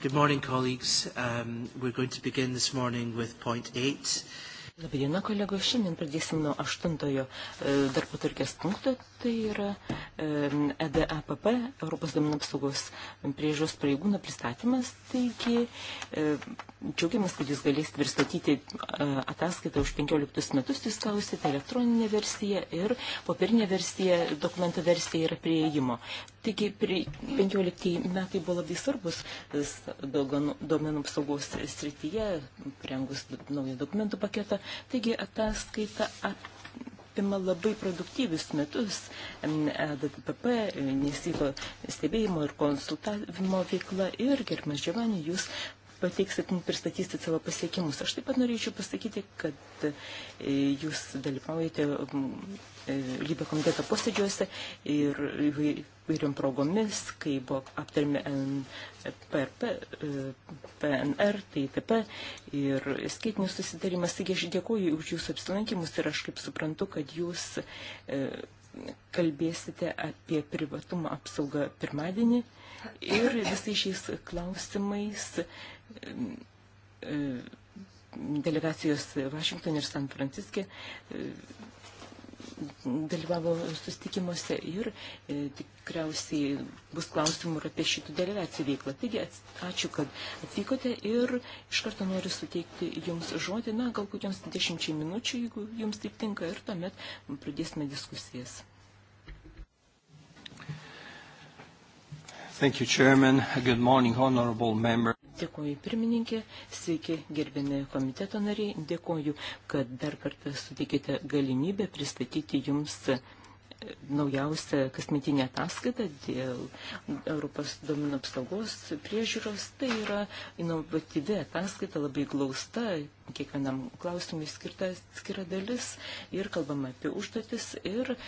Good morning, colleagues. Um, we're going to begin this morning with point 8. Labadiena, kolegos. Šiandien pradėsim nuo aštuntojo e, darbo turkės punkto. Tai yra EDAPP, Europos duomenų apsaugos priežos pareigūno pristatymas. Taigi, e, džiaugiamės, kad jūs galėsite pristatyti e, ataskaitą už 15 metus, jūs klausite elektroninę versiją ir popierinę versiją, dokumento versija yra prieėjimo. Taigi, prie 15 metai buvo labai svarbus duomenų apsaugos srityje, prengus naują dokumentų paketą. Taigi, ataskaita apie apima labai produktyvius metus e, DPP, nesyvo stebėjimo ir konsultavimo veikla ir, gerbimas Džiovanė, jūs pateiksit, pristatysit savo pasiekimus. Aš taip pat norėčiau pasakyti, kad e, jūs dalyvaujate e, lygio komiteto posėdžiuose ir įvairiom progomis, kai buvo aptarimi e, PRP, PNR, TTP ir skaitinis susidarimas. Taigi aš dėkuoju už jūsų apsilankimus ir aš kaip suprantu, kad jūs kalbėsite apie privatumą apsaugą pirmadienį ir visais šiais klausimais delegacijos Vašingtonė ir San Franciske dalyvavo sustikimuose ir e, tikriausiai bus klausimų ir apie šitų delegacijų veiklą. Taigi ačiū, kad atvykote ir iš karto noriu suteikti Jums žodį, na, galbūt Jums 10 minučių, jeigu Jums taip tinka, ir tuomet pradėsime diskusijas. Thank you, Chairman. Good morning, honorable member. Dėkuoju pirmininkė, sveiki gerbėmi komiteto nariai, dėkuoju, kad dar kartą sutikite galimybę pristatyti jums e, naujausią kasmetinę ataskaitą dėl Europos domino apsaugos priežiūros. Tai yra inovatyvi ataskaita, labai glausta, kiekvienam klausimui skirta skira dalis ir kalbama apie užduotis ir e,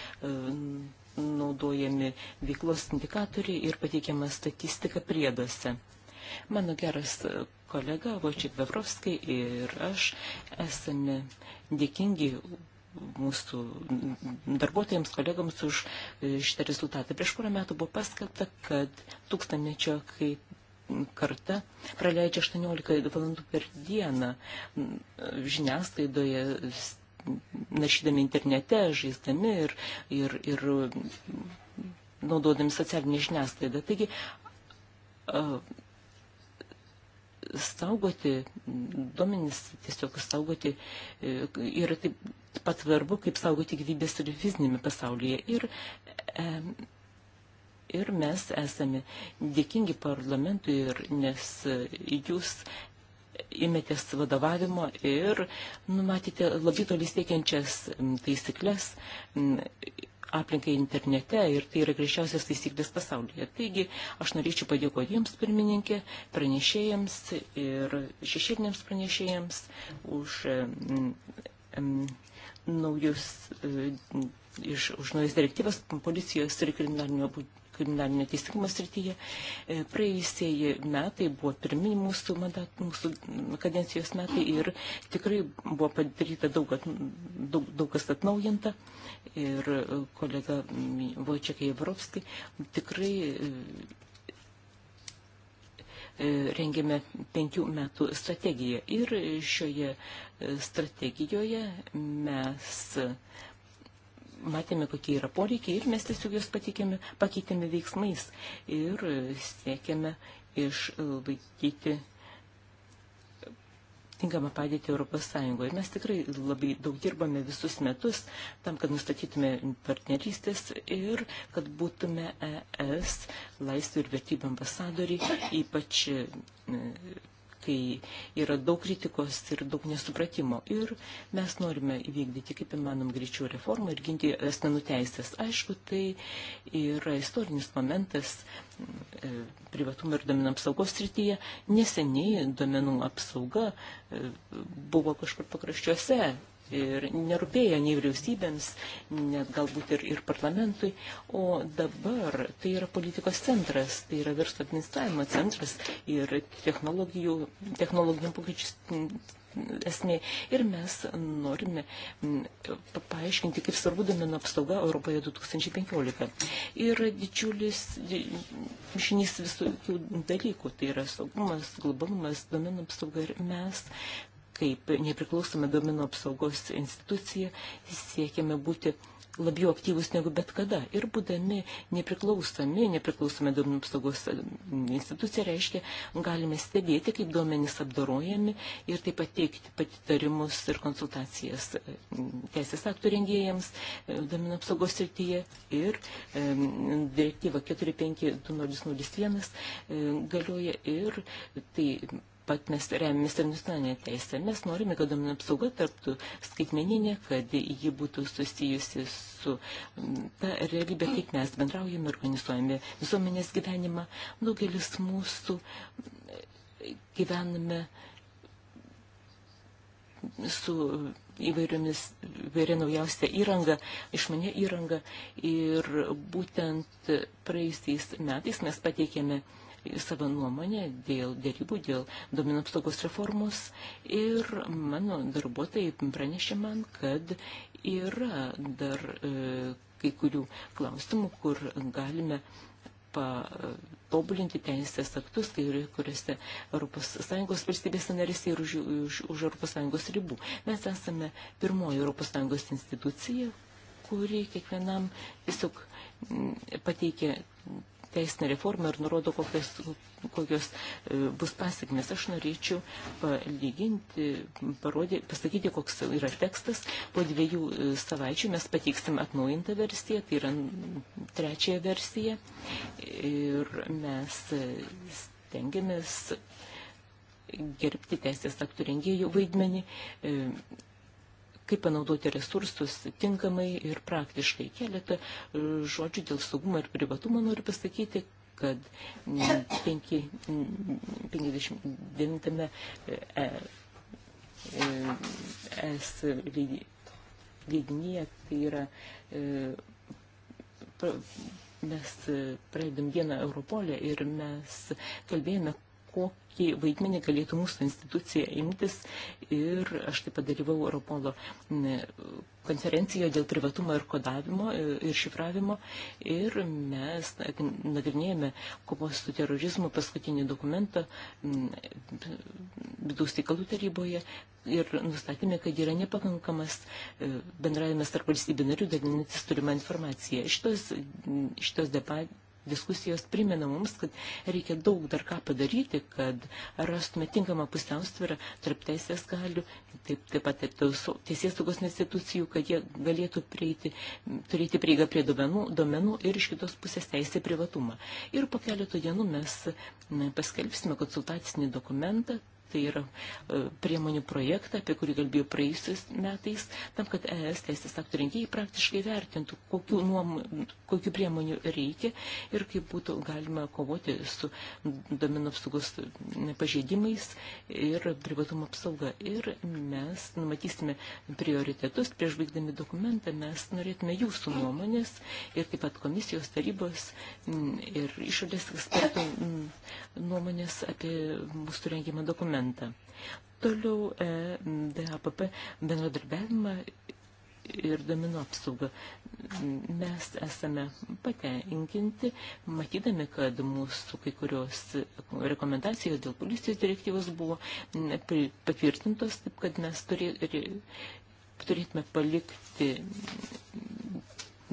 naudojami veiklos indikatoriai ir pateikiama statistika prieduose. Mano geras kolega Vočiek Bevrovskai ir aš esame dėkingi mūsų darbuotojams, kolegams už šitą rezultatą. Prieš porą metų buvo paskata, kad tūkstantmečio kaip karta praleidžia 18 valandų per dieną žiniasklaidoje, naršydami internete, žaisdami ir, ir, ir naudodami socialinį žiniasklaidą. Taigi, saugoti, duomenys tiesiog saugoti e, yra taip pat svarbu, kaip saugoti gyvybės ir fizinėme pasaulyje. Ir, e, ir mes esame dėkingi parlamentui, ir, nes jūs imėtės vadovavimo ir numatėte labai toli siekiančias taisyklės aplinkai internete ir tai yra grįžčiausias taisyklės pasaulyje. Taigi aš norėčiau padėkoti Jums, pirmininkė, pranešėjams ir šešėliniams pranešėjams už m, mm, m, mm, naujus, e, iš, už naujas direktyvas policijos ir kriminalinio kriminalinio teisingumo srityje. E, praėjusieji metai buvo pirminiai mūsų, mandat, mūsų kadencijos metai ir tikrai buvo padaryta daug, at, daug, daug kas atnaujinta. Ir kolega Vojčiakai Jevropski tikrai e, e, rengėme penkių metų strategiją. Ir šioje strategijoje mes matėme, kokie yra poreikiai ir mes tiesiog juos patikėme, pakeitėme veiksmais ir e, siekėme išlaikyti tinkamą padėtį Europos Sąjungoje. Ir mes tikrai labai daug dirbame visus metus tam, kad nustatytume partnerystės ir kad būtume ES laisvių ir vertybių ambasadoriai, ypač e, kai yra daug kritikos ir daug nesupratimo. Ir mes norime įvykdyti kaip įmanom greičiau reformą ir ginti asmenų teisės. Aišku, tai yra istorinis momentas e, privatumo ir domenų apsaugos srityje. Neseniai domenų apsauga e, buvo kažkur pakraščiuose ir nerūpėjo nei vyriausybėms, net galbūt ir, ir parlamentui, o dabar tai yra politikos centras, tai yra verslo administravimo centras ir technologijų, technologinių pokyčių esmė. Ir mes norime paaiškinti, kaip svarbu domenų apsauga Europoje 2015. Ir didžiulis mišinys visokių dalykų, tai yra saugumas, globalumas, domenų apsauga ir mes kaip nepriklausoma domino apsaugos institucija siekiame būti labiau aktyvus negu bet kada. Ir būdami nepriklausomi, nepriklausome duomenų apsaugos institucija, reiškia, galime stebėti, kaip duomenys apdorojami ir taip pat teikti patitarimus ir konsultacijas teisės aktų rengėjams e, duomenų apsaugos srityje. Ir e, direktyva 45201 e, galioja ir tai pat mes remiamės ir nacionalinę teisę. Mes norime, kad duomenų apsauga tarptų skaitmeninė, kad ji būtų susijusi su mm, ta realybė, kaip mes bendraujame, organizuojame visuomenės gyvenimą. Daugelis mūsų mm, gyvename su įvairiomis, įvairia naujausia įranga, išmanė įranga. Ir būtent praeisiais metais mes pateikėme savo nuomonę dėl dėrybų, dėl domino apsaugos reformos ir mano darbuotojai pranešė man, kad yra dar e, kai kurių klausimų, kur galime patobulinti teisės aktus, tai kuriuose ES valstybės narėse ir už, už, už ES ribų. Mes esame pirmoji ES institucija, kuri kiekvienam tiesiog pateikia teisinę reformą ir nurodo, kokios, kokios e, bus pasiekmes. Aš norėčiau palyginti, parodė, pasakyti, koks yra tekstas. Po dviejų e, savaičių mes pateiksim atnaujintą versiją, tai yra trečiąją versiją. Ir mes e, stengiamės gerbti teisės aktų rengėjų vaidmenį. E, kaip panaudoti resursus tinkamai ir praktiškai. Keletą e, žodžių dėl saugumo ir privatumo noriu pasakyti, kad 59 mm, mm, e, e, es leidinyje, tai yra mes pradedam dieną Europolę ir mes kalbėjome, kokį vaidmenį galėtų mūsų institucija imtis. Ir aš taip padalyvau Europolo konferencijoje dėl privatumo ir kodavimo e, ir šifravimo. Ir mes nagrinėjame kovos su terorizmu paskutinį dokumentą vidaus reikalų taryboje ir nustatėme, kad yra nepakankamas e, bendravimas tarp valstybių narių dalinantis turimą informaciją. Šitos, šitos debat, diskusijos primena mums, kad reikia daug dar ką padaryti, kad rastume tinkamą pusiausvyrą tarp teisės galių, taip, taip pat tarp teisės saugos institucijų, kad jie galėtų prieiti, turėti prieigą prie duomenų, duomenų ir iš kitos pusės teisė privatumą. Ir po keletų dienų mes na, paskelbsime konsultacinį dokumentą, tai yra e, priemonių projektą, apie kurį kalbėjau praėjusiais metais, tam, kad ES teisės aktų rinkėjai praktiškai vertintų, kokiu, nuom, kokiu priemonių reikia ir kaip būtų galima kovoti su domino apsaugos pažeidimais ir privatumo apsauga. Ir mes numatysime prioritetus, prieš baigdami dokumentą mes norėtume jūsų nuomonės ir taip pat komisijos tarybos ir išorės ekspertų nuomonės apie mūsų rengimą dokumentą reglamentą. Toliau e, DAPP bendradarbiavimą ir domino apsaugą. Mes esame patenkinti, matydami, kad mūsų kai kurios rekomendacijos dėl policijos direktyvos buvo patvirtintos, taip kad mes turėtume palikti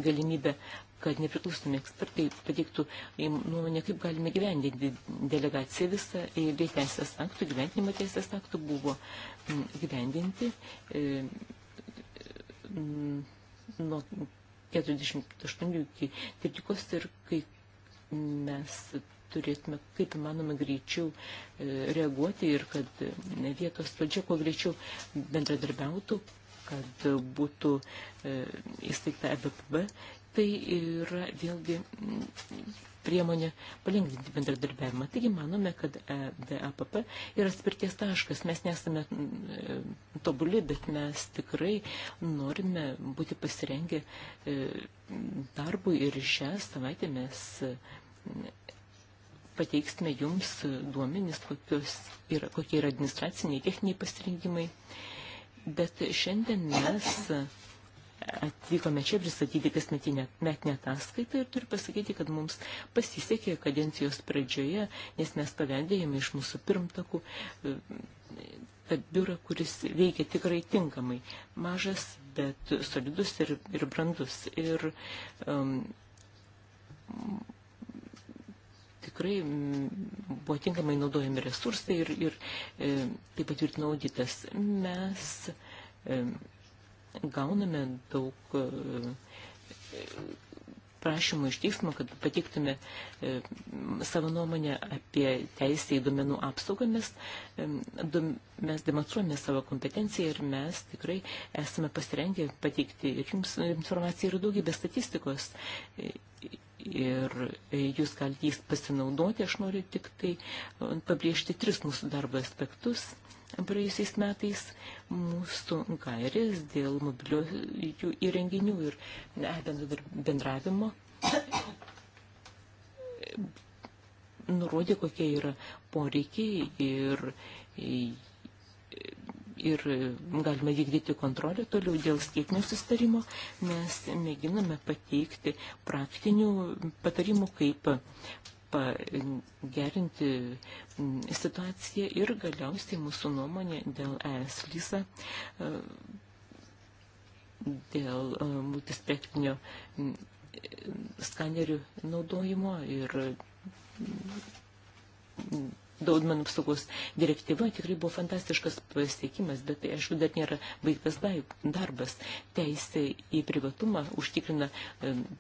galimybę kad nepriklausomi ekspertai pateiktų nuomonę, kaip galime gyvendinti delegaciją visą, bei teisės aktų, gyventinimo teisės aktų buvo gyvendinti e, nuo 48 iki 30 ir kai mes turėtume kaip įmanoma greičiau e, reaguoti ir kad e, vietos valdžia kuo greičiau bendradarbiautų, kad būtų e, įsteigta EBPB tai yra vėlgi mm, priemonė palengvinti bendradarbiavimą. Taigi manome, kad DAPP e, yra spirties taškas. Mes nesame mm, tobuli, bet mes tikrai norime būti pasirengę e, darbui ir šią savaitę mes mm, pateiksime jums duomenis, yra, kokie yra administraciniai, techniniai pasirinkimai. Bet šiandien mes atvykome čia pristatyti kasmetinę metinę ataskaitą ir turiu pasakyti, kad mums pasisekė kadencijos pradžioje, nes mes paveldėjome iš mūsų pirmtakų e, tą biurą, kuris veikia tikrai tinkamai. Mažas, bet solidus ir, ir brandus. Ir um, tikrai mm, buvo tinkamai naudojami resursai ir, ir e, taip patvirtino auditas. Mes e, gauname daug e, prašymų iš teismo, kad pateiktume e, savo nuomonę apie teisę į duomenų apsaugą, mes, e, mes demonstruojame savo kompetenciją ir mes tikrai esame pasirengę pateikti ir jums informaciją ir daugybę statistikos. Ir jūs galite jais pasinaudoti, aš noriu tik tai pabrėžti tris mūsų darbo aspektus praėjusiais metais mūsų gairės dėl mobiliųjų įrenginių ir bendravimo nurodė, kokie yra poreikiai ir, ir galima vykdyti kontrolę toliau dėl skaitinio sustarimo. Mes mėginame pateikti praktinių patarimų, kaip pagerinti situaciją ir galiausiai mūsų nuomonė dėl ES lysa, e, dėl e, multispektinio e, skanerių naudojimo ir duomenų apsaugos direktyva tikrai buvo fantastiškas pasiekimas, bet tai, aišku, dar nėra baigtas darbas. Teisė į privatumą užtikrina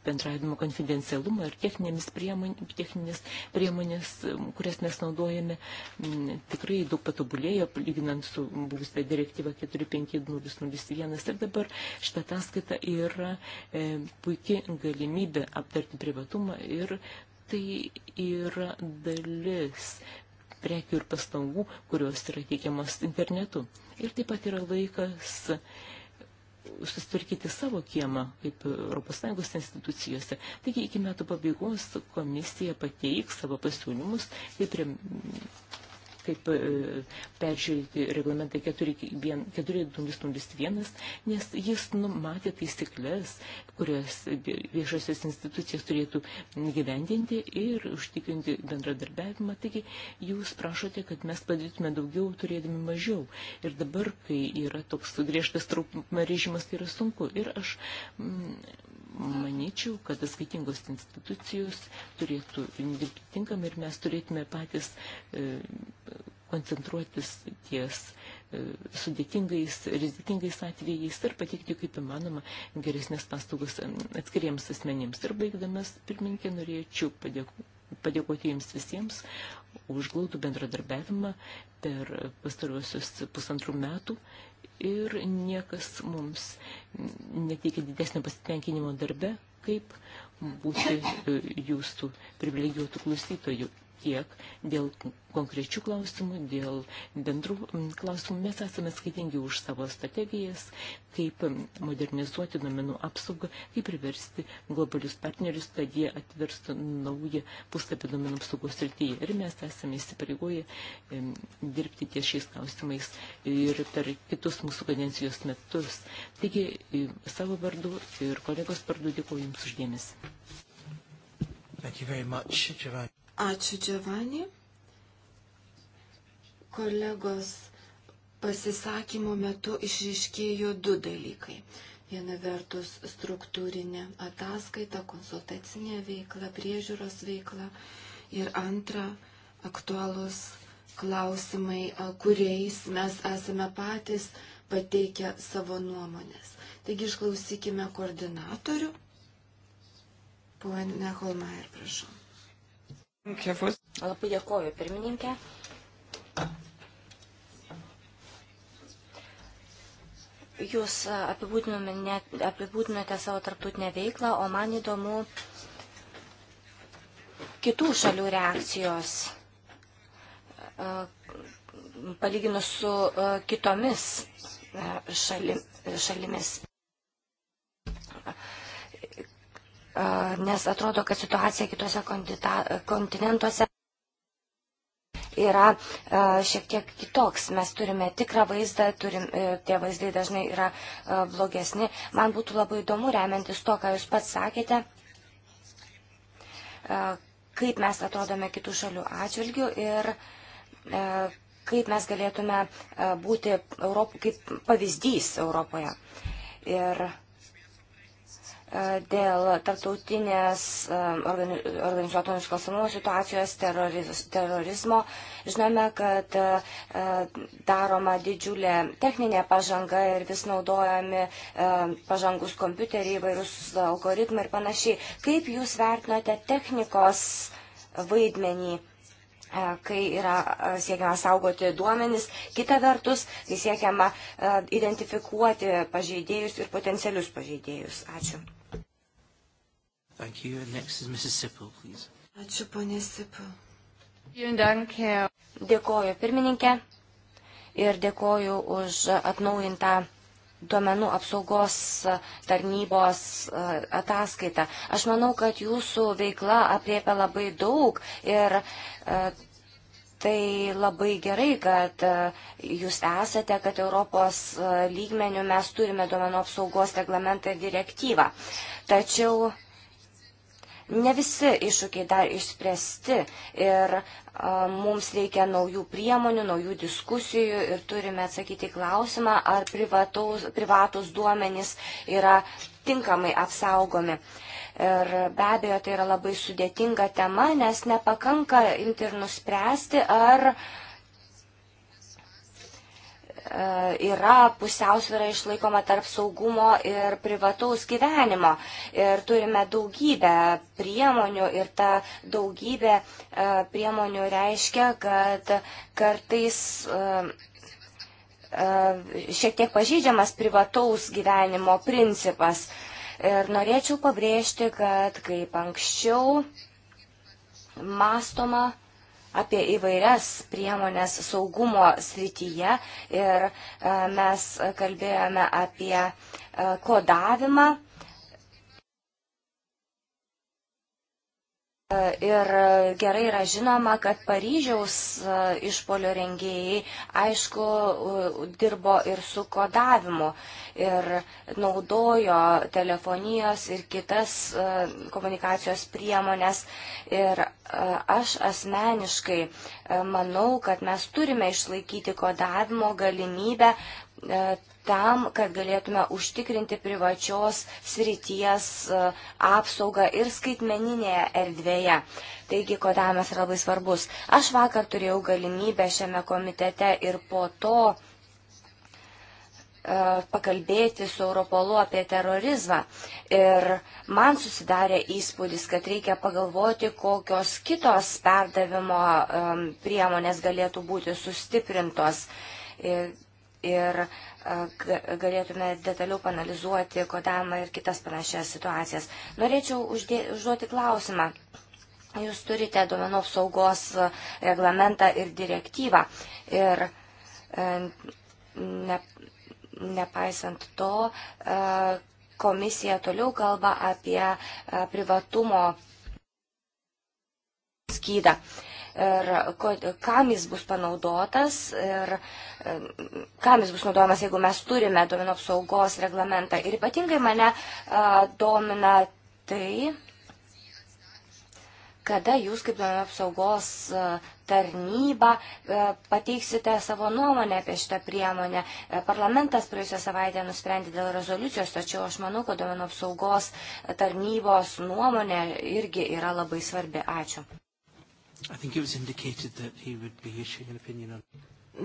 bendravimo konfidencialumą ir techninės priemonės, techninės priemonės, kurias mes naudojame, tikrai daug patobulėjo, lyginant su buvusia direktyva 45001 ir dabar šitą ataskaitą yra e, puikiai galimybė aptarti privatumą ir tai yra dalis prekių ir paslaugų, kurios yra teikiamos internetu. Ir taip pat yra laikas susitvarkyti savo kiemą, kaip ES institucijose. Taigi iki metų pabaigos komisija pateiks savo pasiūlymus, kaip prie kaip e, peržiūrėti reglamentą 4001, nes jis numatė taisyklės, kurias viešosios institucijos turėtų gyvendinti ir užtikrinti bendradarbiavimą. Taigi jūs prašote, kad mes padarytume daugiau, turėdami mažiau. Ir dabar, kai yra toks griežtas trūkumo režimas, tai yra sunku. Ir aš. Mm, manyčiau, kad atskaitingos institucijos turėtų dirbti tinkamai ir mes turėtume patys e, koncentruotis ties e, sudėtingais, rizikingais atvejais ir pateikti kaip įmanoma geresnės paslaugas atskiriems asmenims. Ir baigdamas, pirminkė, norėčiau padėkoti padėkoti jums visiems už glaudų bendradarbiavimą per pastaruosius pusantrų metų ir niekas mums neteikia didesnio pasitenkinimo darbe, kaip būti e, jūsų privilegijuotų klausytojų tiek dėl konkrečių klausimų, dėl bendrų klausimų. Mes esame skaitingi už savo strategijas, kaip modernizuoti domenų apsaugą, kaip priversti globalius partnerius, kad jie atverstų naują puslapį domenų apsaugos srityje. Ir mes esame įsipareigoję dirbti ties šiais klausimais ir per kitus mūsų kadencijos metus. Taigi savo vardu ir kolegos vardu dėkuoju Jums uždėmesi. Thank you very much, Giovanni. Ačiū, Giovanni. Kolegos pasisakymo metu išriškėjo du dalykai. Viena vertus struktūrinė ataskaita, konsultacinė veikla, priežiūros veikla ir antra aktualūs klausimai, kuriais mes esame patys pateikę savo nuomonės. Taigi išklausykime koordinatorių. Pone Holmaier, prašau. Labai dėkoju, pirmininkė. Jūs apibūdinote savo tarptautinę veiklą, o man įdomu kitų šalių reakcijos, e, palyginus su e, kitomis e, šali, šalimis nes atrodo, kad situacija kitose kontinentuose yra šiek tiek kitoks. Mes turime tikrą vaizdą, turim, e, tie vaizdai dažnai yra blogesni. Man būtų labai įdomu, remiantis to, ką Jūs pats sakėte, kaip mes atrodome kitų šalių atžvilgių ir kaip mes galėtume būti Europ, kaip pavyzdys Europoje. Ir dėl tarptautinės organizuoto nusikalstamumo situacijos, teroriz, terorizmo. Žinome, kad e, daroma didžiulė techninė pažanga ir vis naudojami pažangus kompiuteriai, vairūs algoritmai ir panašiai. Kaip Jūs vertinote technikos vaidmenį? E, kai yra e, siekiama saugoti duomenis, kita vertus, kai siekiama identifikuoti pažeidėjus ir potencialius pažeidėjus. Ačiū. Thank you. And next is Mrs. Sippel, please. Ačiū, ponė Sippel. Dėkoju pirmininkė ir dėkoju už atnaujintą duomenų apsaugos tarnybos e, ataskaitą. Aš manau, kad jūsų veikla apriepia labai daug ir e, Tai labai gerai, kad e, jūs esate, kad Europos lygmenių mes turime duomenų apsaugos reglamentą ir direktyvą. Tačiau Ne visi iššūkiai dar išspręsti ir a, mums reikia naujų priemonių, naujų diskusijų ir turime atsakyti klausimą, ar privataus, privatus duomenys yra tinkamai apsaugomi. Ir be abejo, tai yra labai sudėtinga tema, nes nepakanka imti ir nuspręsti, ar uh, E, yra pusiausvėra išlaikoma tarp saugumo ir privataus gyvenimo. Ir turime daugybę priemonių ir ta daugybė e, priemonių reiškia, kad kartais e, šiek tiek pažydžiamas privataus gyvenimo principas. Ir norėčiau pabrėžti, kad kaip anksčiau mastoma, apie įvairias priemonės saugumo srityje ir e, mes kalbėjome apie e, kodavimą Ir gerai yra žinoma, kad Paryžiaus e, išpolio rengėjai, aišku, dirbo ir su kodavimu ir naudojo telefonijos ir kitas e, komunikacijos priemonės. Ir e, aš asmeniškai manau, kad mes turime išlaikyti kodavimo galimybę, E, tam, kad galėtume užtikrinti privačios srities e, apsaugą ir skaitmeninėje erdvėje. Taigi kodavimas yra labai svarbus. Aš vakar turėjau galimybę šiame komitete ir po to e, pakalbėti su Europolu apie terorizmą. Ir man susidarė įspūdis, kad reikia pagalvoti, kokios kitos perdavimo priemonės galėtų būti sustiprintos. Ir ir e, galėtume detaliau panalizuoti kodamą ir kitas panašias situacijas. Norėčiau uždė, užduoti klausimą. Jūs turite duomenų apsaugos reglamentą ir direktyvą. Ir e, ne, nepaisant to, e, komisija toliau kalba apie privatumo skydą. Uh, ir kam jis bus panaudotas ir kam jis bus naudojamas, jeigu mes turime duomenų apsaugos reglamentą. Ir ypatingai mane domina tai, kada jūs kaip duomenų apsaugos tarnybą pateiksite savo nuomonę apie šitą priemonę. Parlamentas praėjusią savaitę nusprendė dėl rezoliucijos, tačiau aš manau, kad duomenų apsaugos tarnybos nuomonė irgi yra labai svarbi. Ačiū.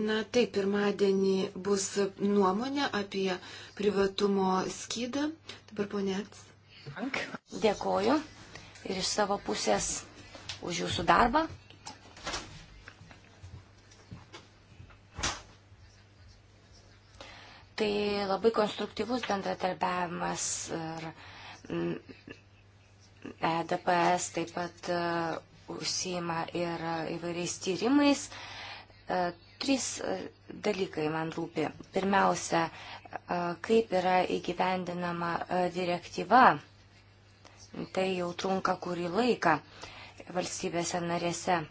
Na taip, pirmadienį bus nuomonė apie privatumo skydą. Dabar ponėt. Dėkoju ir iš savo pusės už jūsų darbą. Tai labai konstruktyvus bendradarbiavimas ir mm, EDPS taip pat e, užsieima ir įvairiais tyrimais. E, trys e, dalykai man rūpi. Pirmiausia, e, kaip yra įgyvendinama direktyva. Tai jau trunka kurį laiką valstybėse narėse.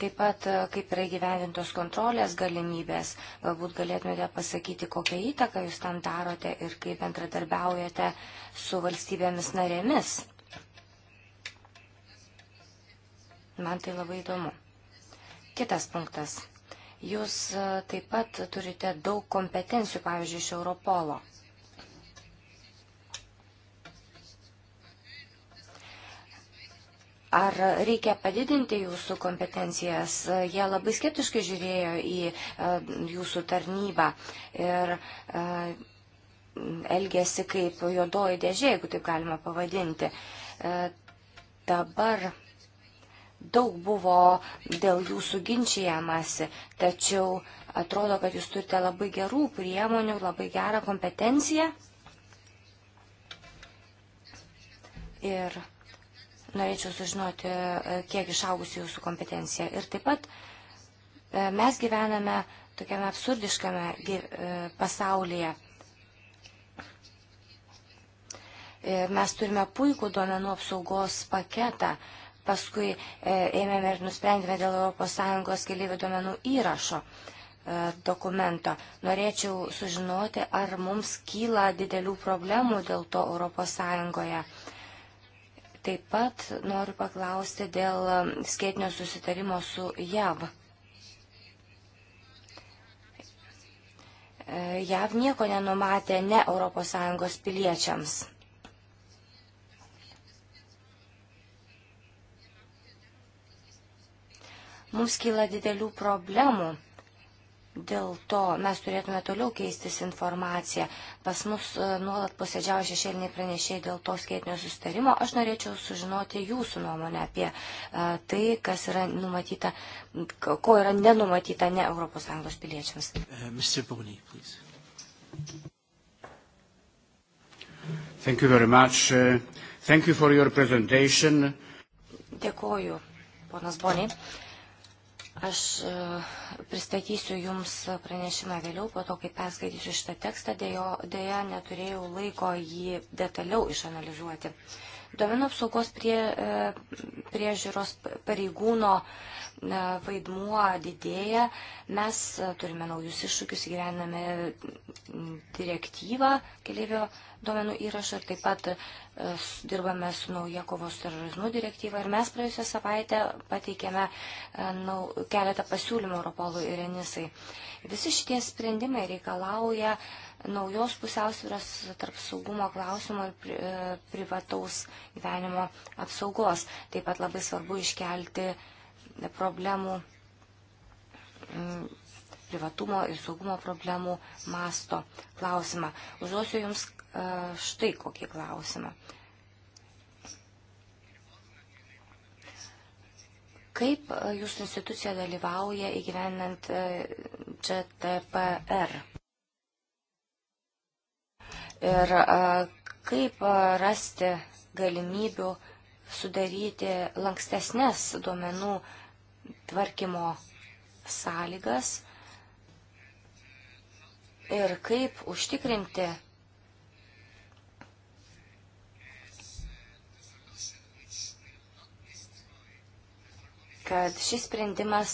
Taip pat, e, kaip yra gyvenintos kontrolės galimybės, galbūt galėtumėte pasakyti, kokią įtaką jūs tam darote ir kaip bendradarbiaujate su valstybėmis narėmis. Man tai labai įdomu. Kitas punktas. Jūs e, taip pat turite daug kompetencijų, pavyzdžiui, iš Europolo. Ar reikia padidinti jūsų kompetencijas? Jie labai skeptiškai žiūrėjo į e, jūsų tarnybą ir e, elgėsi kaip juodoji dėžė, jeigu taip galima pavadinti. E, dabar daug buvo dėl jūsų ginčiamasi, tačiau atrodo, kad jūs turite labai gerų priemonių, labai gerą kompetenciją. Ir norėčiau sužinoti, e, kiek išaugusi jūsų kompetencija. Ir taip pat e, mes gyvename tokiame absurdiškame e, pasaulyje. Ir mes turime puikų duomenų apsaugos paketą. Paskui ėmėme ir nusprendėme dėl ES keliaivių duomenų įrašo dokumento. Norėčiau sužinoti, ar mums kyla didelių problemų dėl to ES Taip pat noriu paklausti dėl um, skėtinio susitarimo su JAV. E, JAV nieko nenumatė ne ES piliečiams. Mums kyla didelių problemų Dėl to mes turėtume toliau keistis informaciją. Pas mus e, nuolat posėdžiavo šešėliniai pranešėjai dėl to skėtinio sustarimo. Aš norėčiau sužinoti jūsų nuomonę apie e, tai, kas yra numatyta, ko yra nenumatyta ne ES piliečiams. Uh, Bonny, Thank you very much. Uh, thank you for your presentation. Dėkoju, ponas Boni. Uh, Aš e, pristatysiu Jums pranešimą vėliau, po to, kai perskaitysiu šitą tekstą, dėja neturėjau laiko jį detaliau išanalizuoti. Duomenų apsaugos prie, e, priežiūros pareigūno e, vaidmuo didėja. Mes turime naujus iššūkius, gyvename direktyvą keliaivio duomenų įrašo ir taip pat e, dirbame su nauja kovos terorizmų direktyva. Ir mes praėjusią savaitę pateikėme e, nau, keletą pasiūlymų Europolui ir Enisai. Visi šitie sprendimai reikalauja naujos pusiausvyros tarp saugumo klausimo ir pri, e, privataus gyvenimo apsaugos. Taip pat labai svarbu iškelti problemų privatumo ir saugumo problemų masto klausimą. Užduosiu Jums štai kokį klausimą. Kaip jūsų institucija dalyvauja įgyvenant GDPR? Ir kaip rasti galimybių sudaryti lankstesnės duomenų tvarkymo sąlygas ir kaip užtikrinti, kad šis sprendimas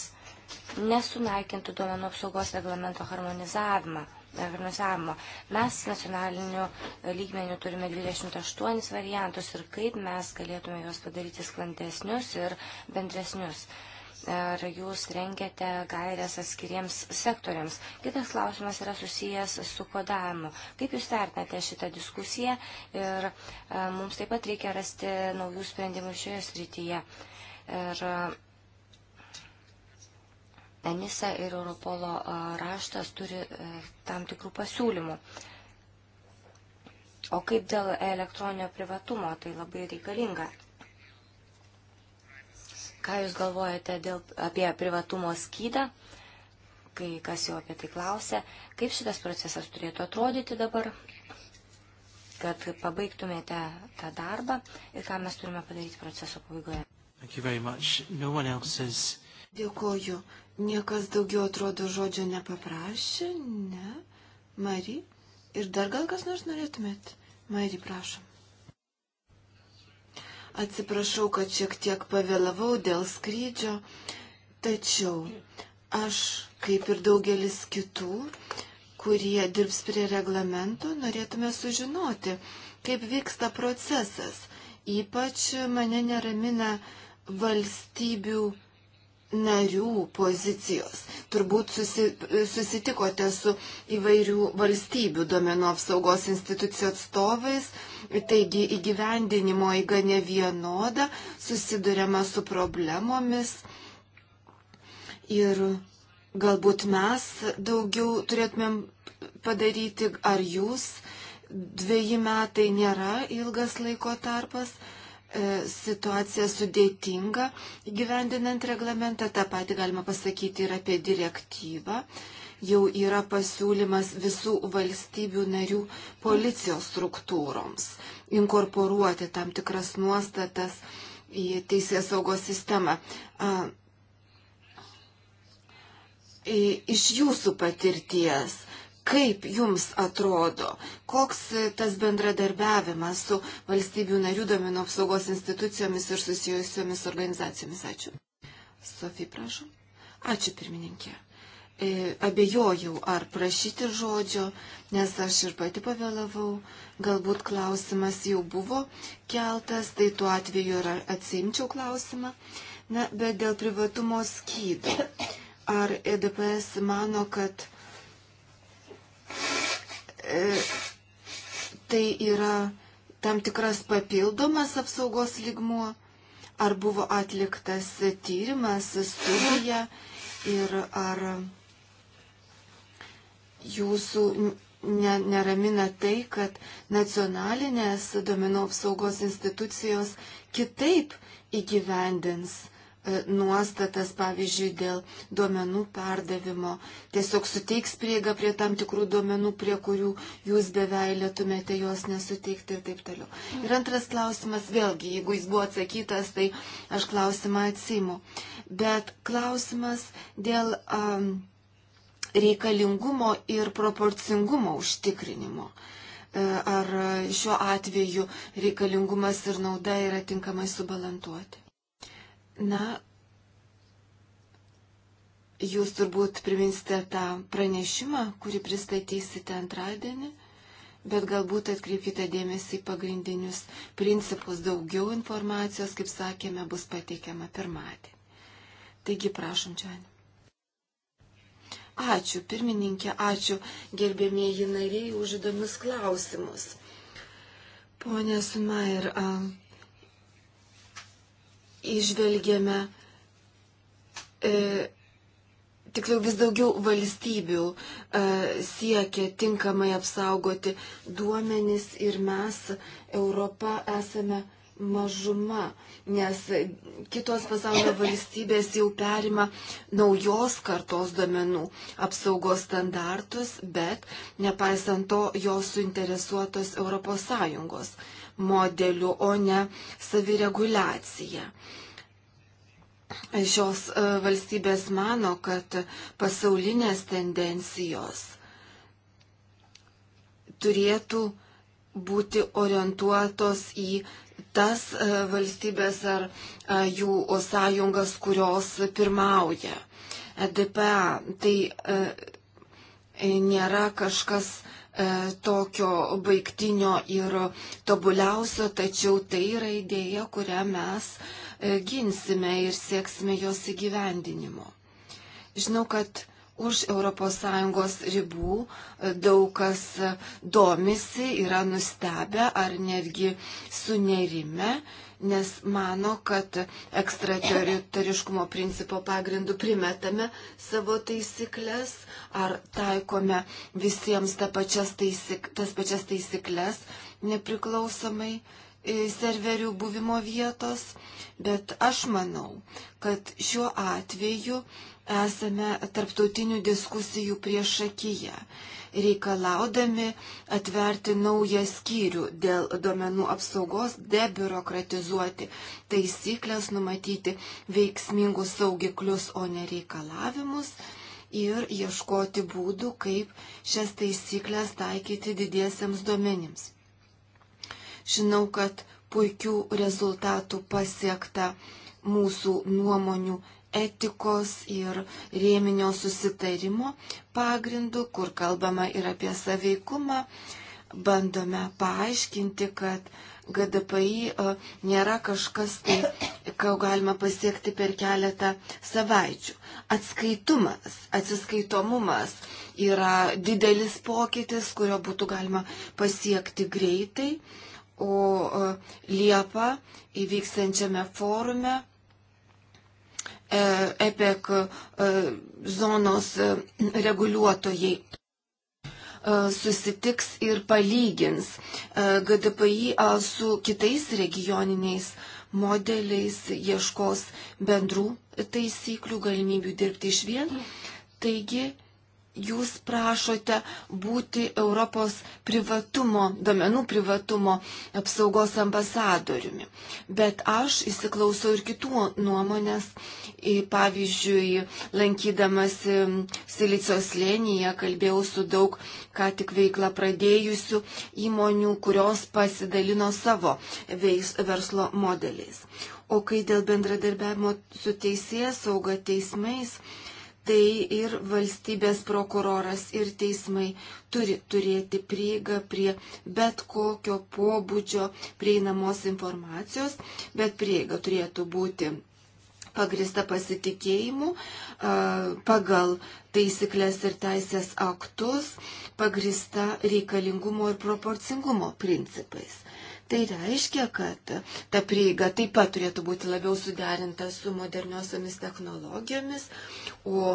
nesunaikintų duomenų apsaugos reglamento harmonizavimą. Harmonizavimo. Mes nacionaliniu e, lygmeniu turime 28 variantus ir kaip mes galėtume juos padaryti sklandesnius ir bendresnius. Ar jūs rengiate gairias atskiriems sektoriams? Kitas klausimas yra susijęs su kodavimu. Kaip jūs vertinate šitą diskusiją ir a, e, mums taip pat reikia rasti naujų sprendimų šioje srityje. Ir a, Enisa ir Europolo raštas turi e, tam tikrų pasiūlymų. O kaip dėl elektroninio privatumo, tai labai reikalinga. Ką Jūs galvojate dėl, apie privatumo skydą, kai kas jau apie tai klausė, kaip šitas procesas turėtų atrodyti dabar, kad pabaigtumėte tą darbą ir ką mes turime padaryti proceso pabaigoje. No is... Dėkuoju. Niekas daugiau atrodo žodžio nepaprašė, ne? Mari, ir dar gal kas nors norėtumėt? Mari, prašom. Atsiprašau, kad šiek tiek pavėlavau dėl skrydžio, tačiau aš, kaip ir daugelis kitų, kurie dirbs prie reglamento, norėtume sužinoti, kaip vyksta procesas. Ypač mane neramina valstybių narių pozicijos. Turbūt susi, susitikote su įvairių valstybių domenų apsaugos institucijų atstovais, taigi įgyvendinimo įga ne vienoda, susidurėma su problemomis ir galbūt mes daugiau turėtumėm padaryti, ar jūs dviejį metai nėra ilgas laiko tarpas. E, situacija sudėtinga gyvendinant reglamentą. Ta pati galima pasakyti ir apie direktyvą. Jau yra pasiūlymas visų valstybių narių policijos struktūroms inkorporuoti tam tikras nuostatas į teisės saugos sistemą. Iš jūsų patirties, Kaip jums atrodo, koks tas bendradarbiavimas su valstybių narių domenų apsaugos institucijomis ir susijusiomis organizacijomis? Ačiū. Sofija, prašom. Ačiū, pirmininkė. E, abejojau, ar prašyti žodžio, nes aš ir pati pavėlavau. Galbūt klausimas jau buvo keltas, tai tuo atveju ir atsimčiau klausimą. Na, bet dėl privatumo skydo. Ar EDPS mano, kad E, tai yra tam tikras papildomas apsaugos ligmuo, ar buvo atliktas tyrimas, studija ir ar jūsų neramina tai, kad nacionalinės domenų apsaugos institucijos kitaip įgyvendins E, nuostatas, pavyzdžiui, dėl duomenų perdavimo. Tiesiog suteiks prieigą prie tam tikrų duomenų, prie kurių jūs beveilėtumėte jos nesuteikti ir taip toliau. Ir antras klausimas, vėlgi, jeigu jis buvo atsakytas, tai aš klausimą atsimu. Bet klausimas dėl um, reikalingumo ir proporcingumo užtikrinimo e, ar šiuo atveju reikalingumas ir nauda yra tinkamai subalansuoti. Na, jūs turbūt priminsite tą pranešimą, kurį pristatysite antradienį, bet galbūt atkreipkite dėmesį į pagrindinius principus. Daugiau informacijos, kaip sakėme, bus pateikiama pirmadienį. Taigi, prašom, Čiani. Ačiū, pirmininkė, ačiū, gerbėmieji nariai, už įdomius klausimus. Pone Suma ir... Uh, išvelgiame e, tiksliau vis daugiau valstybių e, siekia tinkamai apsaugoti duomenis ir mes, Europa, esame mažuma, nes kitos pasaulio valstybės jau perima naujos kartos domenų apsaugos standartus, bet nepaisant to jos suinteresuotos ES modeliu, o ne savireguliacija. Šios e, valstybės mano, kad pasaulinės tendencijos turėtų būti orientuotos į tas e, valstybės ar e, jų sąjungas, kurios pirmauja. EDPA tai nėra kažkas E, tokio baigtinio ir tobuliausio, tačiau tai yra idėja, kurią mes e, ginsime ir sieksime jos įgyvendinimo. Žinau, kad už ES ribų daug kas domisi, yra nustebę ar netgi sunerime, nes mano, kad ekstrateritoriškumo principo pagrindu primetame savo taisyklės ar taikome visiems ta pačias taisyk, tas pačias taisyklės nepriklausomai e, serverių buvimo vietos, bet aš manau, kad šiuo atveju esame tarptautinių diskusijų priešakyje, reikalaudami atverti naują skyrių dėl duomenų apsaugos, debirokratizuoti taisyklės, numatyti veiksmingus saugiklius, o ne reikalavimus ir ieškoti būdų, kaip šias taisyklės taikyti didiesiams duomenims. Žinau, kad puikių rezultatų pasiekta mūsų nuomonių etikos ir rėminio susitarimo pagrindu, kur kalbama ir apie saveikumą, bandome paaiškinti, kad GDPI e, nėra kažkas, tai, ką galima pasiekti per keletą savaičių. Atskaitumas, atsiskaitomumas yra didelis pokytis, kurio būtų galima pasiekti greitai. O e, Liepa įvyksančiame forume E, EPEC e, zonos e, reguliuotojai susitiks ir palygins GDPI su kitais regioniniais modeliais, ieškos bendrų taisyklių, galimybių dirbti iš vien. Taigi jūs prašote būti Europos privatumo, domenų privatumo apsaugos ambasadoriumi. Bet aš įsiklausau ir kitų nuomonės, pavyzdžiui, lankydamas Silicijos lėnyje, kalbėjau su daug ką tik veiklą pradėjusių įmonių, kurios pasidalino savo veis, verslo modeliais. O kai dėl bendradarbiavimo su teisėsauga teismais, teismais tai ir valstybės prokuroras ir teismai turi turėti prieigą prie bet kokio pobūdžio prieinamos informacijos, bet prieiga turėtų būti pagrista pasitikėjimu pagal taisyklės ir teisės aktus, pagrista reikalingumo ir proporcingumo principais. Tai reiškia, kad ta prieiga taip pat turėtų būti labiau suderinta su moderniosiomis technologijomis, o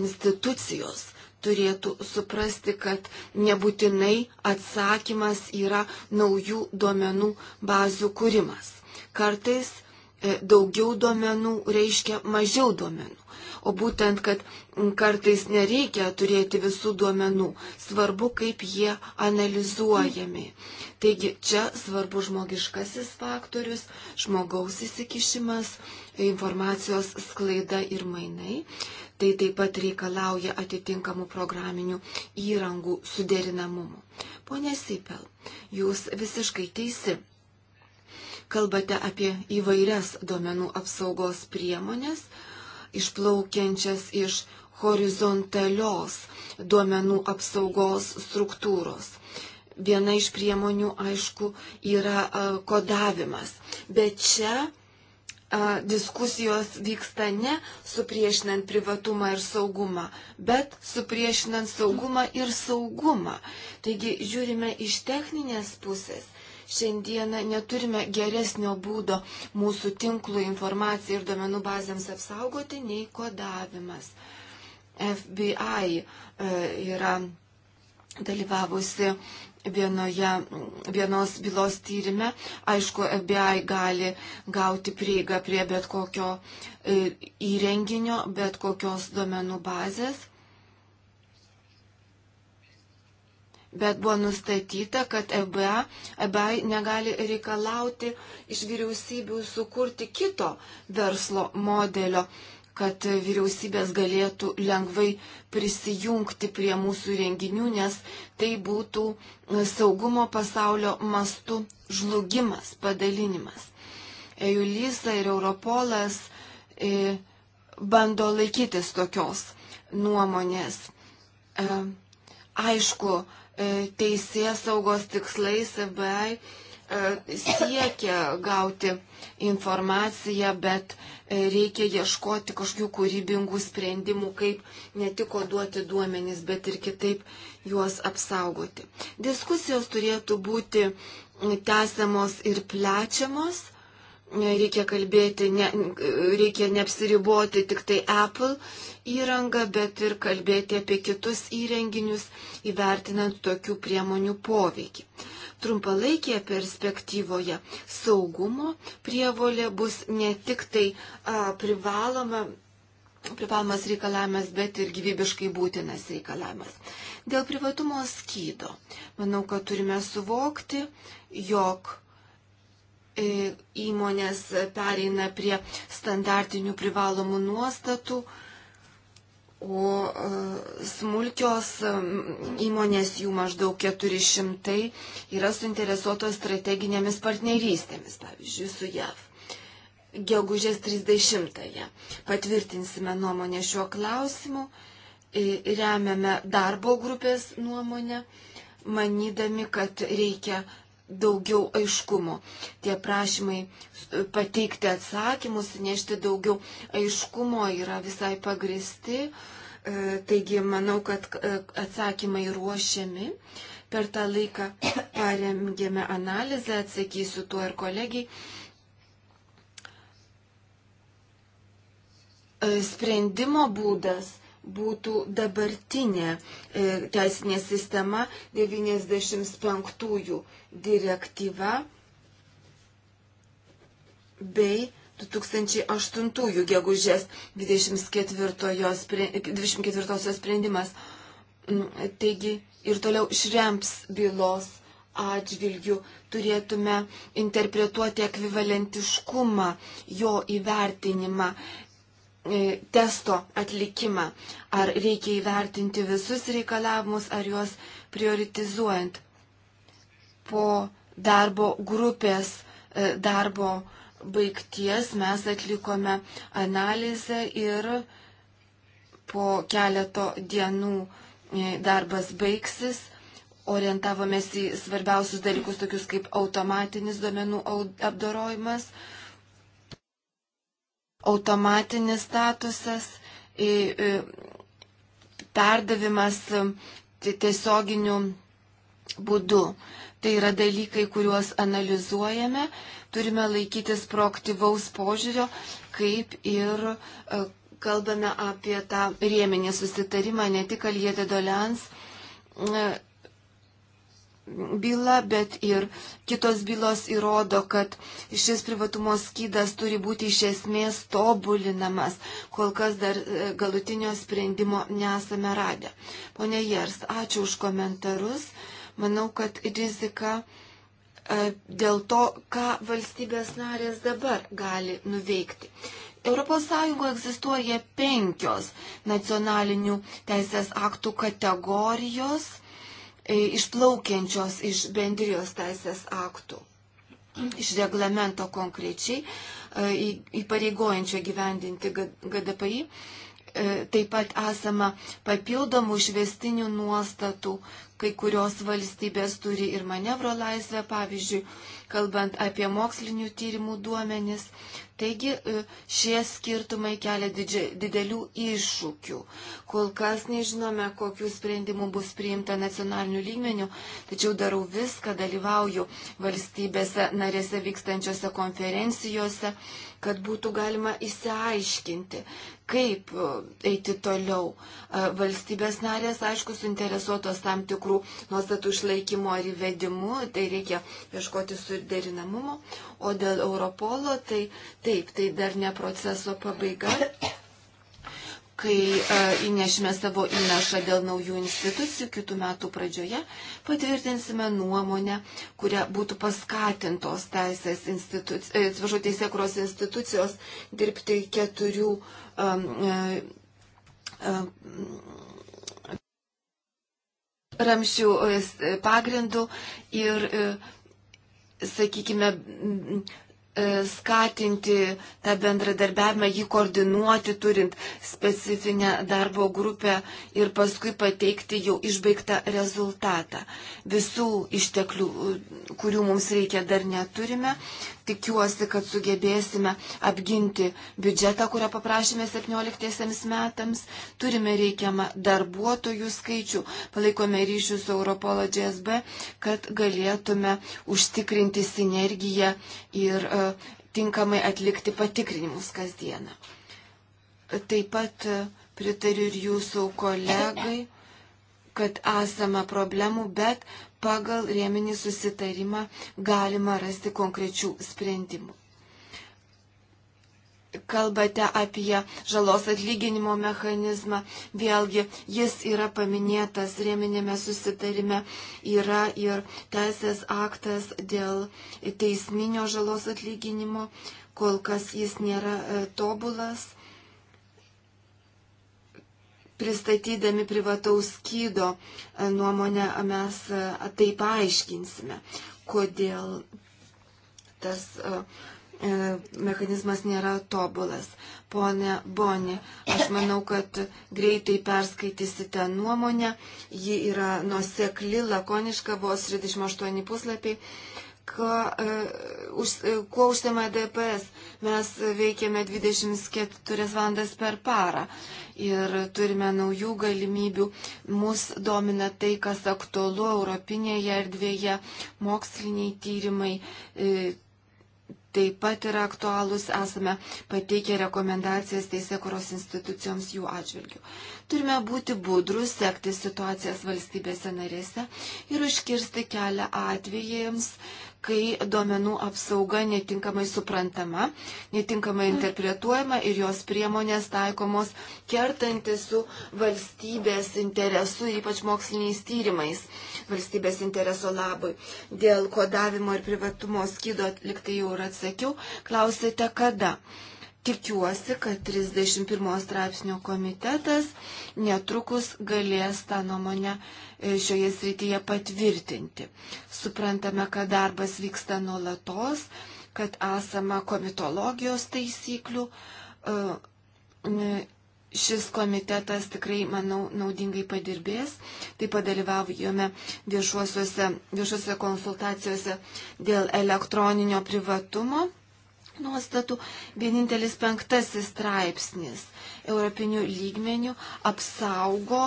institucijos turėtų suprasti, kad nebūtinai atsakymas yra naujų duomenų bazių kūrimas. Kartais e, daugiau duomenų reiškia mažiau duomenų o būtent, kad kartais nereikia turėti visų duomenų, svarbu, kaip jie analizuojami. Taigi čia svarbu žmogiškasis faktorius, žmogaus įsikišimas, informacijos sklaida ir mainai. Tai taip pat reikalauja atitinkamų programinių įrangų suderinamumo. Pone Sipel, jūs visiškai teisi kalbate apie įvairias duomenų apsaugos priemonės, išplaukiančias iš horizontalios duomenų apsaugos struktūros. Viena iš priemonių, aišku, yra kodavimas. Bet čia diskusijos vyksta ne supriešinant privatumą ir saugumą, bet supriešinant saugumą ir saugumą. Taigi žiūrime iš techninės pusės šiandieną neturime geresnio būdo mūsų tinklų informacijai ir domenų bazėms apsaugoti nei kodavimas. FBI e, yra dalyvavusi vienoje, vienos bylos tyrimė. Aišku, FBI gali gauti prieigą prie bet kokio e, įrenginio, bet kokios duomenų bazės. bet buvo nustatyta, kad EBA, EBA negali reikalauti iš vyriausybių sukurti kito verslo modelio, kad vyriausybės galėtų lengvai prisijungti prie mūsų renginių, nes tai būtų saugumo pasaulio mastų žlugimas, padalinimas. Eulisa ir Europolas e, bando laikytis tokios nuomonės. E, aišku, e, E, teisės saugos tikslais FBI e, siekia gauti informaciją, bet e, reikia ieškoti kažkokių kūrybingų sprendimų, kaip ne tik koduoti duomenys, bet ir kitaip juos apsaugoti. Diskusijos turėtų būti tęsiamos ir plečiamos, reikia kalbėti, ne, reikia neapsiriboti tik tai Apple įrangą, bet ir kalbėti apie kitus įrenginius, įvertinant tokių priemonių poveikį. Trumpalaikėje perspektyvoje saugumo prievolė bus ne tik tai a, privaloma, privalomas reikalavimas, bet ir gyvybiškai būtinas reikalavimas. Dėl privatumo skydo, manau, kad turime suvokti, jog E, įmonės pereina prie standartinių privalomų nuostatų, o e, smulkios e, įmonės jų maždaug 400 yra suinteresuotos strateginėmis partnerystėmis, pavyzdžiui, su JAV. Gegužės 30-ąją patvirtinsime nuomonę šiuo klausimu, remiame darbo grupės nuomonę, manydami, kad reikia daugiau aiškumo. Tie prašymai e, pateikti atsakymus, nešti daugiau aiškumo yra visai pagristi. E, taigi manau, kad e, atsakymai ruošiami. Per tą laiką parengėme analizę, atsakysiu tuo ir kolegijai. Sprendimo būdas būtų dabartinė e, teisinė sistema 95 direktyva bei 2008 gegužės 24 sprendimas. Mm, taigi ir toliau šrems bylos atžvilgių turėtume interpretuoti ekvivalentiškumą, jo įvertinimą E, testo atlikimą, ar reikia įvertinti visus reikalavimus, ar juos prioritizuojant. Po darbo grupės e, darbo baigties mes atlikome analizę ir po keleto dienų e, darbas baigsis. Orientavomės į svarbiausius dalykus, tokius kaip automatinis duomenų apdorojimas, automatinis statusas, perdavimas tiesioginiu būdu. Tai yra dalykai, kuriuos analizuojame, turime laikytis proaktyvaus požiūrio, kaip ir e, kalbame apie tą rėminį susitarimą, ne tik Aljėdė Dolens e, byla, bet ir kitos bylos įrodo, kad šis privatumo skydas turi būti iš esmės tobulinamas. Kol kas dar e, galutinio sprendimo nesame radę. Pone Jers, ačiū už komentarus. Manau, kad rizika e, dėl to, ką valstybės narės dabar gali nuveikti. ES egzistuoja penkios nacionalinių teisės aktų kategorijos E, išplaukiančios iš bendrijos teisės aktų, iš reglamento konkrečiai, e, įpareigojančio gyvendinti GDPI. E, taip pat esama papildomų išvestinių nuostatų, kai kurios valstybės turi ir manevro laisvę, pavyzdžiui, kalbant apie mokslinių tyrimų duomenis, Taigi e, šie skirtumai kelia didži, didelių iššūkių. Kol kas nežinome, kokiu sprendimu bus priimta nacionaliniu lygmeniu, tačiau darau viską, dalyvauju valstybėse narėse vykstančiose konferencijose, kad būtų galima įsiaiškinti, kaip e, eiti toliau. E, valstybės narės, aišku, suinteresuotos tam tikrų nuostatų išlaikymo ar įvedimu, tai reikia ieškoti suderinamumo. O dėl Europolo, tai taip, tai dar ne proceso pabaiga kai e, įnešime savo įnašą dėl naujų institucijų kitų metų pradžioje, patvirtinsime nuomonę, kuria būtų paskatintos teisės institucijos, atsiprašau, teisėkros institucijos dirbti keturių Um, uh, um, ramšių uh, uh, pagrindų ir, sakykime, skatinti tą bendradarbiavimą, jį koordinuoti, turint specifinę darbo grupę ir paskui pateikti jau išbaigtą rezultatą. Visų išteklių, kurių mums reikia, dar neturime, Tikiuosi, kad sugebėsime apginti biudžetą, kurio paprašėme 17 metams. Turime reikiamą darbuotojų skaičių, palaikome ryšius su Europolo GSB, kad galėtume užtikrinti sinergiją ir uh, tinkamai atlikti patikrinimus kasdieną. Taip pat uh, pritariu ir jūsų kolegai kad esame problemų, bet pagal rėminį susitarimą galima rasti konkrečių sprendimų. Kalbate apie žalos atlyginimo mechanizmą, vėlgi jis yra paminėtas rėminėme susitarime, yra ir teisės aktas dėl teisminio žalos atlyginimo, kol kas jis nėra e, tobulas pristatydami privataus skydo e, nuomonę mes e, tai paaiškinsime, kodėl tas e, mechanizmas nėra tobulas. Pone Boni, aš manau, kad greitai perskaitysite nuomonę. Ji yra nusekli, lakoniška, vos 38 puslapiai. Kuo, uh, už, uh, kuo užsima DPS? mes veikiame 24 valandas per parą ir turime naujų galimybių. Mūsų domina tai, kas aktualu Europinėje erdvėje, moksliniai tyrimai. E, taip pat yra aktualūs, esame pateikę rekomendacijas teisėkuros institucijoms jų atžvilgių. Turime būti budrus, sekti situacijas valstybėse narėse ir užkirsti kelią atvejams, kai duomenų apsauga netinkamai suprantama, netinkamai interpretuojama ir jos priemonės taikomos kertanti su valstybės interesu, ypač moksliniais tyrimais, valstybės intereso labui. Dėl kodavimo ir privatumo skydo liktai jau ir atsakiau, klausėte kada tikiuosi, kad 31 straipsnio komitetas netrukus galės tą nuomonę e, šioje srityje patvirtinti. Suprantame, kad darbas vyksta nuolatos, kad esama komitologijos taisyklių. E, šis komitetas tikrai, manau, naudingai padirbės. Taip pat dalyvavome viešuosiuose, viešuose konsultacijose dėl elektroninio privatumo nuostatų, vienintelis penktasis straipsnis Europinių lygmenių apsaugo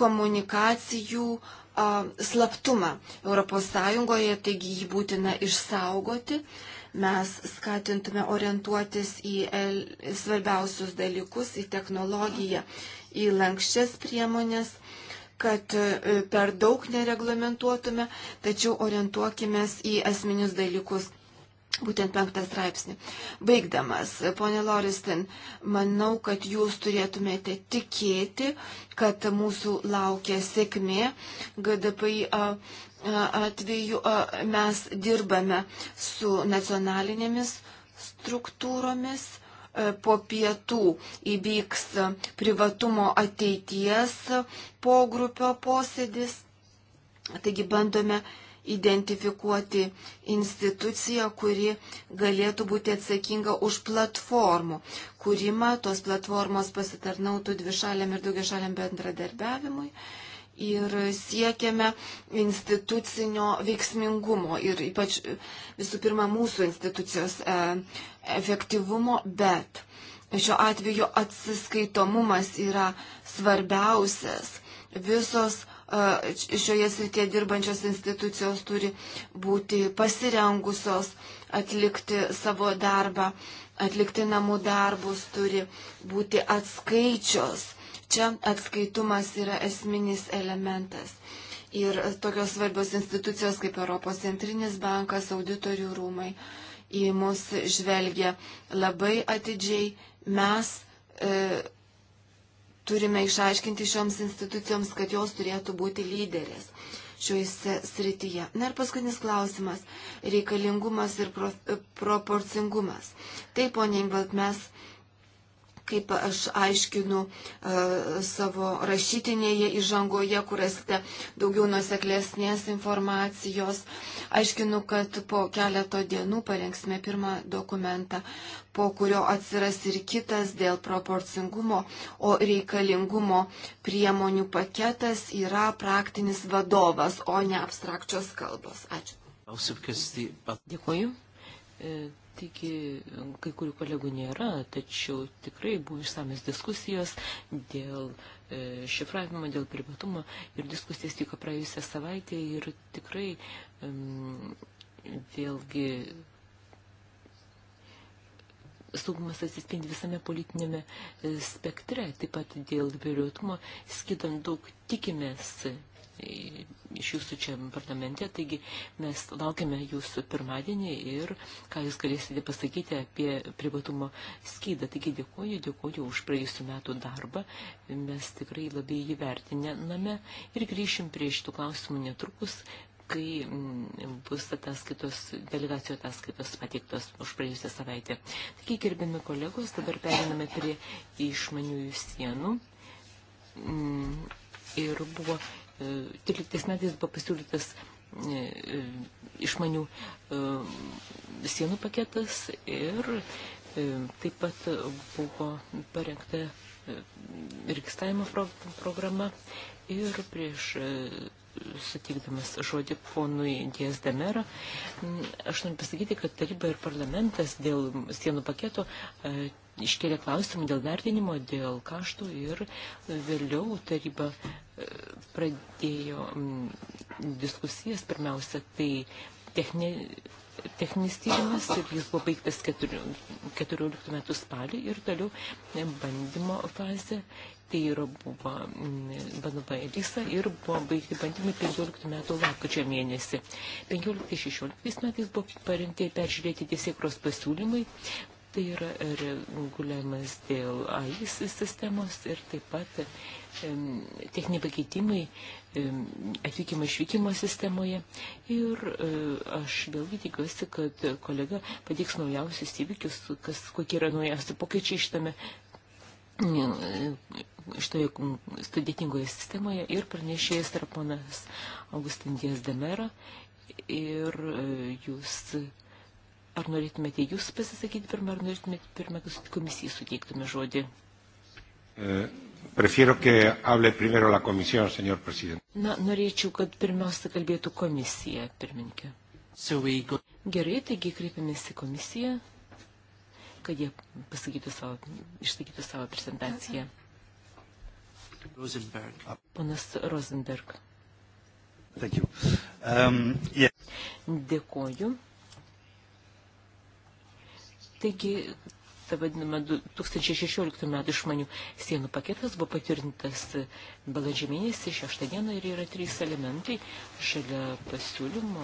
komunikacijų a, slaptumą ES, taigi jį būtina išsaugoti. Mes skatintume orientuotis į el, svarbiausius dalykus, į technologiją, į lankščias priemonės kad e, per daug nereglamentuotume, tačiau orientuokime į esminius dalykus, būtent penktą straipsnį. Baigdamas, ponė Loristin, manau, kad jūs turėtumėte tikėti, kad mūsų laukia sėkmė. GDPI atveju mes dirbame su nacionalinėmis struktūromis. E, po pietų įvyks privatumo ateities pogrupio posėdis. Taigi bandome identifikuoti instituciją, kuri galėtų būti atsakinga už platformų kūrimą, tos platformos pasitarnautų dvišaliam ir daugiašaliam bendradarbiavimui. Ir siekiame institucinio veiksmingumo ir ypač visų pirma mūsų institucijos e, efektyvumo, bet šiuo atveju atsiskaitomumas yra svarbiausias visos šioje srityje dirbančios institucijos turi būti pasirengusios atlikti savo darbą, atlikti namų darbus, turi būti atskaičios. Čia atskaitumas yra esminis elementas. Ir tokios svarbios institucijos kaip Europos centrinis bankas, auditorių rūmai į mus žvelgia labai atidžiai. Mes e, turime išaiškinti šioms institucijoms, kad jos turėtų būti lyderės šioje srityje. Na ir paskutinis klausimas - reikalingumas ir pro, e, proporcingumas. Taip, ponia Ingbalt, mes kaip aš aiškinu e, savo rašytinėje įžangoje, kur esate daugiau nuseklesnės informacijos. Aiškinu, kad po keleto dienų parengsime pirmą dokumentą, po kurio atsiras ir kitas dėl proporcingumo, o reikalingumo priemonių paketas yra praktinis vadovas, o ne abstrakčios kalbos. Ačiū. Tai- Dėkuoju. E, Taigi, kai kurių kolegų nėra, tačiau tikrai buvo išsamės diskusijos dėl e, šifravimo, dėl privatumo ir diskusijas vyko praėjusią savaitę ir tikrai um, vėlgi saugumas atsispindi visame politinėme e, spektre, taip pat dėl vėliuotumo, skidant daug tikimės iš jūsų čia parlamente, taigi mes laukiame jūsų pirmadienį ir ką jūs galėsite pasakyti apie privatumo skydą. Taigi dėkuoju, dėkuoju už praėjusiu metų darbą, mes tikrai labai jį vertiname ir grįšim prie šitų klausimų netrukus kai mm, bus ataskaitos, delegacijų ataskaitos pateiktos už praėjusią savaitę. Taigi, gerbiami kolegos, dabar periname prie išmaniųjų sienų. Mm, ir buvo 13 metais buvo pasiūlytas e, e, išmanių e, sienų paketas ir taip pat buvo parengta registravimo pro programa ir prieš sutikdamas žodį ponui Dies Demera, aš noriu pasakyti, kad taryba ir parlamentas dėl sienų paketo iškėlė klausimą dėl vertinimo, dėl kaštų ir vėliau taryba e, pradėjo diskusijas. Pirmiausia, tai techni, techninis tyrimas ir jis buvo baigtas 14 metų spalį ir toliau e, bandymo fazė. Tai yra buvo bandoma Elisa ir buvo baigti bandymai 15 metų lapkričio mėnesį. 15-16 metais buvo parengti peržiūrėti tiesiekros pasiūlymai, tai yra reguliavimas dėl AIS sistemos ir taip pat techniniai pakeitimai atvykimo išvykimo sistemoje. Ir e, aš vėlgi tikiuosi, kad kolega patiks naujausius įvykius, kas, kokie yra naujausi pokyčiai šitame e, šitoje sudėtingoje sistemoje ir pranešėjas yra ponas Augustin Dies Demera ir e, jūs Ar norėtumėte jūs pasisakyti pirmą, ar norėtumėte pirmą, kad komisijai suteiktume žodį? E, prefiero, que hable primero la comisión, señor presidente. Na, norėčiau, kad pirmiausia kalbėtų komisija, pirmininkė. So go... Gerai, taigi kreipiamės į komisiją, kad jie pasakytų savo, išsakytų savo prezentaciją. Rosenberg. Ponas Rosenberg. Thank you. Um, yeah. Dėkoju. Taigi ta vadinama 2016 metų išmanių sienų paketas buvo patvirtintas balandžio mėnesį, 6 dieną ir yra trys elementai šalia pasiūlymo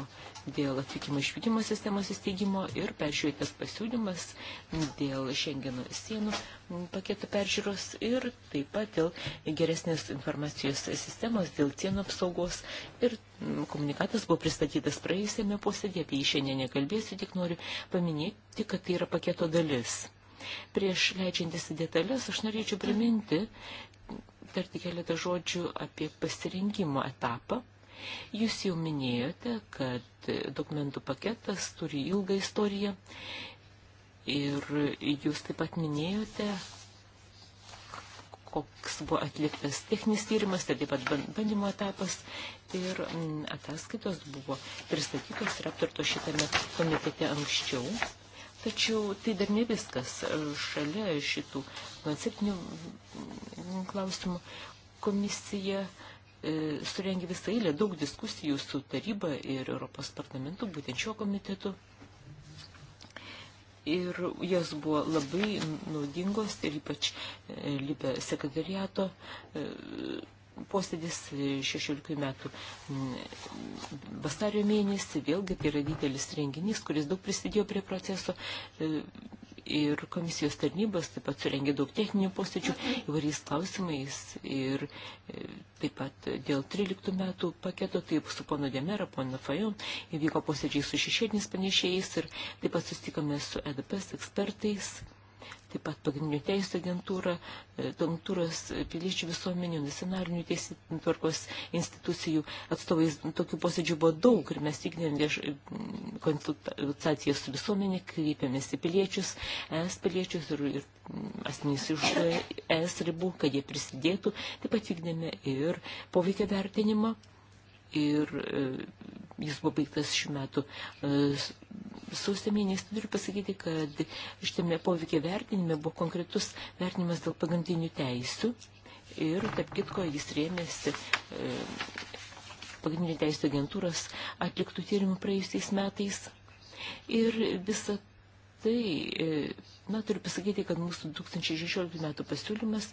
dėl atvykimo išvykimo sistemos įsteigimo ir peržiūrėtas pasiūlymas dėl Šengeno sienų paketo peržiūros ir taip pat dėl geresnės informacijos sistemos, dėl sienų apsaugos ir mm, komunikatas buvo pristatytas praėjusiame posėdėje, apie jį šiandien nekalbėsiu, tik noriu paminėti, kad tai yra paketo dalis. Prieš leidžiantis į detalės, aš norėčiau priminti, tarti keletą žodžių apie pasirinkimo etapą. Jūs jau minėjote, kad dokumentų paketas turi ilgą istoriją ir jūs taip pat minėjote, koks buvo atliktas techninis tyrimas, tai taip pat bandymo etapas ir mm, ataskaitos buvo pristatytos ir aptartos šitame komitete anksčiau. Tačiau tai dar ne viskas. Šalia šitų konceptinių klausimų komisija e, surengė visą eilę daug diskusijų su taryba ir Europos parlamentu, būtent šiuo komitetu. Ir jos buvo labai naudingos ir ypač e, Libė sekretariato e, posėdis 16 metų mm, vasario mėnesį, vėlgi tai yra didelis renginys, kuris daug prisidėjo prie proceso e, ir komisijos tarnybos taip pat surengė daug techninių posėdžių įvairiais klausimais ir e, taip pat dėl 13 metų paketo, taip su pono Demera, pono Fajon, įvyko posėdžiai su šešėtinis panešėjais ir taip pat sustikome su EDPS ekspertais taip pat pagrindinių teisų agentūra, e, agentūros e, piliečių visuomenių, nacionalinių teisų tvarkos institucijų atstovais. Tokių posėdžių buvo daug ir mes vykdėm vieš e, konsultaciją su visuomenė, kreipėmės į piliečius, es piliečius ir, ir mm, asmenys iš es ribų, kad jie prisidėtų. Taip pat vykdėme ir poveikia vertinimą ir e, jis buvo baigtas šių metų e, sausio mėnesį. Turiu pasakyti, kad šitame poveikia vertinime buvo konkretus vertinimas dėl pagrindinių teisių ir, tarp kitko, jis rėmėsi e, pagrindinių teisų agentūros atliktų tyrimų praėjusiais metais. Ir visa tai Na, turiu pasakyti, kad mūsų 2016 metų pasiūlymas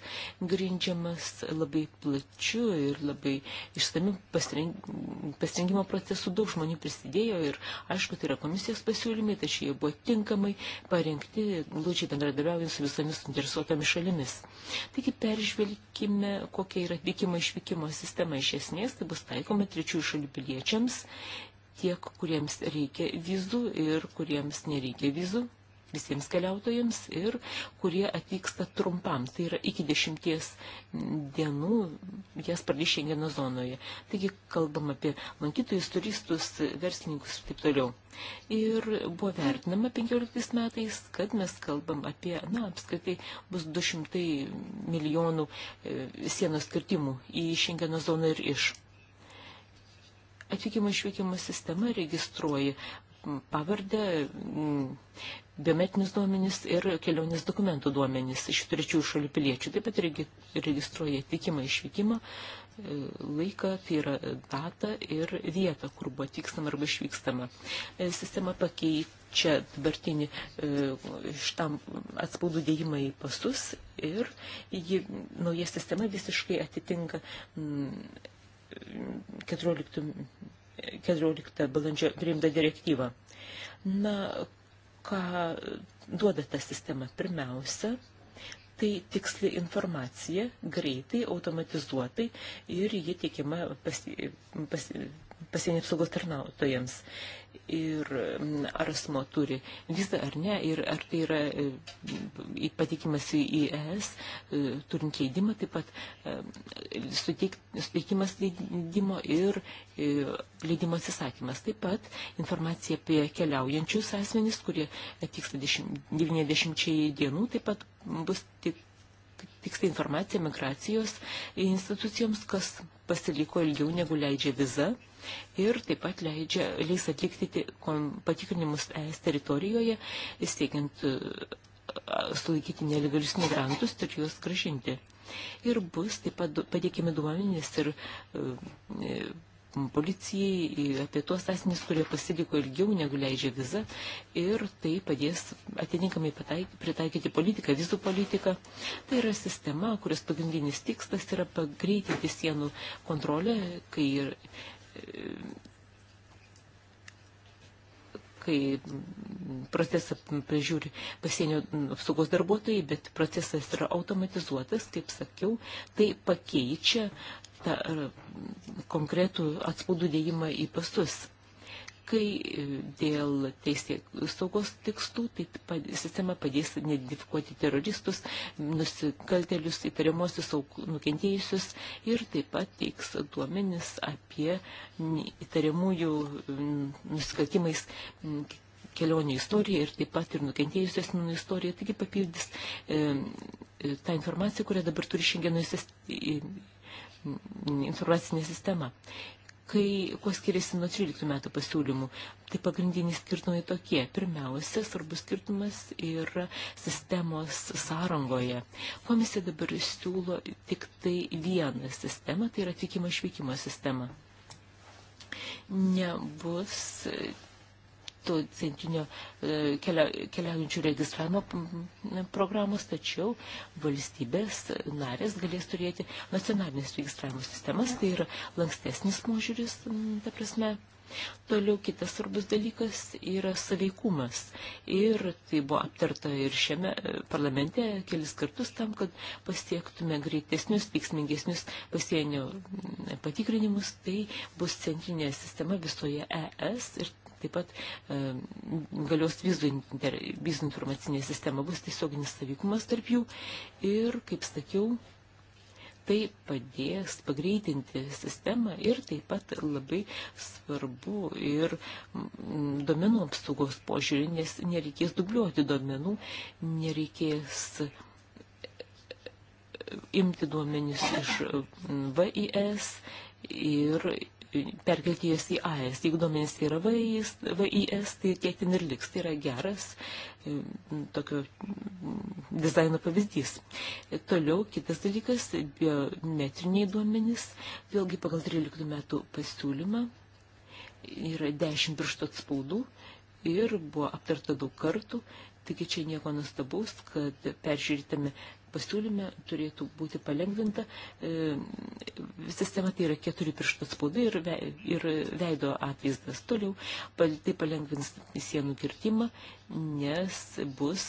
grindžiamas labai plačiu ir labai išsami pasirinkimo procesu. Daug žmonių prisidėjo ir, aišku, tai yra komisijos pasiūlymai, tačiau jie buvo tinkamai parengti, glūdžiai bendradarbiaujant su visomis interesuotomis šalimis. Taigi, peržvelgime, kokia yra vykimo išvykimo sistema iš esmės, tai bus taikoma trečiųjų šalių piliečiams tiek, kuriems reikia vizų ir kuriems nereikia vizų visiems keliautojams ir kurie atvyksta trumpam, tai yra iki dešimties dienų jas pradės šengeno zonoje. Taigi kalbam apie lankytojus, turistus, verslininkus ir taip toliau. Ir buvo vertinama 15 metais, kad mes kalbam apie, na, apskritai bus 200 milijonų e, sienos skirtimų į šengeno zoną ir iš atvykimo išvykimo sistema registruoja pavardę, biometrinis duomenys ir kelionės dokumentų duomenys iš trečiųjų šalių piliečių. Taip pat registruoja atvykimą, išvykimą, e, laiką, tai yra datą ir vietą, kur buvo atvykstama arba išvykstama. E, sistema pakeičia dabartinį e, šitam atspaudų dėjimą į pasus ir ji, nauja sistema visiškai atitinka 14 14 balandžio priimta direktyva. Na, ką duoda ta sistema? Pirmiausia, tai tiksli informacija, greitai, automatizuotai ir ji teikiama pasienio pas, apsaugos tarnautojams ir ar asmo turi vizą ar ne, ir ar tai yra e, patikimas į ES, e, turint leidimą, taip pat e, suteikimas leidimo ir leidimo atsisakymas. Taip pat informacija apie keliaujančius asmenys, kurie atvyksta 90 dienų, taip pat bus tik tiksliai informaciją migracijos institucijoms, kas pasiliko ilgiau negu leidžia viza ir taip pat leidžia, leis atlikti patikrinimus ES teritorijoje, siekiant sulaikyti nelegalius migrantus ir juos gražinti. Ir bus taip pat padėkime duomenys ir e, policijai, apie tuos asmenys, kurie pasiliko ilgiau negu leidžia viza ir tai padės atitinkamai pritaikyti politiką, vizų politiką. Tai yra sistema, kurios pagrindinis tikslas yra pagreitinti sienų kontrolę, kai ir e, kai procesą prižiūri pasienio apsaugos darbuotojai, bet procesas yra automatizuotas, kaip sakiau, tai pakeičia ta, konkretų atspaudų dėjimą į pastus. Kai e, dėl teisė saugos tikslų, tai sistema padės identifikuoti teroristus, nusikaltelius, įtariamosius nukentėjusius ir taip pat teiks duomenis apie įtariamųjų nusikaltimais kelionių istoriją ir taip pat ir nukentėjusių asmenų istoriją, taigi papildys e, e, tą informaciją, kurią dabar turi šiandienų informacinę sistemą. Kai, kuo skiriasi nuo 13 metų pasiūlymų, tai pagrindiniai skirtumai tokie. Pirmiausia, svarbus skirtumas yra sistemos sąrangoje. Komisija dabar siūlo tik tai vieną sistemą, tai yra atvykimo išvykimo sistema. Nebus to centrinio e, kelia, keliaujančių registravimo programos, tačiau valstybės narės galės turėti nacionalinės registravimo sistemas, tai yra lankstesnis požiūris, ta prasme. Toliau kitas svarbus dalykas yra saveikumas. Ir tai buvo aptarta ir šiame e, parlamente kelis kartus tam, kad pasiektume greitesnius, veiksmingesnius pasienio patikrinimus. Tai bus centrinė sistema visoje ES ir taip pat e, galios vizų, inter, vizų informacinė sistema, bus tiesioginis savykumas tarp jų ir, kaip sakiau, tai padės pagreitinti sistemą ir taip pat labai svarbu ir domenų apsaugos požiūrį, nes nereikės dubliuoti domenų, nereikės e, imti duomenis iš VIS ir perkelti jas į AS. Jeigu duomenys tai yra VIS, VIS tai tiek ten ir liks. Tai yra geras e, tokio dizaino pavyzdys. Toliau kitas dalykas - biometriniai duomenys. Vėlgi pagal 13 metų pasiūlymą yra 10 pirštų atspaudų ir buvo aptarta daug kartų. Taigi čia nieko nustabaus, kad peržiūrėtame pasiūlyme turėtų būti palengvinta e, sistema, tai yra keturi pirštų spaudai ir, ve, ir veido atvaizdas toliau, tai palengvins sienų kirtimą, nes bus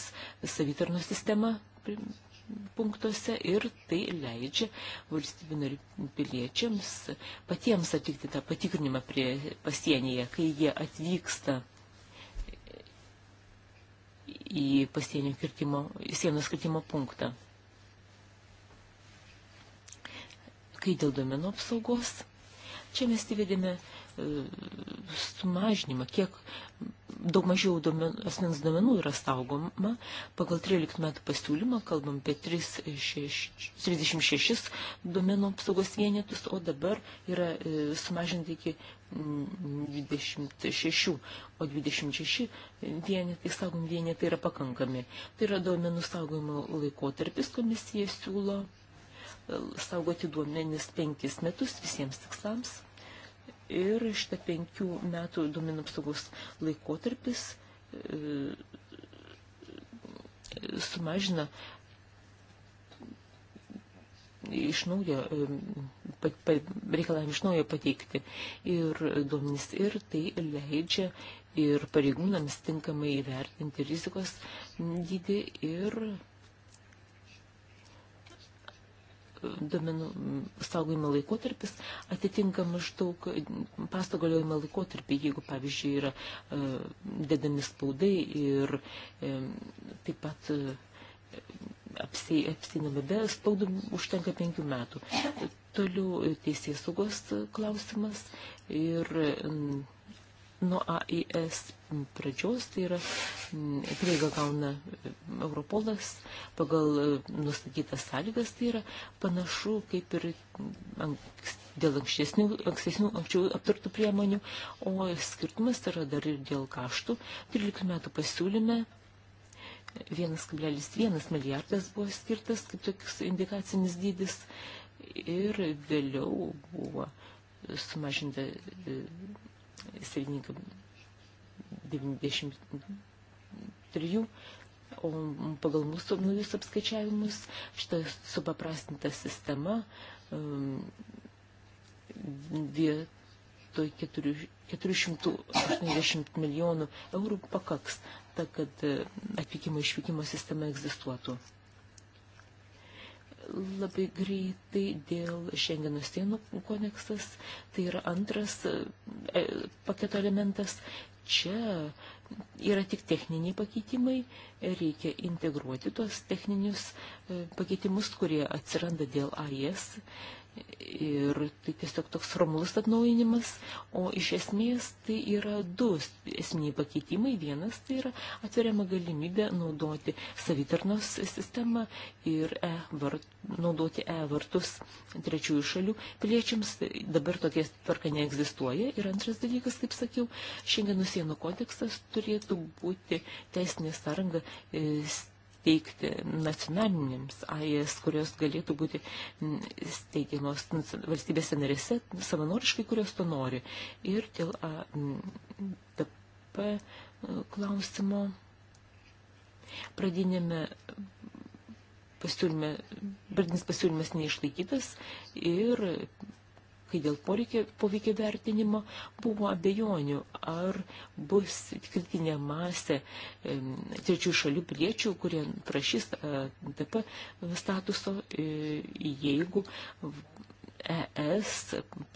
savitarno sistema punktuose ir tai leidžia valstybių narių piliečiams patiems atlikti tą patikrinimą prie pasienyje, kai jie atvyksta į pasienio kirtimo, sienos kirtimo punktą. Kai dėl domenų apsaugos, čia mes įvedėme e, sumažinimą, kiek daug mažiau domen, asmens domenų yra saugoma. Pagal 13 metų pasiūlymą kalbam apie 3, 6, 36 domenų apsaugos vienetus, o dabar yra e, sumažinta iki 26, mm, o 26 vienetai saugomi vienetai yra pakankami. Tai yra domenų saugojimo laikotarpis, komisija siūlo saugoti duomenis penkis metus visiems tikslams. Ir šitą penkių metų duomenų apsaugos laikotarpis e, sumažina iš naujo, e, pa, pa, reikalavim iš naujo pateikti ir duomenys ir tai leidžia ir pareigūnams tinkamai įvertinti rizikos dydį ir duomenų saugojimo laikotarpis atitinka maždaug pasto galiojimo laikotarpį, jeigu, pavyzdžiui, yra e, dedami spaudai ir e, taip pat e, apsi, apsinami be spaudų užtenka penkių metų. Toliau teisės saugos klausimas ir. E, nuo AIS pradžios, tai yra prieiga gauna Europolas pagal e, nustatytas sąlygas, tai yra panašu kaip ir dėl ankstesnių, ankstesnių anksčiau aptartų priemonių, o skirtumas yra dar ir dėl kaštų. 13 metų pasiūlyme 1,1 milijardas buvo skirtas kaip toks indikacinis dydis ir vėliau buvo sumažinta e, srininkų 93, o pagal mūsų naujus apskaičiavimus šitą supaprastintą sistemą um, vietoj 480 milijonų eurų pakaks, ta, kad uh, atvykimo išvykimo sistema egzistuotų labai greitai dėl Šengeno sienų koneksas, tai yra antras e, paketo elementas. Čia yra tik techniniai pakeitimai, reikia integruoti tuos techninius e, pakeitimus, kurie atsiranda dėl AIS Ir tai tiesiog toks formulus atnaujinimas, o iš esmės tai yra du esminiai pakeitimai. Vienas tai yra atveriama galimybė naudoti savitarnos sistemą ir e -vart, naudoti e-vartus trečiųjų šalių piliečiams. Tai dabar tokia tvarka neegzistuoja. Ir antras dalykas, kaip sakiau, šiandien sienų kodeksas turėtų būti teisinė sąranga. E, teikti nacionalinėms AIS, e kurios galėtų būti steigiamos valstybėse narėse savanoriškai, kurios to nori. Ir dėl ATP klausimo pradinėme pasiūlyme, pradinis pasiūlymas neišlaikytas ir kai dėl poveikio vertinimo buvo abejonių, ar bus kritinė masė e, trečių šalių priečių, kurie prašys TP statuso, e, jeigu ES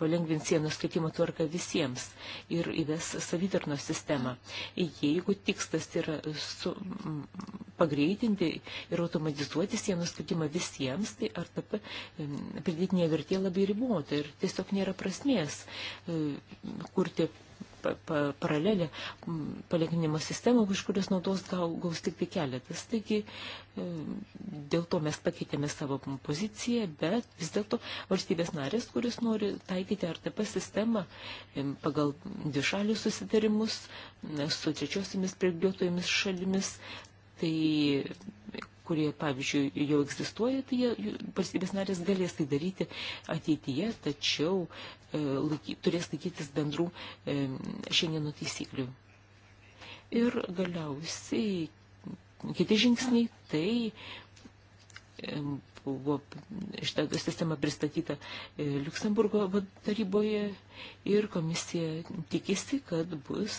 palengvins sienos kirtimo tvarką visiems ir įves savitarno sistemą. Jeigu tikslas yra su, pagreitinti ir automatizuoti sienos kirtimą visiems, tai ar ta pridėtinė vertė labai ribota ir tiesiog nėra prasmės e, kurti paralelę palyginimo sistemą, už kurios naudos gaus tik tai keletas. Taigi e, dėl to mes pakeitėme savo poziciją, bet vis dėlto valstybės narės, kuris nori taikyti RTP sistemą e, pagal dvišalius susitarimus e, su trečiosiamis prigliuotojomis šalimis, tai kurie, pavyzdžiui, jau egzistuoja, tai jie, valstybės narės galės tai daryti ateityje, tačiau e, laiky, turės laikytis bendrų e, šiandieno taisyklių. Ir galiausiai kiti žingsniai tai e, buvo šitą sistemą pristatyta e, Luksemburgo taryboje ir komisija tikisi, kad bus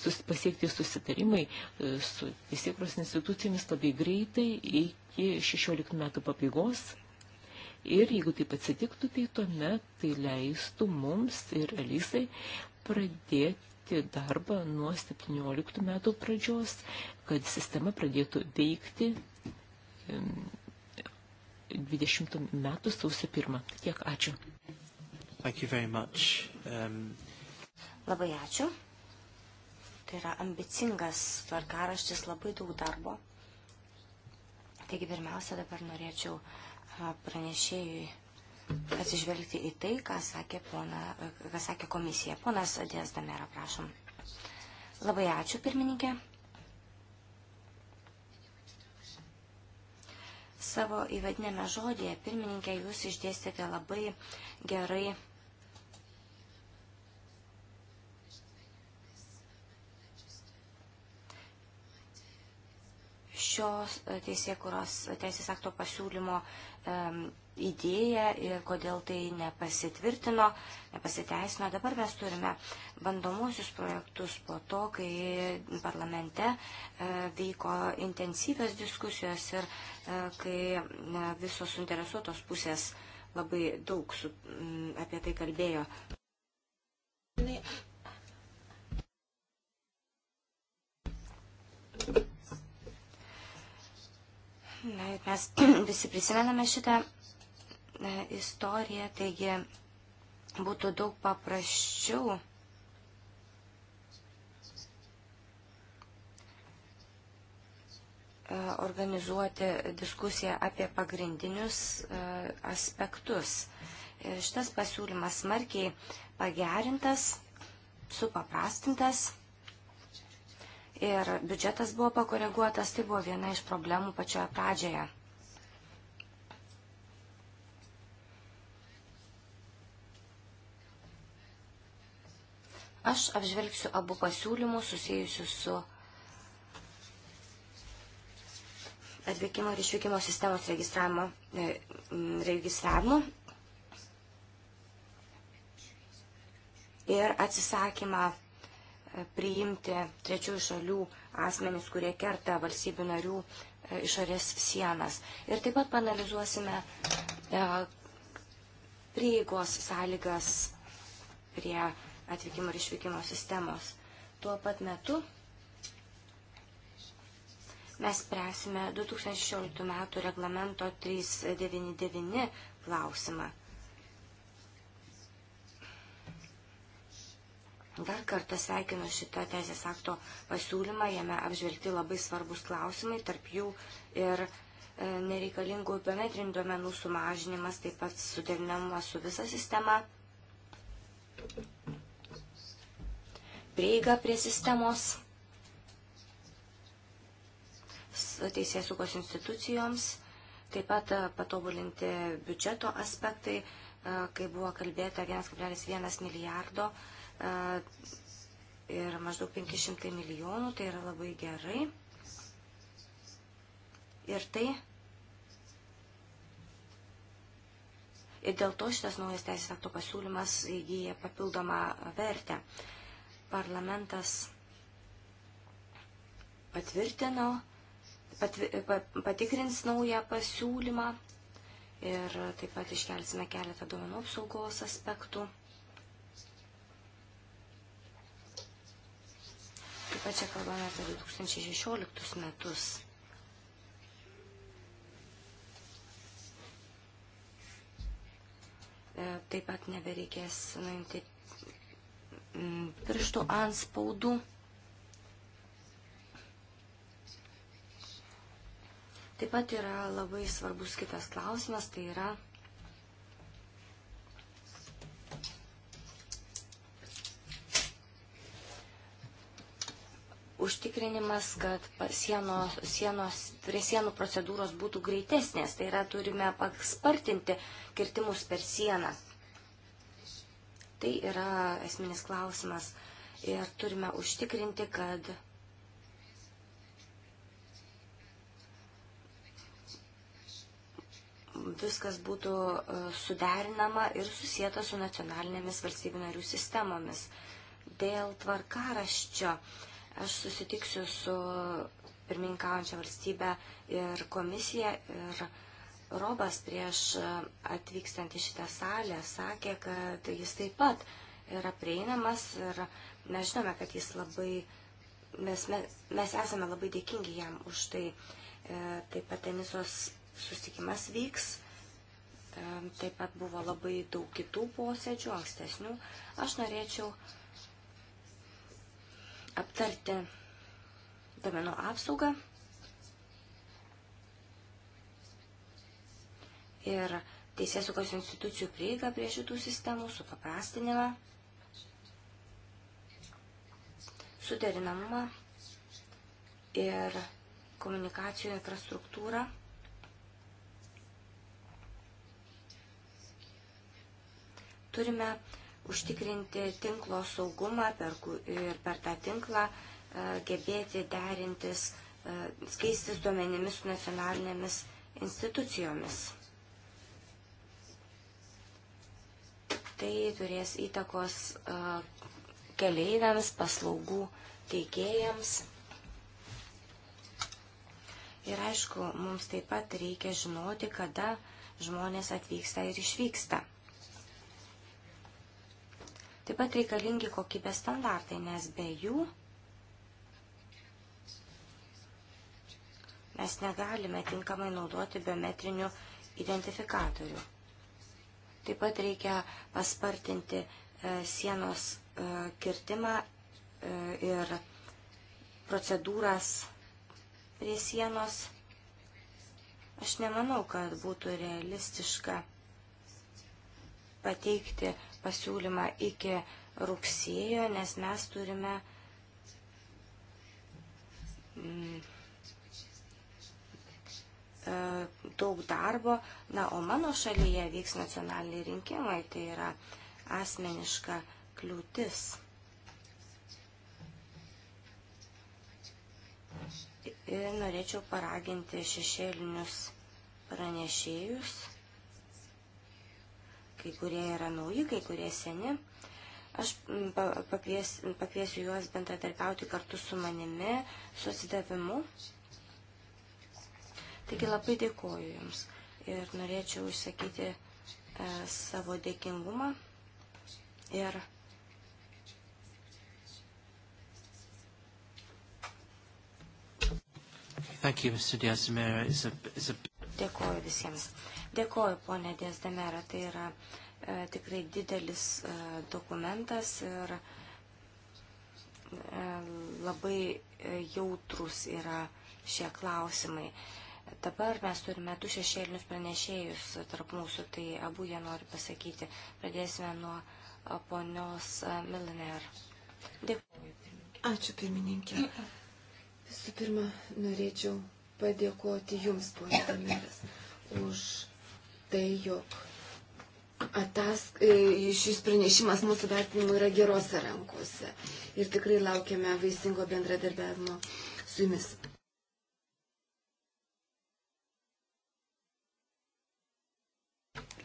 sus, pasiekti susitarimai e, su teisėkros institucijomis labai greitai iki 16 metų pabaigos. Ir jeigu taip atsitiktų, tai tuomet tai leistų mums ir Elisai pradėti darbą nuo 17 metų pradžios, kad sistema pradėtų veikti 20 metų sausio 1. Tai tiek ačiū. Thank you very much. Um... Labai ačiū. Tai yra ambicingas tvarkaraštis, labai daug darbo. Taigi pirmiausia dabar norėčiau pranešėjui atsižvelgti į tai, ką sakė, pona, ką sakė komisija. Ponas Dės Damera, prašom. Labai ačiū, pirmininkė. Savo įvadinėme žodėje, pirmininkė, jūs išdėstėte labai gerai šios teisėkuros teisės akto pasiūlymo idėja ir kodėl tai nepasitvirtino, nepasiteisino. Dabar mes turime bandomuosius projektus po to, kai parlamente e, vyko intensyvios diskusijos ir e, kai e, visos suinteresuotos pusės labai daug su, apie tai kalbėjo. Mes visi prisimename šitą E, istoriją, taigi būtų daug paprasčiau e, organizuoti diskusiją apie pagrindinius e, aspektus. Šitas pasiūlymas smarkiai pagerintas, supaprastintas ir biudžetas buvo pakoreguotas, tai buvo viena iš problemų pačioje pradžioje. Aš apžvelgsiu abu pasiūlymus susijusius su atvykimo ir išvykimo sistemos registravimo, e, registravimo ir atsisakymą e, priimti trečiųjų šalių asmenys, kurie kerta valstybių narių e, išorės sienas. Ir taip pat panalizuosime prieigos sąlygas prie atvykimo ir išvykimo sistemos. Tuo pat metu mes spręsime 2016 metų reglamento 399 klausimą. Dar kartą sveikinu šitą teisės akto pasiūlymą, jame apžvelgti labai svarbus klausimai, tarp jų ir e, nereikalingų biometrinių duomenų sumažinimas, taip pat suderinamumas su visa sistema prieigą prie sistemos teisės saugos institucijoms, taip pat e, patobulinti biudžeto aspektai, e, kai buvo kalbėta 1,1 milijardo e, ir maždaug 500 milijonų, tai yra labai gerai. Ir tai. Ir dėl to šitas naujas teisės akto pasiūlymas įgyja papildomą vertę. Uh, parlamentas patvirtino, patvi, patikrins naują pasiūlymą ir taip pat iškelsime keletą duomenų apsaugos aspektų. Taip pat čia kalbame apie 2016 metus. E, taip pat nebereikės nuimti pirštų anspaudų. Taip pat yra labai svarbus kitas klausimas, tai yra užtikrinimas, kad sieno, sienos, prie sienų procedūros būtų greitesnės. Tai yra turime paspartinti kirtimus per sieną. Tai yra esminis klausimas ir turime užtikrinti, kad viskas būtų e, suderinama ir susijęta su nacionalinėmis valstybių narių sistemomis. Dėl tvarkaraščio aš susitiksiu su pirmininkaujančia valstybė ir komisija ir uh, Robas prieš e, atvykstant į šitą salę sakė, kad jis taip pat yra prieinamas ir mes žinome, kad jis labai, mes, mes, mes esame labai dėkingi jam už tai. E, taip pat Enisos susitikimas vyks. E, taip pat buvo labai daug kitų posėdžių, ankstesnių. Aš norėčiau aptarti domenų apsaugą ir teisėsaugos institucijų prieiga prie šitų sistemų, supaprastinimą, suderinamumą ir komunikacijų infrastruktūrą. Turime užtikrinti tinklo saugumą per, ir per tą tinklą e, gebėti derintis, e, skaistis duomenimis su nacionalinėmis institucijomis. tai turės įtakos keleiviams, paslaugų teikėjams. Ir aišku, mums taip pat reikia žinoti, kada žmonės atvyksta ir išvyksta. Taip pat reikalingi kokybės standartai, nes be jų mes negalime tinkamai naudoti biometrinių identifikatorių. Taip pat reikia paspartinti e, sienos e, kirtimą e, ir procedūras prie sienos. Aš nemanau, kad būtų realistiška pateikti pasiūlymą iki rugsėjo, nes mes turime mm, E, daug darbo. Na, o mano šalyje vyks nacionaliniai rinkimai, tai yra asmeniška kliūtis. Ir norėčiau paraginti šešėlinius pranešėjus, kai kurie yra nauji, kai kurie seni. Aš pakvies, pakviesiu juos bendradarbiauti kartu su manimi, su atsidavimu Taigi labai dėkoju Jums ir norėčiau išsakyti e, savo dėkingumą ir Thank you, Mr. Diaz-Demera. It's a, it's a... Dėkoju visiems. Dėkoju, ponė Diaz-Demera. Tai yra e, tikrai didelis e, dokumentas ir e, labai e, jautrus yra šie klausimai. E, Dabar mes turime du šešėlinius pranešėjus tarp mūsų, tai abu jie nori pasakyti. Pradėsime nuo ponios Milner. Dėkuoju. Ačiū, pirmininkė. Visų pirma, norėčiau padėkoti Jums, ponė Damiras, už tai, jog atask, e, šis pranešimas mūsų vertinimu yra gerose rankose. Ir tikrai laukiame vaisingo bendradarbiavimo su Jumis.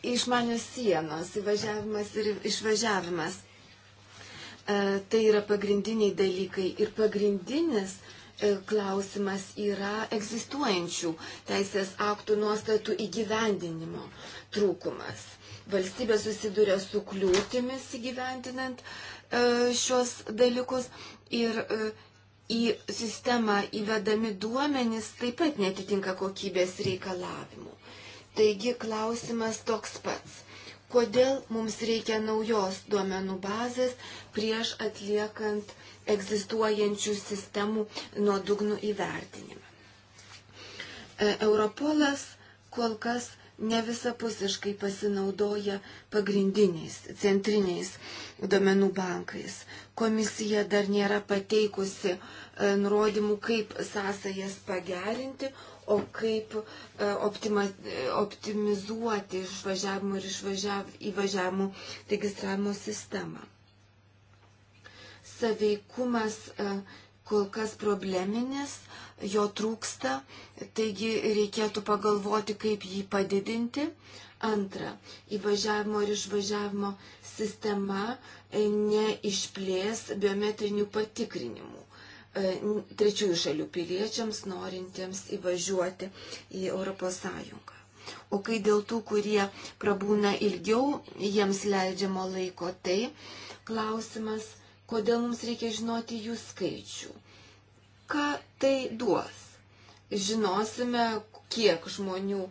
išmanios sienos, įvažiavimas ir išvažiavimas. E, tai yra pagrindiniai dalykai ir pagrindinis e, klausimas yra egzistuojančių teisės aktų nuostatų įgyvendinimo trūkumas. Valstybė susiduria su kliūtimis įgyvendinant e, šios dalykus ir į sistemą įvedami duomenys taip pat netitinka kokybės reikalavimų. Taigi klausimas toks pats. Kodėl mums reikia naujos duomenų bazės prieš atliekant egzistuojančių sistemų nuodugnų įvertinimą? E, Europolas kol kas ne visapusiškai pasinaudoja pagrindiniais, centriniais duomenų bankais. Komisija dar nėra pateikusi e, nurodymų, kaip sąsajas pagerinti, o kaip e, optima, optimizuoti išvažiavimų ir išvažiav, įvažiavimų registravimo sistemą. Saveikumas e, kol kas probleminis, jo trūksta, taigi reikėtų pagalvoti, kaip jį padidinti. Antra, įvažiavimo ir išvažiavimo sistema e, neišplės biometrinių patikrinimų. E, trečiųjų šalių piliečiams, norintiems įvažiuoti į ES. O kai dėl tų, kurie prabūna ilgiau, jiems leidžiamo laiko, tai klausimas, kodėl mums reikia žinoti jų skaičių. Ką tai duos? Žinosime, kiek žmonių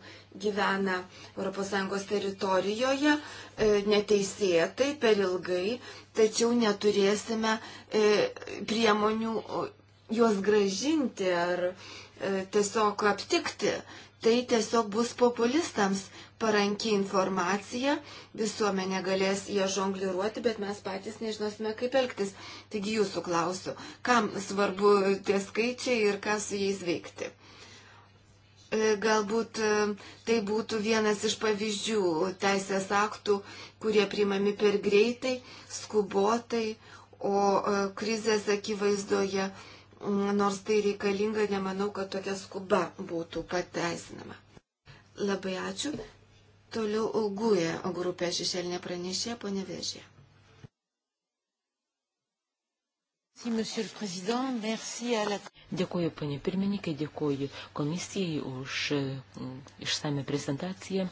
gyvena ES teritorijoje e, neteisėtai, per ilgai, tačiau neturėsime e, priemonių juos gražinti ar e, tiesiog aptikti. Tai tiesiog bus populistams paranki informacija, visuomenė galės ją žongliruoti, bet mes patys nežinosime, kaip elgtis. Taigi jūsų klausiu, kam svarbu tie skaičiai ir ką su jais veikti. E, galbūt e, tai būtų vienas iš pavyzdžių teisės aktų, kurie priimami per greitai, skubotai, o e, krizės akivaizdoje, nors tai reikalinga, nemanau, kad tokia skuba būtų pateisinama. Labai ačiū. Toliau Guje grupė šešėlinė pranešė, ponė Vežė. Dėkuoju, panė pirmininkai, dėkuoju komisijai už mm, išsame prezentaciją,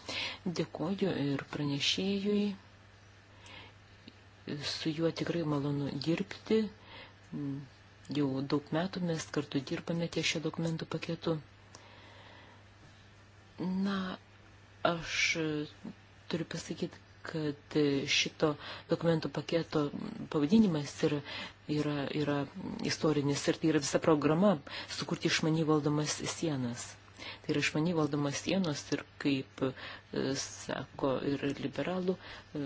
dėkuoju ir pranešėjui, su juo tikrai malonu dirbti, mm, jau daug metų mes kartu dirbame ties šio dokumentų paketu. Na, aš turiu pasakyti, kad šito dokumentų paketo pavadinimas yra yra, yra istorinis ir tai yra visa programa sukurti išmaniai valdomas sienas. Tai yra išmaniai valdomas sienos ir kaip e, sako ir liberalų e,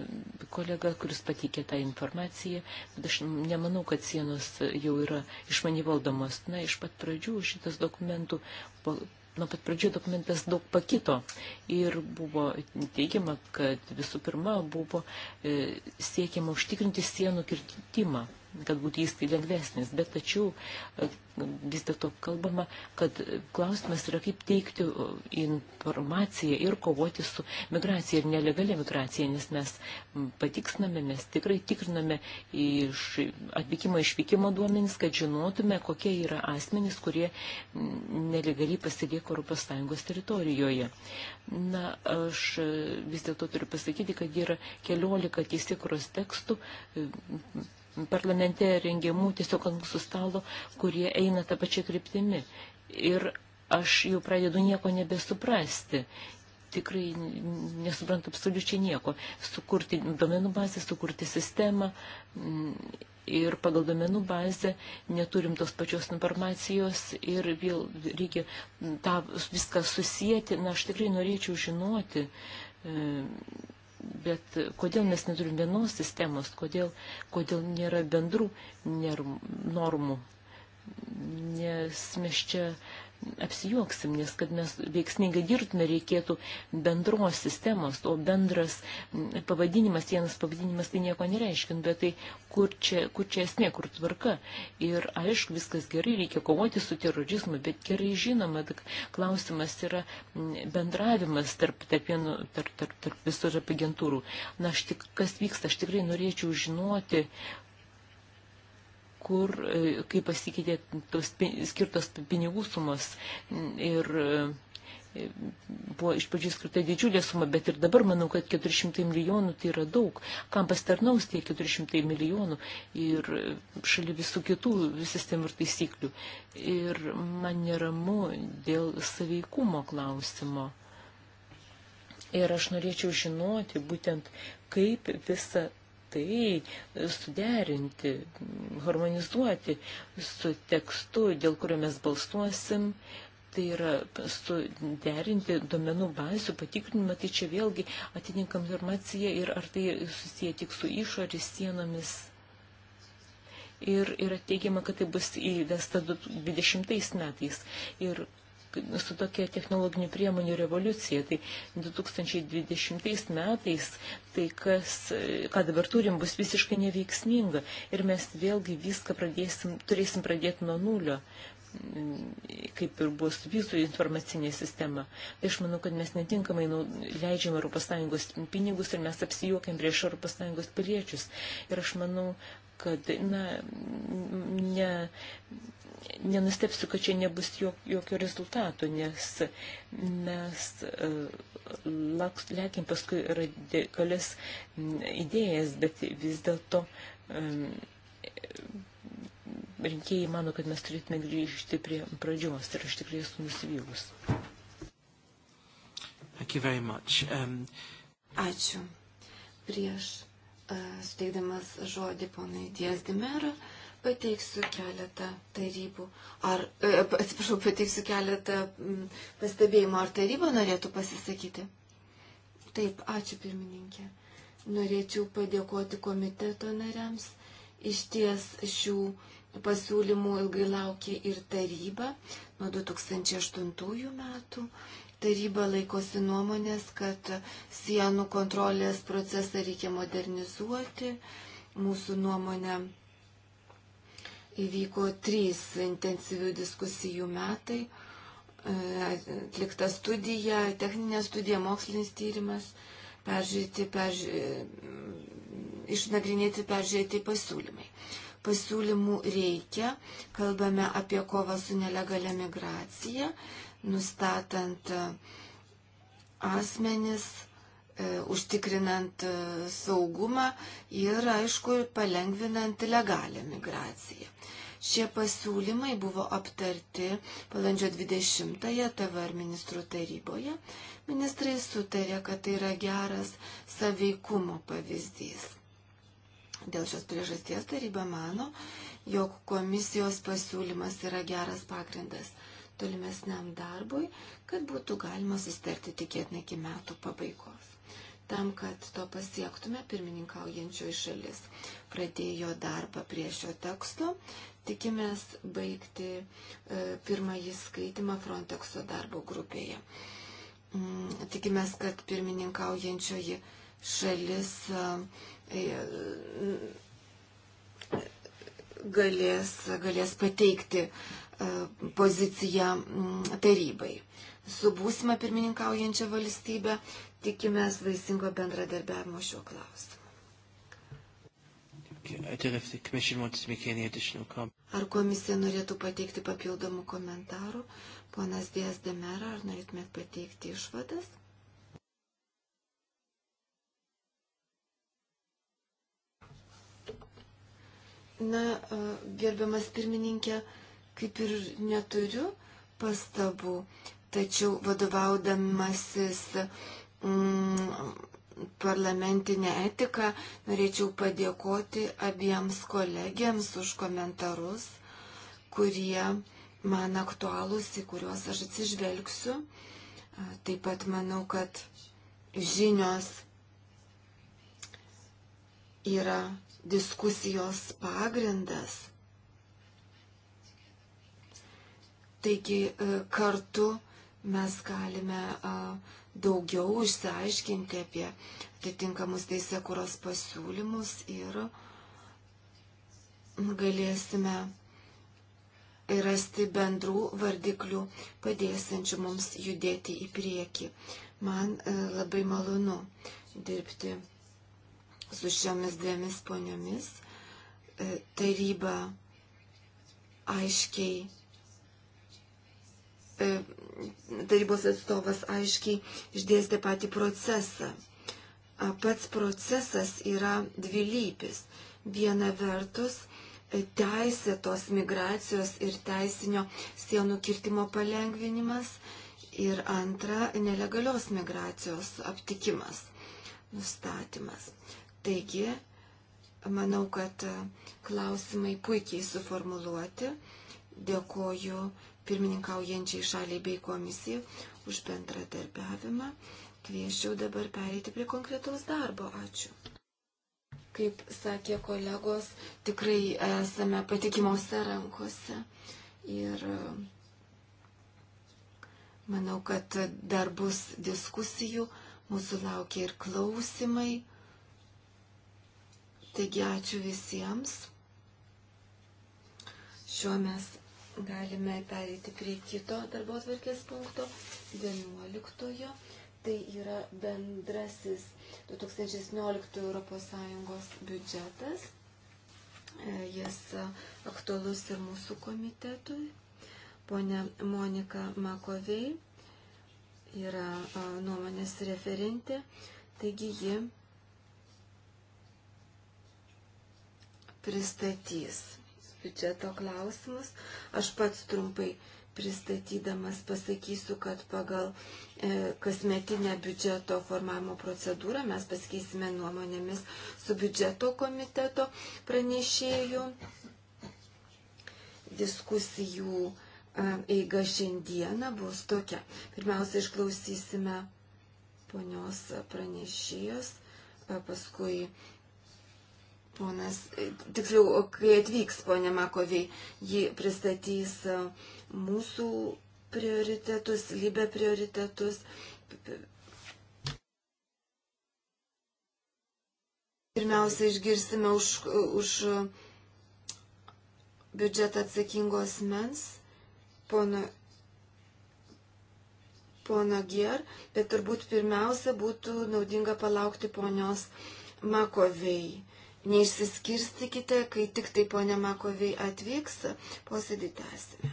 kolega, kuris patikė tą informaciją, bet aš nemanau, kad sienos jau yra išmaniai valdomos. Na, iš pat pradžių šitas dokumentų nuo pat pradžių dokumentas daug pakito ir buvo teigiama, kad visų pirma buvo e, siekiama užtikrinti sienų kirtimą kad būtų jis lengvesnis, bet tačiau e, vis dėlto kalbama, kad klausimas yra kaip teikti informaciją ir kovoti su migracija ir nelegalia migracija, nes mes patiksname, mes tikrai tikriname iš atvykimo išvykimo duomenys, kad žinotume, kokie yra asmenys, kurie nelegaliai pasilieka Europos Sąjungos teritorijoje. Na, aš e, vis dėlto turiu pasakyti, kad yra keliolika teisėkuros tekstų e, parlamente rengiamų tiesiog ant mūsų stalo, kurie eina tą pačią kryptimį. Ir aš jau pradedu nieko nebesuprasti. Tikrai nesuprantu absoliučiai nieko. Sukurti domenų bazę, sukurti sistemą mm, ir pagal domenų bazę neturim tos pačios informacijos ir vėl reikia mm, tą viską susijęti. Na, aš tikrai norėčiau žinoti, e, Bet kodėl mes neturim vienos sistemos, kodėl, kodėl nėra bendrų normų? Nes mes čia apsijuoksim, nes kad mes veiksmingai dirbtume, reikėtų bendros sistemos, o bendras pavadinimas, vienas pavadinimas tai nieko nereiškia, nu, bet tai kur čia, kur čia esmė, kur tvarka. Ir aišku, viskas gerai, reikia kovoti su terorizmu, bet gerai žinoma, klausimas yra bendravimas tarp, tarp, vienu, tarp, tarp, tarp visur apagentūrų. Na, aš tik, kas vyksta, aš tikrai norėčiau žinoti, kur, e, kaip pasikeitė tos skirtos pinigų sumos. Ir e, buvo iš pradžių skirta didžiulė suma, bet ir dabar manau, kad 400 milijonų tai yra daug. Kam pastarnaus tie 400 milijonų ir šalia visų kitų sistemų ir taisyklių. Ir man neramu dėl saveikumo klausimo. Ir aš norėčiau žinoti būtent, kaip visa tai e, suderinti, harmonizuoti su tekstu, dėl kurio mes balsuosim, tai yra suderinti domenų bazių patikrinimą, tai čia vėlgi atitinkam informaciją ir ar tai susiję tik su išorės sienomis. Ir yra teigiama, kad tai bus įvesta 20 metais. Ir su tokia technologinių priemonių revoliucija. Tai 2020 metais tai, kas, ką dabar turim, bus visiškai neveiksminga ir mes vėlgi viską pradėsim, turėsim pradėti nuo nulio kaip ir bus visų informacinė sistema. Tai aš manau, kad mes netinkamai nu, leidžiam ES pinigus ir mes apsijuokiam prieš ES piliečius. Ir aš manau, kad, na, ne, nenustepsiu, kad čia nebus jokio rezultato, nes mes e, lėkim paskui radikalias idėjas, bet vis dėlto e, rinkėjai mano, kad mes turėtume grįžti prie pradžios ir aš tikrai esu nusivylus. Um... Ačiū. Prieš suteikdamas žodį ponai Dies Dimera, pateiksiu keletą tarybų. Ar, e, atsiprašau, pateiksiu keletą pastebėjimų, ar taryba norėtų pasisakyti. Taip, ačiū pirmininkė. Norėčiau padėkoti komiteto nariams. Iš ties šių pasiūlymų ilgai laukė ir taryba nuo 2008 metų. Taryba laikosi nuomonės, kad sienų kontrolės procesą reikia modernizuoti. Mūsų nuomonė įvyko trys intensyvių diskusijų metai. E, atlikta studija, techninė studija, mokslinis tyrimas peržiūrėti, peržiūrėti, išnagrinėti, peržiūrėti pasiūlymai. Pasiūlymų reikia, kalbame apie kovą su nelegalia migracija, nustatant e, asmenis, e, užtikrinant e, saugumą ir, aišku, palengvinant legalią migraciją. Šie pasiūlymai buvo aptarti balandžio 20-ąją TVR ministrų taryboje. Ministrai sutarė, kad tai yra geras saveikumo pavyzdys. Dėl šios priežasties taryba mano, jog komisijos pasiūlymas yra geras pagrindas tolimesniam darbui, kad būtų galima sustarti tikėtinai iki metų pabaigos. Tam, kad to pasiektume, pirmininkaujančioji šalis pradėjo darbą prie šio teksto. Tikimės baigti e, pirmąjį skaitimą Frontexo darbo grupėje. Mm, tikimės, kad pirmininkaujančioji šalis e, e, galės, galės pateikti E, poziciją mm, tarybai. Su būsima pirmininkaujančia valstybė tikimės vaisingo bendradarbiavimo šiuo klausimu. Ar komisija norėtų pateikti papildomų komentarų? Ponas Dijas Demera, ar norėtumėt pateikti išvadas? Na, e, gerbiamas pirmininkė, uh, kaip ir neturiu pastabų, tačiau vadovaudamasis mm, parlamentinę etiką norėčiau padėkoti abiems kolegiams už komentarus, kurie man aktualūs, į kuriuos aš atsižvelgsiu. Taip pat manau, kad žinios yra diskusijos pagrindas Taigi e, kartu mes galime e, daugiau išsiaiškinti apie atitinkamus teisėkuros pasiūlymus ir galėsime rasti bendrų vardiklių, padėsiančių mums judėti į priekį. Man e, labai malonu dirbti su šiomis dviemis poniomis. Taryba aiškiai E, tarybos atstovas aiškiai išdėstė patį procesą. Pats procesas yra dvilypis. Viena vertus e, teisėtos migracijos ir teisinio sienų kirtimo palengvinimas ir antra nelegalios migracijos aptikimas, nustatymas. Taigi, manau, kad e, klausimai puikiai suformuluoti. Dėkoju pirmininkaujančiai šaliai bei komisijai už bendradarbiavimą. Kvieščiau dabar pereiti prie konkretaus darbo. Ačiū. Kaip sakė kolegos, tikrai esame patikimose rankose ir e, manau, kad dar bus diskusijų, mūsų laukia ir klausimai. Taigi ačiū visiems. Šiuo mes galime pereiti prie kito darbo atvarkės punkto, 11. Tai yra bendrasis 2017 ES biudžetas. E, jis aktualus ir mūsų komitetui. Pone Monika Makovei yra e, nuomonės referentė, taigi ji pristatys biudžeto klausimus. Aš pats trumpai pristatydamas pasakysiu, kad pagal e, kasmetinę biudžeto formavimo procedūrą mes pasikeisime nuomonėmis su biudžeto komiteto pranešėju. Diskusijų e, eiga šiandieną bus tokia. Pirmiausia, išklausysime ponios pranešėjos, e, paskui Ponas, e, tiksliau, kai atvyks ponė Makoviai, ji pristatys e, mūsų prioritetus, lybę prioritetus. Pirmiausia, išgirsime už, už biudžetą atsakingos mens, pono, pono Gier, bet turbūt pirmiausia būtų naudinga palaukti ponios Makovei. Neišsiskirstykite, kai tik tai ponia Makoviai atvyks, posėdį tęsime.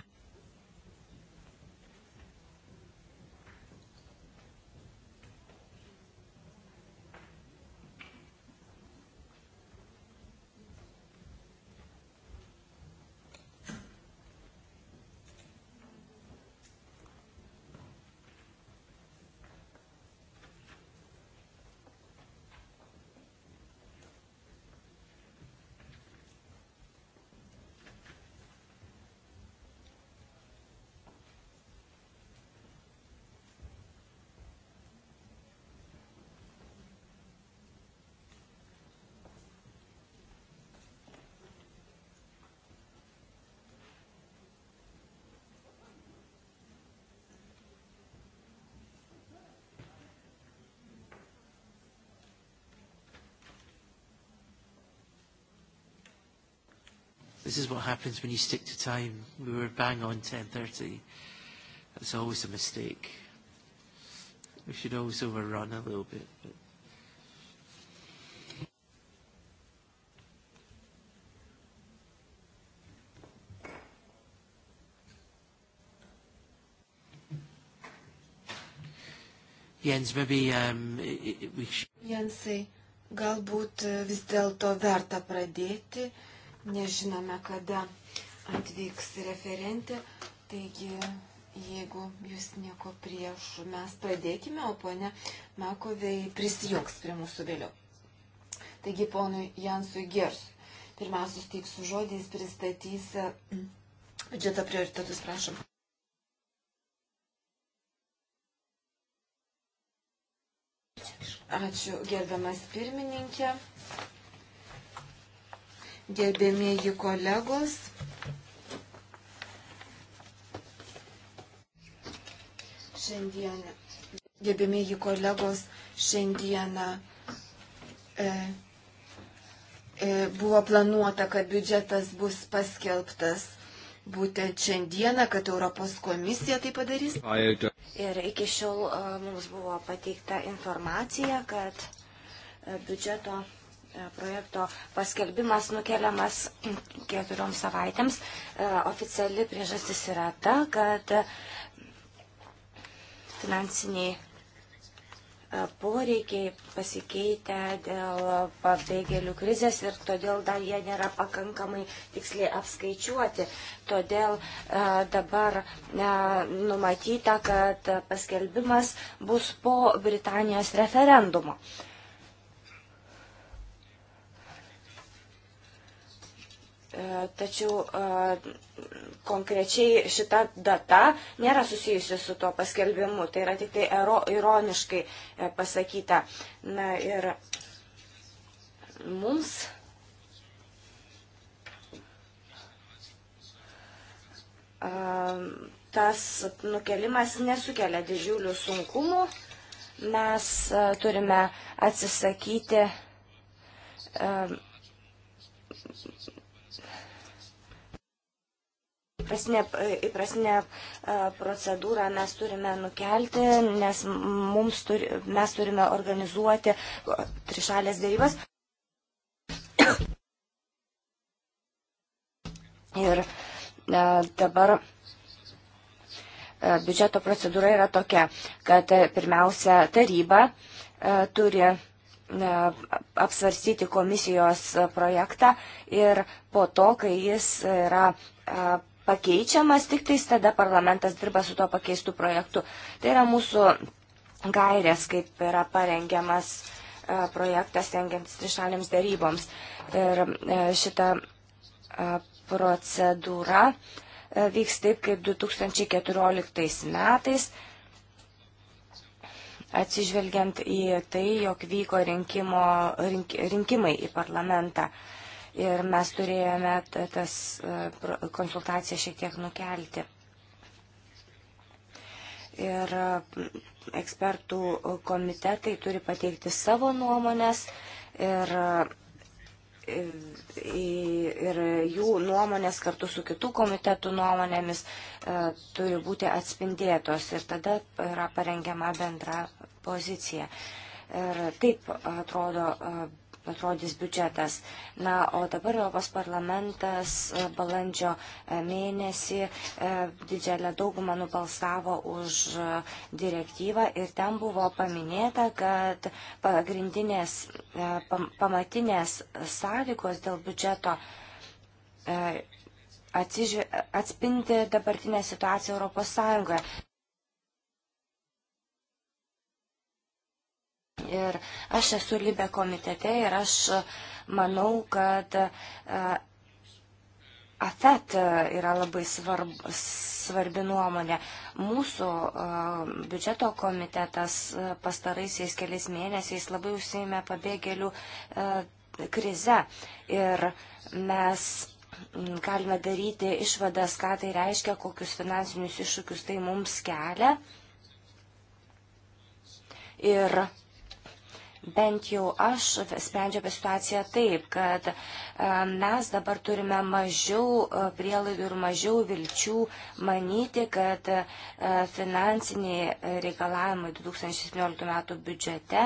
This is what happens when you stick to time. We were bang on 10.30. That's always a mistake. We should always overrun a little bit. But Jens, maybe, um, we should... Jensai, galbūt uh, vis dėlto verta pradėti. Uh, nežinome, kada atvyks referentė, taigi jeigu jūs nieko prieš, mes pradėkime, o ponia Makovei prisijungs prie mūsų vėliau. Taigi ponui Jansui Gersui. Pirmiausia, suteiksiu žodį, jis pristatys mm, biudžeto prioritetus, prašom. Ačiū gerbiamas pirmininkė gerbėmėji kolegos. Šiandieną, gerbėmėji kolegos, šiandieną e, e, buvo planuota, kad biudžetas bus paskelbtas būtent šiandieną, kad Europos komisija tai padarys. Ir iki šiol e, mums buvo pateikta informacija, kad e, biudžeto E, projekto paskelbimas nukeliamas keturioms savaitėms. E, oficiali priežastis yra ta, kad finansiniai e, poreikiai pasikeitę dėl pabėgėlių krizės ir todėl dar jie nėra pakankamai tiksliai apskaičiuoti. Todėl dabar numatyta, kad paskelbimas bus po Britanijos referendumo. E, tačiau e, konkrečiai šita data nėra susijusi su tuo paskelbimu, tai yra tik tai ironiškai e, pasakyta. Na ir mums tas nukelimas nesukelia didžiulių sunkumų. Mes turime atsisakyti įprasinę, įprasinę e, procedūrą mes turime nukelti, nes mums turi, mes turime organizuoti trišalės dėrybas. Ir e, dabar e, biudžeto procedūra yra tokia, kad pirmiausia taryba turi apsvarstyti komisijos projektą ir po to, kai jis yra pakeičiamas, tik tais tada parlamentas dirba su tuo pakeistu projektu. Tai yra mūsų gairės, kaip yra parengiamas e, projektas rengiantis trišalėms daryboms. Ir e, šita e, procedūra vyks taip, kaip 2014 metais, atsižvelgiant į tai, jog vyko rinkimo, rink, rinkimai į parlamentą. Uh, ir mes turėjome tas e, konsultacijas šiek tiek nukelti. Ir ekspertų komitetai turi pateikti savo nuomonės ir, ir jų nuomonės kartu su kitų komitetų nuomonėmis e, turi būti atspindėtos ir tada yra parengiama bendra pozicija. Ir taip atrodo e, atrodys biudžetas. Na, o dabar Europos parlamentas e, balandžio e, mėnesį e, didžiulę daugumą nubalsavo už direktyvą ir ten buvo paminėta, kad pagrindinės, pamatinės sąlygos dėl biudžeto atsižv... atspinti dabartinę situaciją Europos Sąjungoje. Ir aš esu Libė komitete ir aš e, manau, kad e, AFET e, yra labai svarb, svarbi nuomonė. Mūsų uh, biudžeto komitetas uh, pastaraisiais keliais mėnesiais labai užsieimė pabėgėlių uh, krize ir mes galime daryti išvadas, ką tai reiškia, kokius finansinius iššūkius tai mums kelia. Ir uh, bent jau aš sprendžiu apie situaciją taip, kad e, mes dabar turime mažiau e, prielaidų ir mažiau vilčių manyti, kad e, finansiniai reikalavimai 2017 metų biudžete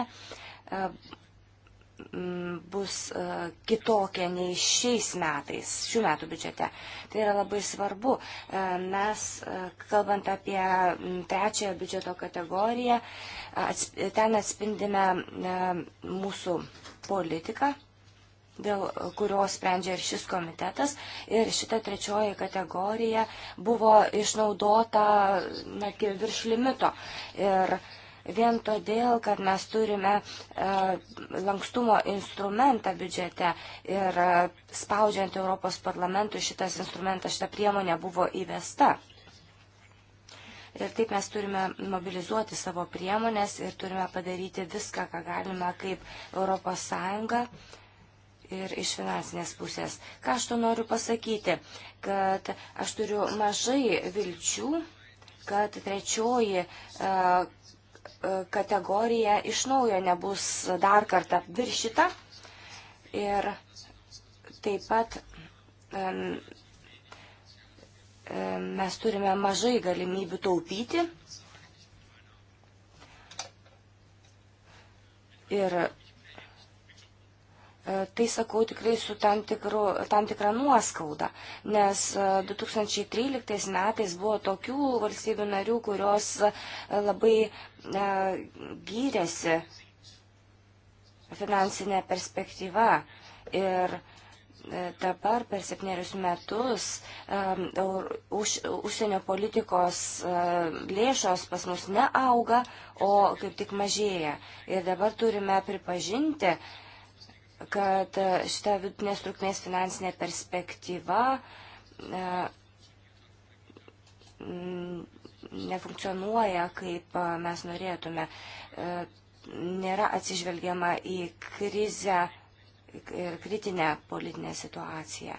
bus e, kitokia nei šiais metais, šių metų biudžete. Tai yra labai svarbu. E, mes, e, kalbant apie trečiąją biudžeto kategoriją, ten atspindime mūsų politiką dėl kurios sprendžia ir šis komitetas. Ir šita trečioji kategorija buvo išnaudota, na, virš limito. Ir uh, vien todėl, kad mes turime e, lankstumo instrumentą biudžete ir e, spaudžiant Europos parlamentui šitas instrumentas, šita priemonė buvo įvesta. Ir taip mes turime mobilizuoti savo priemonės ir turime padaryti viską, ką galime kaip Europos Sąjunga ir iš finansinės pusės. Ką aš to noriu pasakyti? Kad aš turiu mažai vilčių, kad trečioji uh, kategorija iš naujo nebus dar kartą viršita. Ir taip pat mes turime mažai galimybių taupyti. Ir E, tai sakau tikrai su tam, tikru, tam tikra nuoskauda, nes 2013 e, metais buvo tokių valstybių narių, kurios e, labai gyrėsi finansinė perspektyva. Ir dabar per septynerius metus už, užsienio politikos lėšos pas mus neauga, o kaip tik mažėja. Ir dabar turime pripažinti, kad e, šita vidutinės trukmės finansinė perspektyva e, nefunkcionuoja, kaip e, mes norėtume. Nėra atsižvelgiama į krizę ir kritinę politinę situaciją.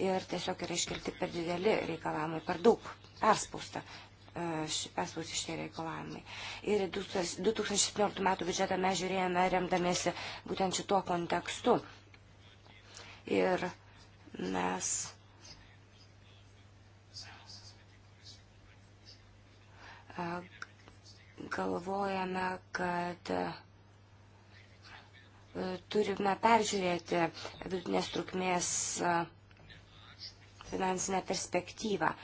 Ir tiesiog yra iškelti per dideli reikalavimai, per daug perspausta perspausti šitie reikalavimai. Ir 2017 metų biudžetą mes žiūrėjome remdamėsi būtent šituo kontekstu. Ir mes e, galvojame, kad e, turime peržiūrėti vidutinės trukmės e, finansinę perspektyvą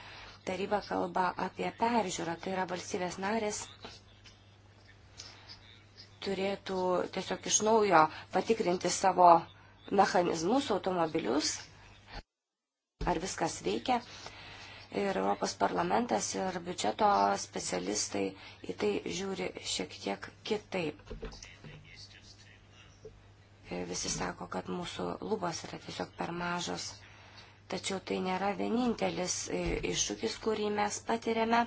taryba kalba apie peržiūrą, tai yra valstybės narės turėtų tiesiog iš naujo patikrinti savo mechanizmus, automobilius, ar viskas veikia. Ir Europos parlamentas ir biudžeto specialistai į tai žiūri šiek tiek kitaip. Visi sako, kad mūsų lubos yra tiesiog per mažos. Tačiau tai nėra vienintelis e, iššūkis, kurį mes patiriame.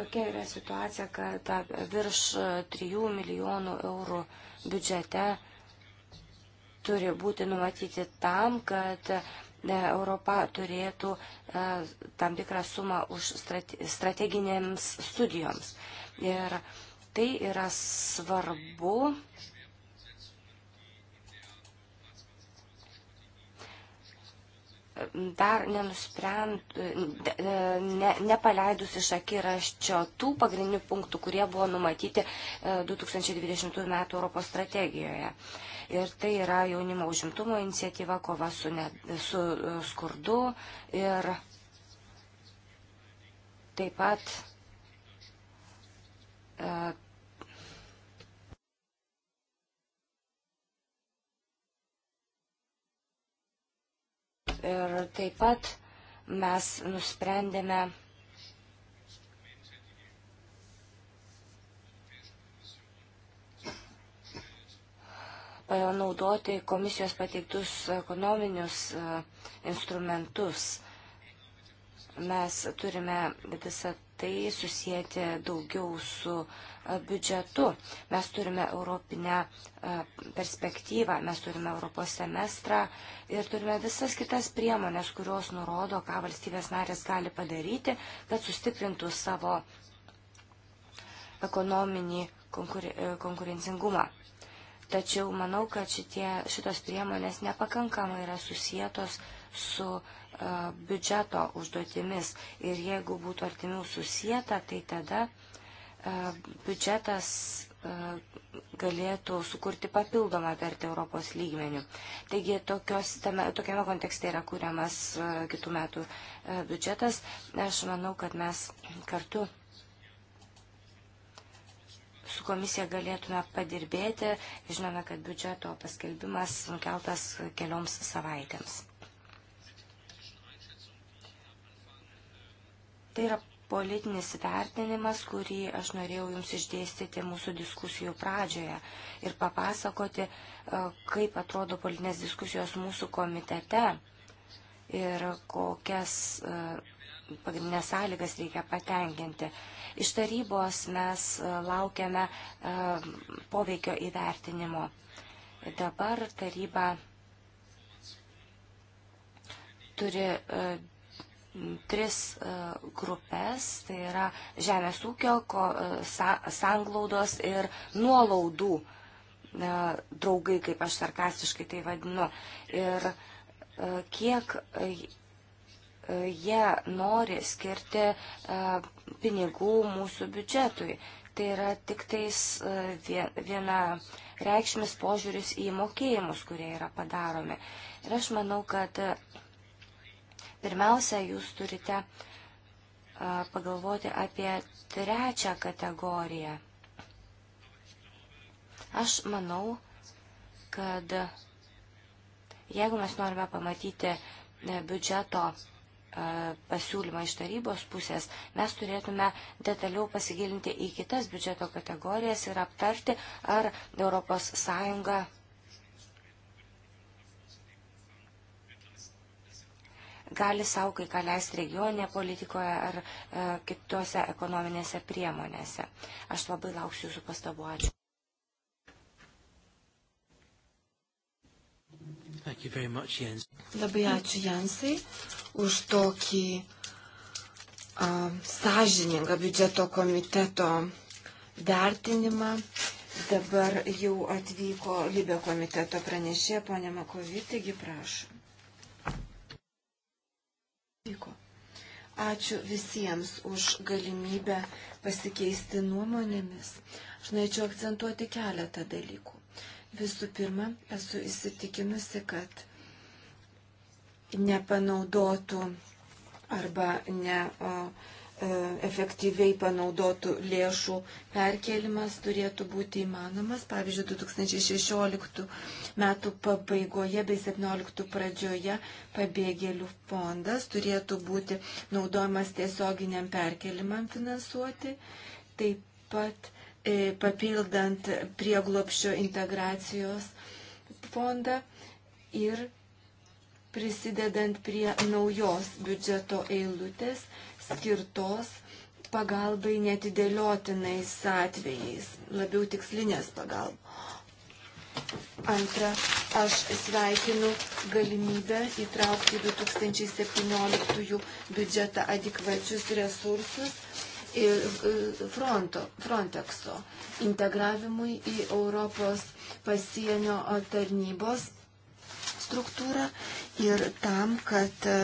Tokia yra situacija, kad virš 3 e, milijonų eurų biudžete turi būti numatyti tam, kad e, Europa turėtų tam tikrą sumą už strateginėms studijoms. Ir tai yra svarbu dar nenusprend, ne, nepaleidus iš akiraščio tų pagrindinių punktų, kurie buvo numatyti 2020 e, m. Europos strategijoje. Ir tai yra jaunimo užimtumo iniciatyva, kova su, ne, su e, skurdu ir taip pat e, Ir taip pat mes nusprendėme naudoti komisijos pateiktus ekonominius e, instrumentus. Mes turime visą tai susijęti daugiau su e, biudžetu. Mes turime europinę e, perspektyvą, mes turime Europos semestrą ir turime visas kitas priemonės, kurios nurodo, ką valstybės narės gali padaryti, kad sustiprintų savo ekonominį e, konkurencingumą. Tačiau manau, kad šitie, šitos priemonės nepakankamai yra susijėtos su E, biudžeto užduotimis ir jeigu būtų artimiau susijęta, tai tada e, biudžetas e, galėtų sukurti papildomą vertę Europos lygmenių. Taigi tokios, tame, tokiame kontekste yra kūriamas kitų metų biudžetas. Aš manau, kad mes kartu su komisija galėtume padirbėti. Žinome, kad biudžeto paskelbimas nukeltas kelioms savaitėms. Tai yra politinis vertinimas, kurį aš norėjau Jums išdėstyti mūsų diskusijų pradžioje ir papasakoti, e, kaip atrodo politinės diskusijos mūsų komitete ir kokias e, pagrindinės sąlygas reikia patenkinti. Iš tarybos mes e, laukiame poveikio įvertinimo. Dabar taryba turi tris e, grupės, tai yra žemės ūkio, ko, e, sa, sanglaudos ir nuolaidų e, draugai, kaip aš sarkastiškai tai vadinu. Ir kiek jie nori skirti pinigų mūsų biudžetui. Tai yra tik tais viena reikšmis požiūris į mokėjimus, kurie yra padaromi. Ir aš manau, kad Pirmiausia, jūs turite pagalvoti apie trečią kategoriją. Aš manau, kad jeigu mes norime pamatyti e, biudžeto pasiūlymą iš tarybos pusės, mes turėtume detaliau pasigilinti į kitas biudžeto kategorijas ir aptarti, ar ES gali savo kai ką leisti regioninėje politikoje ar e, kitose ekonominėse priemonėse. Aš labai lauksiu jūsų pastabų. Ačiū. Much, Jens. Labai ačiū Jansai už tokį uh, sąžiningą biudžeto komiteto vertinimą. Dabar jau atvyko Libio komiteto pranešė, ponė Makovitėgi, prašom. Vyko. Ačiū visiems už galimybę pasikeisti nuomonėmis. Aš norėčiau akcentuoti keletą dalykų. Visų pirma, esu įsitikinusi, kad nepanaudotų arba ne. O, E, efektyviai panaudotų lėšų perkelimas turėtų būti įmanomas. Pavyzdžiui, 2016 metų pabaigoje bei 2017 pradžioje pabėgėlių fondas turėtų būti naudojamas tiesioginiam perkelimam finansuoti. Taip pat e, papildant prieglopščio integracijos fondą ir prisidedant prie naujos biudžeto eilutės skirtos pagalbai netidėliotinais atvejais, labiau tikslinės pagalbos. Antra, aš sveikinu galimybę įtraukti 2017 biudžetą adekvačius resursus e, fronto, Frontexo integravimui į Europos pasienio tarnybos struktūrą ir tam, kad e,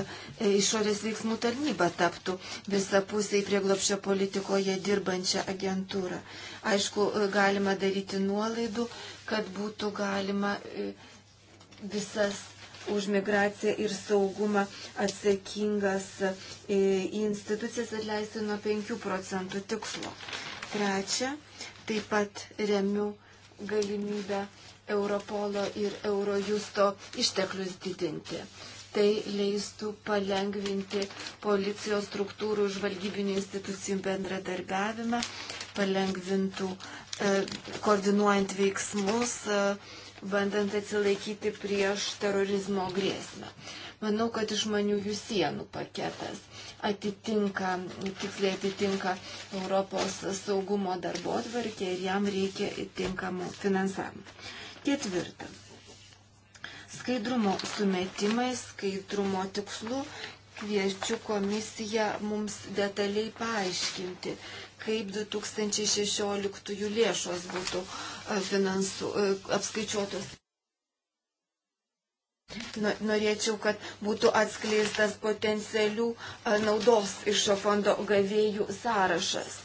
išorės veiksmų tarnyba taptų visapusiai prieglopščio politikoje dirbančią agentūrą. Aišku, e, galima daryti nuolaidų, kad būtų galima e, visas už migraciją ir saugumą atsakingas institucijas atleisti nuo 5 procentų tikslo. Trečia, taip pat remiu galimybę Europolo ir Eurojusto išteklius didinti. Tai leistų palengvinti policijos struktūrų žvalgybinių institucijų bendradarbiavimą, palengvintų e, koordinuojant veiksmus, e, bandant atsilaikyti prieš terorizmo grėsmę. Manau, kad išmaniųjų sienų paketas atitinka, tiksliai atitinka Europos saugumo darbo atvarkė ir jam reikia tinkamų finansavimų. Ketvirta. Skaidrumo sumetimai, skaidrumo tikslų kviečiu komisiją mums detaliai paaiškinti, kaip 2016 lėšos būtų e, finansu, e, apskaičiuotos. Norėčiau, kad būtų atskleistas potencialių e, naudos iš šio fondo gavėjų sąrašas.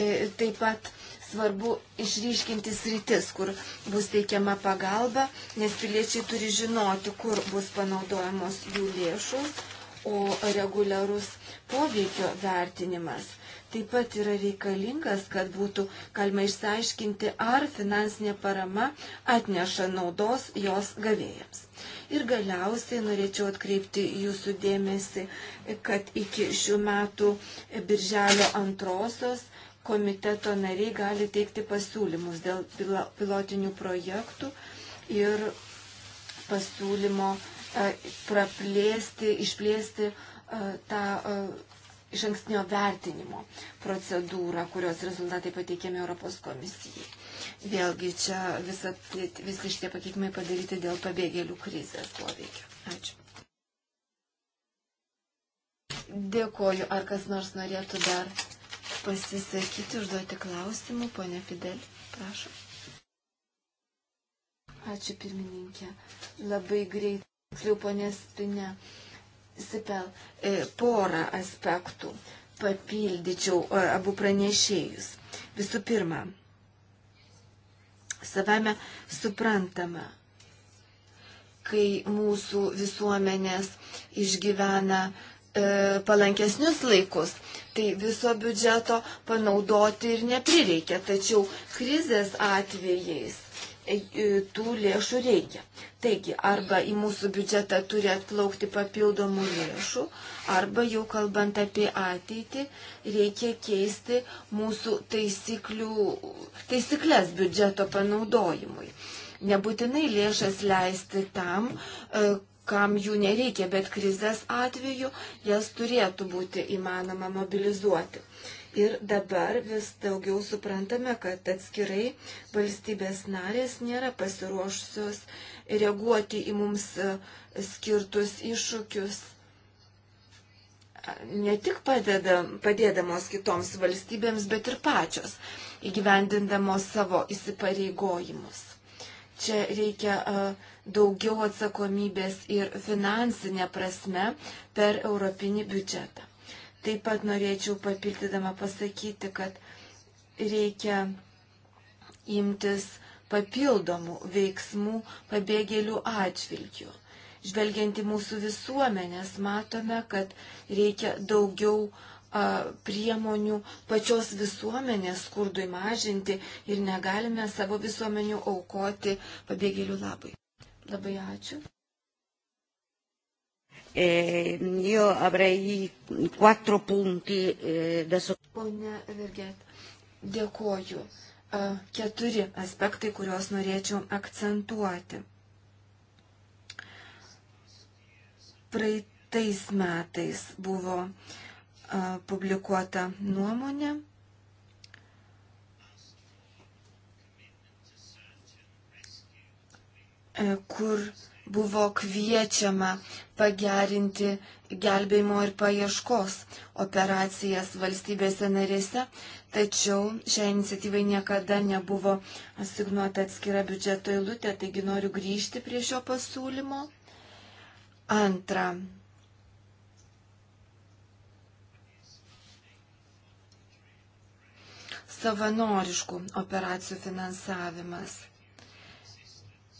Taip pat svarbu išryškinti sritis, kur bus teikiama pagalba, nes piliečiai turi žinoti, kur bus panaudojamos jų lėšos, o reguliarus poveikio vertinimas taip pat yra reikalingas, kad būtų galima išsiaiškinti, ar finansinė parama atneša naudos jos gavėjams. Ir galiausiai norėčiau atkreipti jūsų dėmesį, kad iki šių metų birželio antrosios komiteto nariai gali teikti pasiūlymus dėl pilotinių projektų ir pasiūlymo e, praplėsti, išplėsti e, tą e, iš ankstinio vertinimo procedūrą, kurios rezultatai pateikėme Europos komisijai. Vėlgi čia visa, visi šitie pakeitimai padaryti dėl pabėgėlių krizės poveikio. Ačiū. Dėkoju. Ar kas nors norėtų dar pasisakyti, užduoti klausimų. Pone Fidel, prašau. Ačiū pirmininkė. Labai greit, tiksliau, ponė Spinė. Sipel, e, porą aspektų papildyčiau e, abu pranešėjus. Visų pirma, savame suprantama, kai mūsų visuomenės išgyvena E, palankesnius laikus, tai viso biudžeto panaudoti ir neprireikia, tačiau krizės atvejais e, e, tų lėšų reikia. Taigi, arba į mūsų biudžetą turi atplaukti papildomų lėšų, arba jau kalbant apie ateitį, reikia keisti mūsų taisyklės biudžeto panaudojimui nebūtinai lėšas leisti tam, kam jų nereikia, bet krizės atveju jas turėtų būti įmanoma mobilizuoti. Ir dabar vis daugiau suprantame, kad atskirai valstybės narės nėra pasiruošusios reaguoti į mums e, skirtus iššūkius. Ne tik padeda, padėdamos kitoms valstybėms, bet ir pačios įgyvendindamos savo įsipareigojimus. Čia reikia daugiau atsakomybės ir finansinė prasme per europinį biudžetą. Taip pat norėčiau papildydama pasakyti, kad reikia imtis papildomų veiksmų pabėgėlių atžvilgių. Žvelgiant į mūsų visuomenės, matome, kad reikia daugiau priemonių pačios visuomenės skurdui mažinti ir negalime savo visuomenių aukoti pabėgėlių labai. Labai ačiū. Eh, io avrei quattro punti eh, da Pone Virget, dėkoju. Keturi aspektai, kuriuos norėčiau akcentuoti. Praeitais metais buvo uh, publikuota nuomonė. E, kur buvo kviečiama pagerinti gelbėjimo ir paieškos operacijas valstybėse narėse, tačiau šiai iniciatyvai niekada nebuvo asignuota atskira biudžeto eilutė, taigi noriu grįžti prie šio pasiūlymo. Antra, savanoriškų operacijų finansavimas.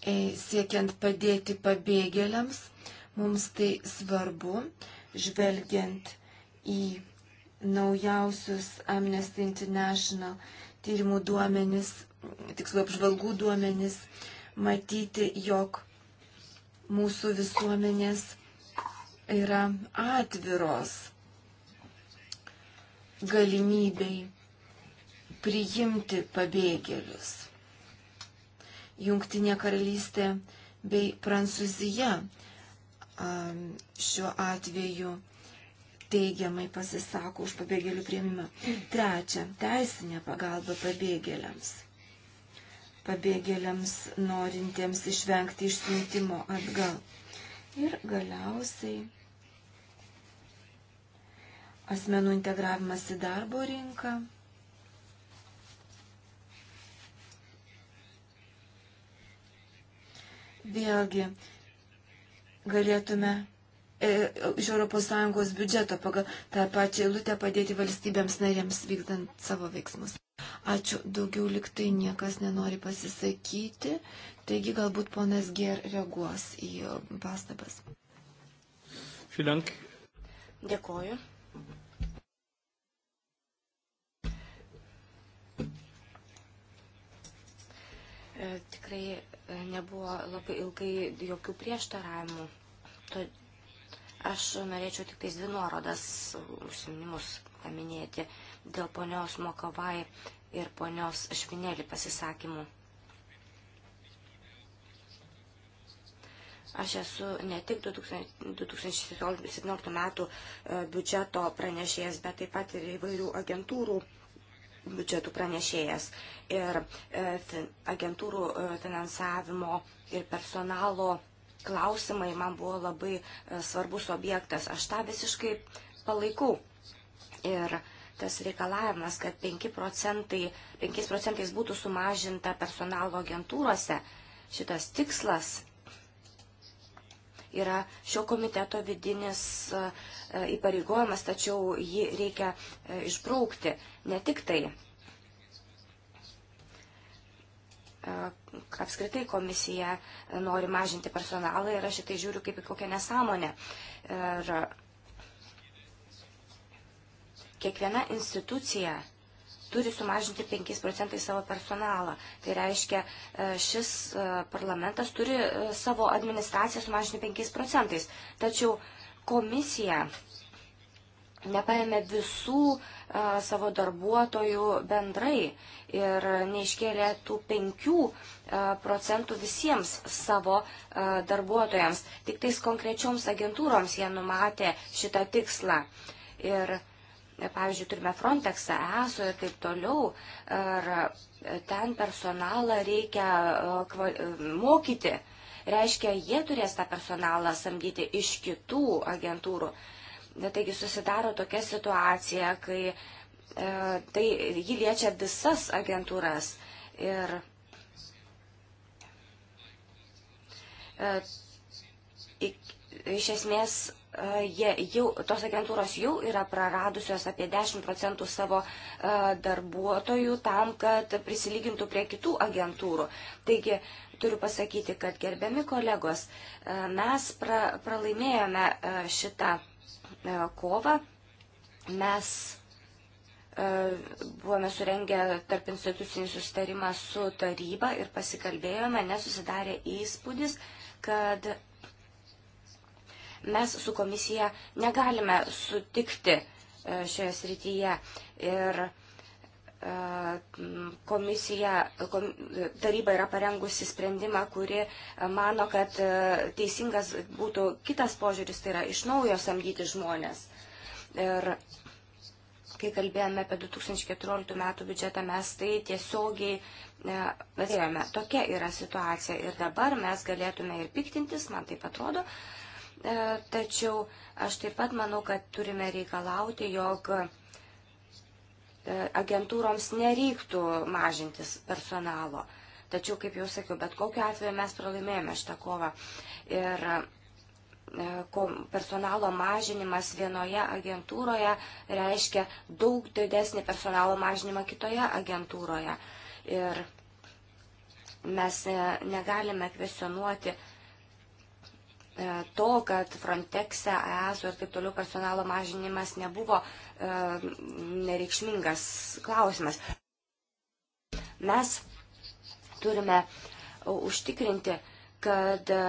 E, siekiant padėti pabėgėliams, mums tai svarbu, žvelgiant į naujausius Amnesty International tyrimų duomenis, tiksliau apžvalgų duomenis, matyti, jog mūsų visuomenės yra atviros galimybei priimti pabėgėlius. Jungtinė karalystė bei Prancūzija šiuo atveju teigiamai pasisako už pabėgėlių prieimimą. Trečia, teisinė pagalba pabėgėliams. Pabėgėliams norintiems išvengti išsiuntimo atgal. Ir galiausiai asmenų integravimas į darbo rinką Vėlgi, galėtume e, iš ES biudžeto pagal tą pačią eilutę padėti valstybėms narėms vykdant savo veiksmus. Ačiū, daugiau liktai niekas nenori pasisakyti, taigi galbūt ponas Ger reaguos į pastabas. Fidank. Dėkoju. E, tikrai nebuvo labai ilgai jokių prieštaravimų. Aš norėčiau tik tais dvi nuorodas užsiminimus paminėti dėl ponios Mokovai ir ponios Švinėlį pasisakymų. Aš esu ne tik 2017 metų e, biudžeto pranešėjas, bet taip pat ir įvairių agentūrų biudžetų pranešėjas. Ir e, agentūrų e, finansavimo ir personalo klausimai man buvo labai e, svarbus objektas. Aš tą visiškai palaikau. Ir tas reikalavimas, kad 5, procentai, 5 procentais būtų sumažinta personalo agentūrose, šitas tikslas yra šio komiteto vidinis e, e, įpareigojimas, tačiau jį reikia e, išbraukti. Ne tik tai. Apskritai komisija nori mažinti personalą ir aš šitai žiūriu kaip į kokią nesąmonę. Ir kiekviena institucija turi sumažinti 5 procentai savo personalą. Tai reiškia, e, šis e, parlamentas turi e, savo administraciją sumažinti 5 procentais. Tačiau komisija nepaėmė visų a, savo darbuotojų bendrai ir neiškėlė tų 5 a, procentų visiems savo a, darbuotojams. Tik tais konkrečioms agentūroms jie numatė šitą tikslą. Ir E, pavyzdžiui, turime Frontexą, ESO ir taip toliau. Ir ten personalą reikia e, e, mokyti. Reiškia, jie turės tą personalą samdyti iš kitų agentūrų. Bet taigi susidaro tokia situacija, kai e, tai jį liečia visas agentūras. Ir e, iš esmės E, jie jau, tos agentūros jau yra praradusios apie 10 procentų savo e, darbuotojų tam, kad prisilygintų prie kitų agentūrų. Taigi, turiu pasakyti, kad gerbiami kolegos, e, mes pra, pralaimėjome šitą kovą. Mes buvome surengę tarp institucinį sustarimą su taryba ir pasikalbėjome, nesusidarė įspūdis, kad Mes su komisija negalime sutikti e, šioje srityje. Ir e, komisija, taryba yra parengusi sprendimą, kuri mano, kad e, teisingas būtų kitas požiūris, tai yra iš naujo samdyti žmonės. Ir kai kalbėjome apie 2014 metų biudžetą, mes tai tiesiogiai atėjome. Tokia yra situacija ir dabar mes galėtume ir piktintis, man tai atrodo, E, tačiau aš taip pat manau, kad turime reikalauti, jog e, agentūroms nereiktų mažintis personalo. Tačiau, kaip jau sakiau, bet kokiu atveju mes pralaimėjome šitą kovą. Ir e, personalo mažinimas vienoje agentūroje reiškia daug didesnį personalo mažinimą kitoje agentūroje. Ir mes negalime kvesionuoti uh, E, to, kad Frontexe, EASO ir taip toliau personalo mažinimas nebuvo e, nereikšmingas klausimas. Mes turime užtikrinti, kad e,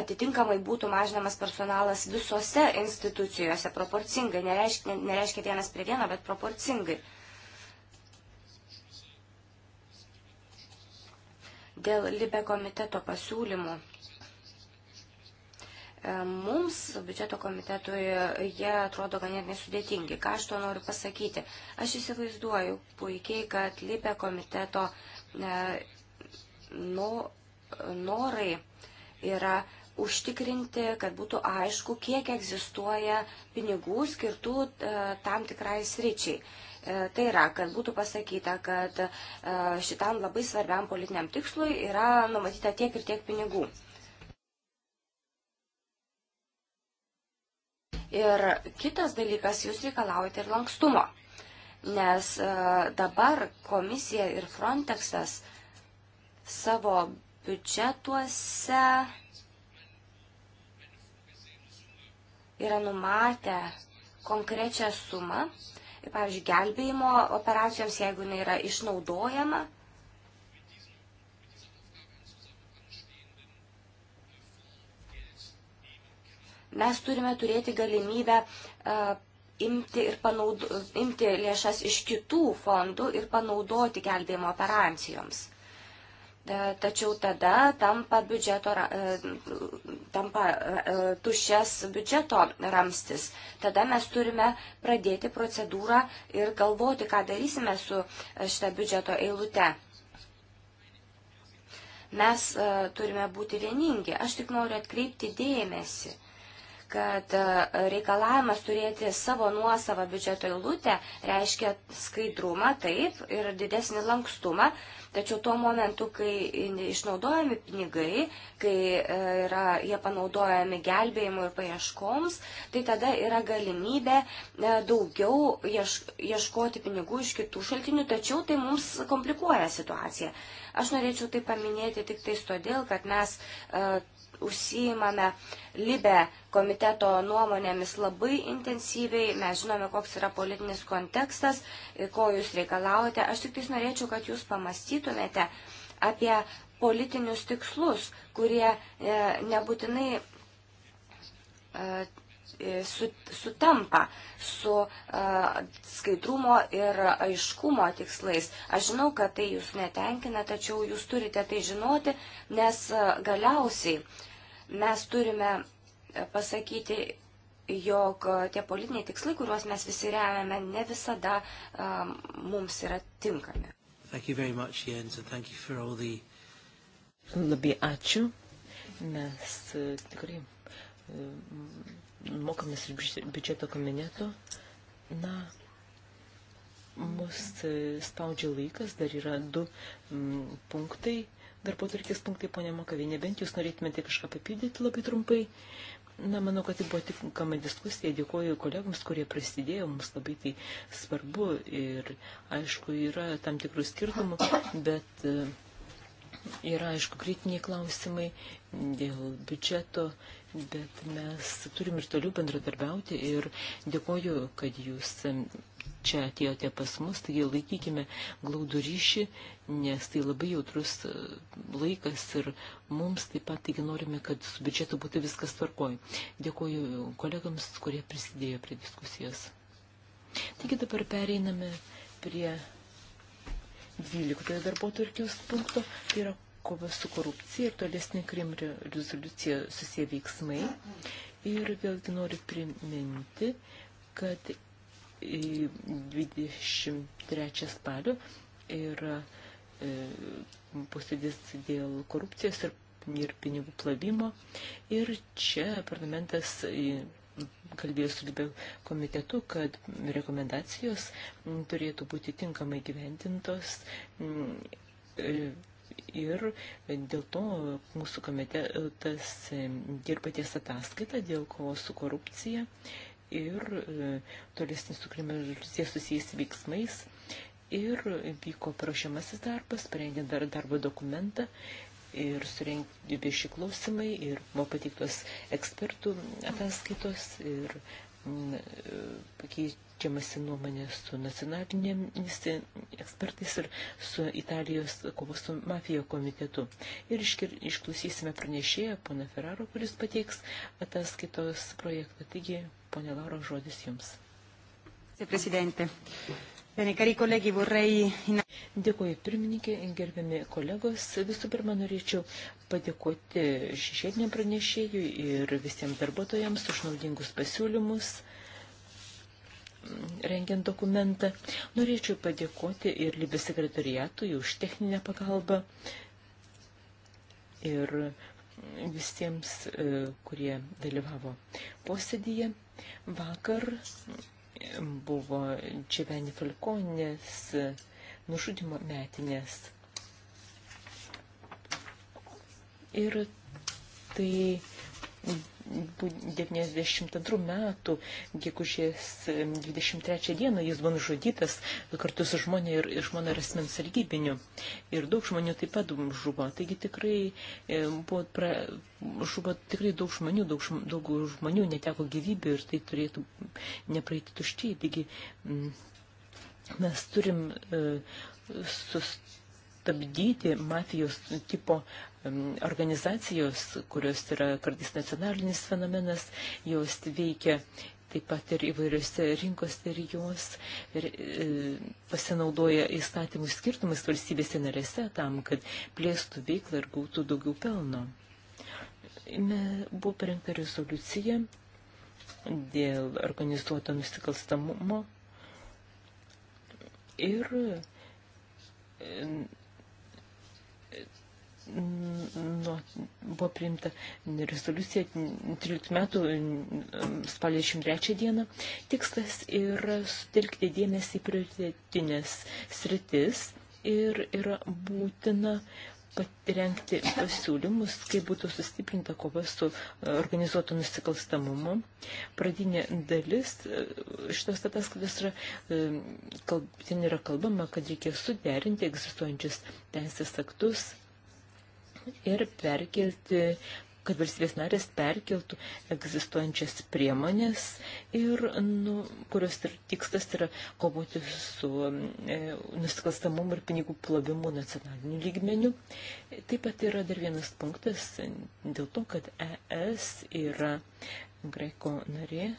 atitinkamai būtų mažinamas personalas visose institucijose proporcingai, nereiškia, nereiškia vienas prie vieno, bet proporcingai. Dėl Libe komiteto pasiūlymų E, mums, biudžeto komitetui, jie atrodo ganėtinai sudėtingi. Ką aš to noriu pasakyti? Aš įsivaizduoju puikiai, kad Libė komiteto e, norai yra užtikrinti, kad būtų aišku, kiek egzistuoja pinigų skirtų e, tam tikrai sričiai. Tai yra, kad būtų pasakyta, kad šitam labai svarbiam politiniam tikslui yra numatyta tiek ir tiek pinigų. Ir kitas dalykas, jūs reikalaujate ir lankstumo, nes e, dabar komisija ir Frontexas savo biudžetuose yra numatę konkrečią sumą, pavyzdžiui, gelbėjimo operacijoms, jeigu jinai yra išnaudojama, Mes turime turėti galimybę e, imti, ir panaudo, imti lėšas iš kitų fondų ir panaudoti gelbėjimo operacijoms. E, tačiau tada tampa, biudžeto, e, tampa tušes biudžeto ramstis. Tada mes turime pradėti procedūrą ir galvoti, ką darysime su šitą biudžeto eilute. Mes turime būti vieningi. Aš tik noriu atkreipti dėmesį kad e, reikalavimas turėti savo nuosavą biudžeto eilutę reiškia skaidrumą, taip, ir didesnį lankstumą, tačiau tuo momentu, kai išnaudojami pinigai, kai e, yra, jie panaudojami gelbėjimui ir paieškoms, tai tada yra galimybė e, daugiau ieškoti pinigų iš kitų šaltinių, tačiau tai mums komplikuoja situaciją. Aš norėčiau tai paminėti tik tais todėl, kad mes užsijimame Libe komiteto nuomonėmis labai intensyviai, mes žinome, koks yra politinis kontekstas, ko jūs reikalaujate. Aš tik tais norėčiau, kad jūs pamastytumėte apie politinius tikslus, kurie e, nebūtinai e, sutampa su e, skaidrumo ir aiškumo tikslais. Aš žinau, kad tai jūs netenkina, tačiau jūs turite tai žinoti, nes e, galiausiai Mes turime e, pasakyti, jog e, tie politiniai tikslai, kuriuos mes visi remiame, ne visada um, mums yra tinkami. Much, Jens, the... Labai ačiū. Mes tikrai mokomės ir biudžeto kabineto. Na, mus spaudžia laikas, dar yra du punktai darbo turkės punktai, ponė Makavinė, bent jūs norėtumėte kažką papildyti labai trumpai. Na, manau, kad tai buvo tinkama diskusija. Dėkuoju kolegams, kurie prasidėjo, mums labai tai svarbu ir, aišku, yra tam tikrų skirtumų, bet e, yra, aišku, kritiniai klausimai dėl biudžeto Bet mes turim ir toliau bendradarbiauti ir dėkoju, kad jūs čia atėjote pas mus, taigi laikykime glaudų ryšį, nes tai labai jautrus e, laikas ir mums taip pat, taigi norime, kad su biudžetu būtų viskas tvarkoj. Dėkoju kolegams, kurie prisidėjo prie diskusijos. Taigi dabar pereiname prie 12 darbo turkius punkto, tai yra kova su korupcija ir tolesnė Kremlio rezoliucija susiję veiksmai. Ir vėlgi noriu priminti, kad 23 spalio yra e, posėdis dėl korupcijos ir, ir pinigų plavimo. Ir čia parlamentas kalbėjo su Libė komitetu, kad rekomendacijos turėtų būti tinkamai gyventintos ir dėl to mūsų komitetas e, dirba e, ties ataskaitą dėl kovos su korupcija ir e, tolesnis su kriminalizacija susijęs veiksmais. Ir vyko paruošiamasis darbas, parengė dar darbo dokumentą ir surengti vieši klausimai ir buvo pateiktos ekspertų ataskaitos ir Э, pakeičiamasi nuomonė su nacionalinėmis ekspertais ir su Italijos kovos su mafija komitetu. Ir išklausysime pranešėją, pana Ferraro, kuris pateiks ataskaitos projektą. Taigi, ponė Laro, žodis jums. Presidente. Bene, cari colleghi, vorrei... Dėkuoju pirmininkė, gerbiami kolegos. Visų pirma, norėčiau padėkoti šešėliniam pranešėjui ir visiems darbuotojams už naudingus pasiūlymus mm, rengiant dokumentą. Norėčiau padėkoti ir Libės sekretariatui už techninę pagalbą ir visiems, e, kurie dalyvavo posėdyje. Vakar mm, buvo Čeveni Falkonės nužudimo metinės Ir tai 92 metų, gegužės 23 dieną jis buvo nužudytas kartu su žmonė ir, ir žmona ir asmens sargybiniu. Ir daug žmonių taip pat žuvo. Taigi tikrai buvo pra, žuvo tikrai daug žmonių, daug, daug žmonių neteko gyvybių ir tai turėtų nepraeiti tuščiai. Taigi mes turim e, sustabdyti stabdyti mafijos tipo organizacijos, kurios yra kartais nacionalinis fenomenas, jos veikia taip pat ir įvairiose rinkose ir jos ir, e, pasinaudoja įstatymų skirtumais valstybėse narėse tam, kad plėstų veiklą ir gautų daugiau pelno. Me, buvo parengta rezoliucija dėl organizuoto nusikalstamumo ir e, nu, buvo priimta rezoliucija 13 metų spalio 23 dieną. Tikslas yra sutelkti dėmesį į prioritetinės sritis ir yra būtina uh, parengti pasiūlymus, kaip būtų sustiprinta kova su e, organizuotu nusikalstamumu. Pradinė dalis e, šitos ataskaitos yra, e, ten yra kalbama, kad reikia suderinti egzistuojančius teisės aktus ir perkelti kad valstybės narės perkeltų egzistuojančias priemonės, ir, nu, kurios ir tikslas yra kovoti su e, nusikalstamumu ir pinigų plovimu nacionaliniu lygmeniu. Taip pat yra dar vienas punktas dėl to, kad ES yra Graiko narė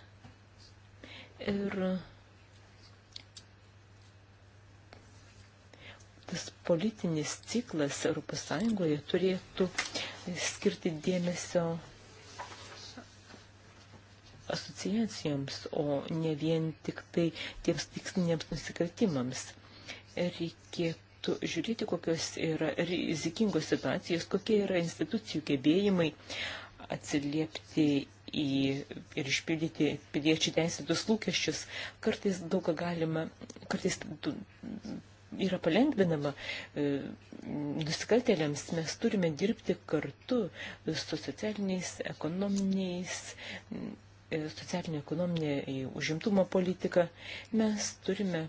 ir tas politinis ciklas Europos Sąjungoje turėtų skirti dėmesio asociacijoms, o ne vien tik tai tiems tiksliniams nusikaltimams. Reikėtų žiūrėti, kokios yra rizikingos situacijos, kokie yra institucijų gebėjimai atsiliepti į, ir išpildyti piliečių teisėtus lūkesčius. Kartais daug ką galima, kartais yra palengvinama e, nusikaltėliams. Mes turime dirbti kartu su socialiniais, ekonominiais e, socialinė ekonominė e, užimtumo politika, mes turime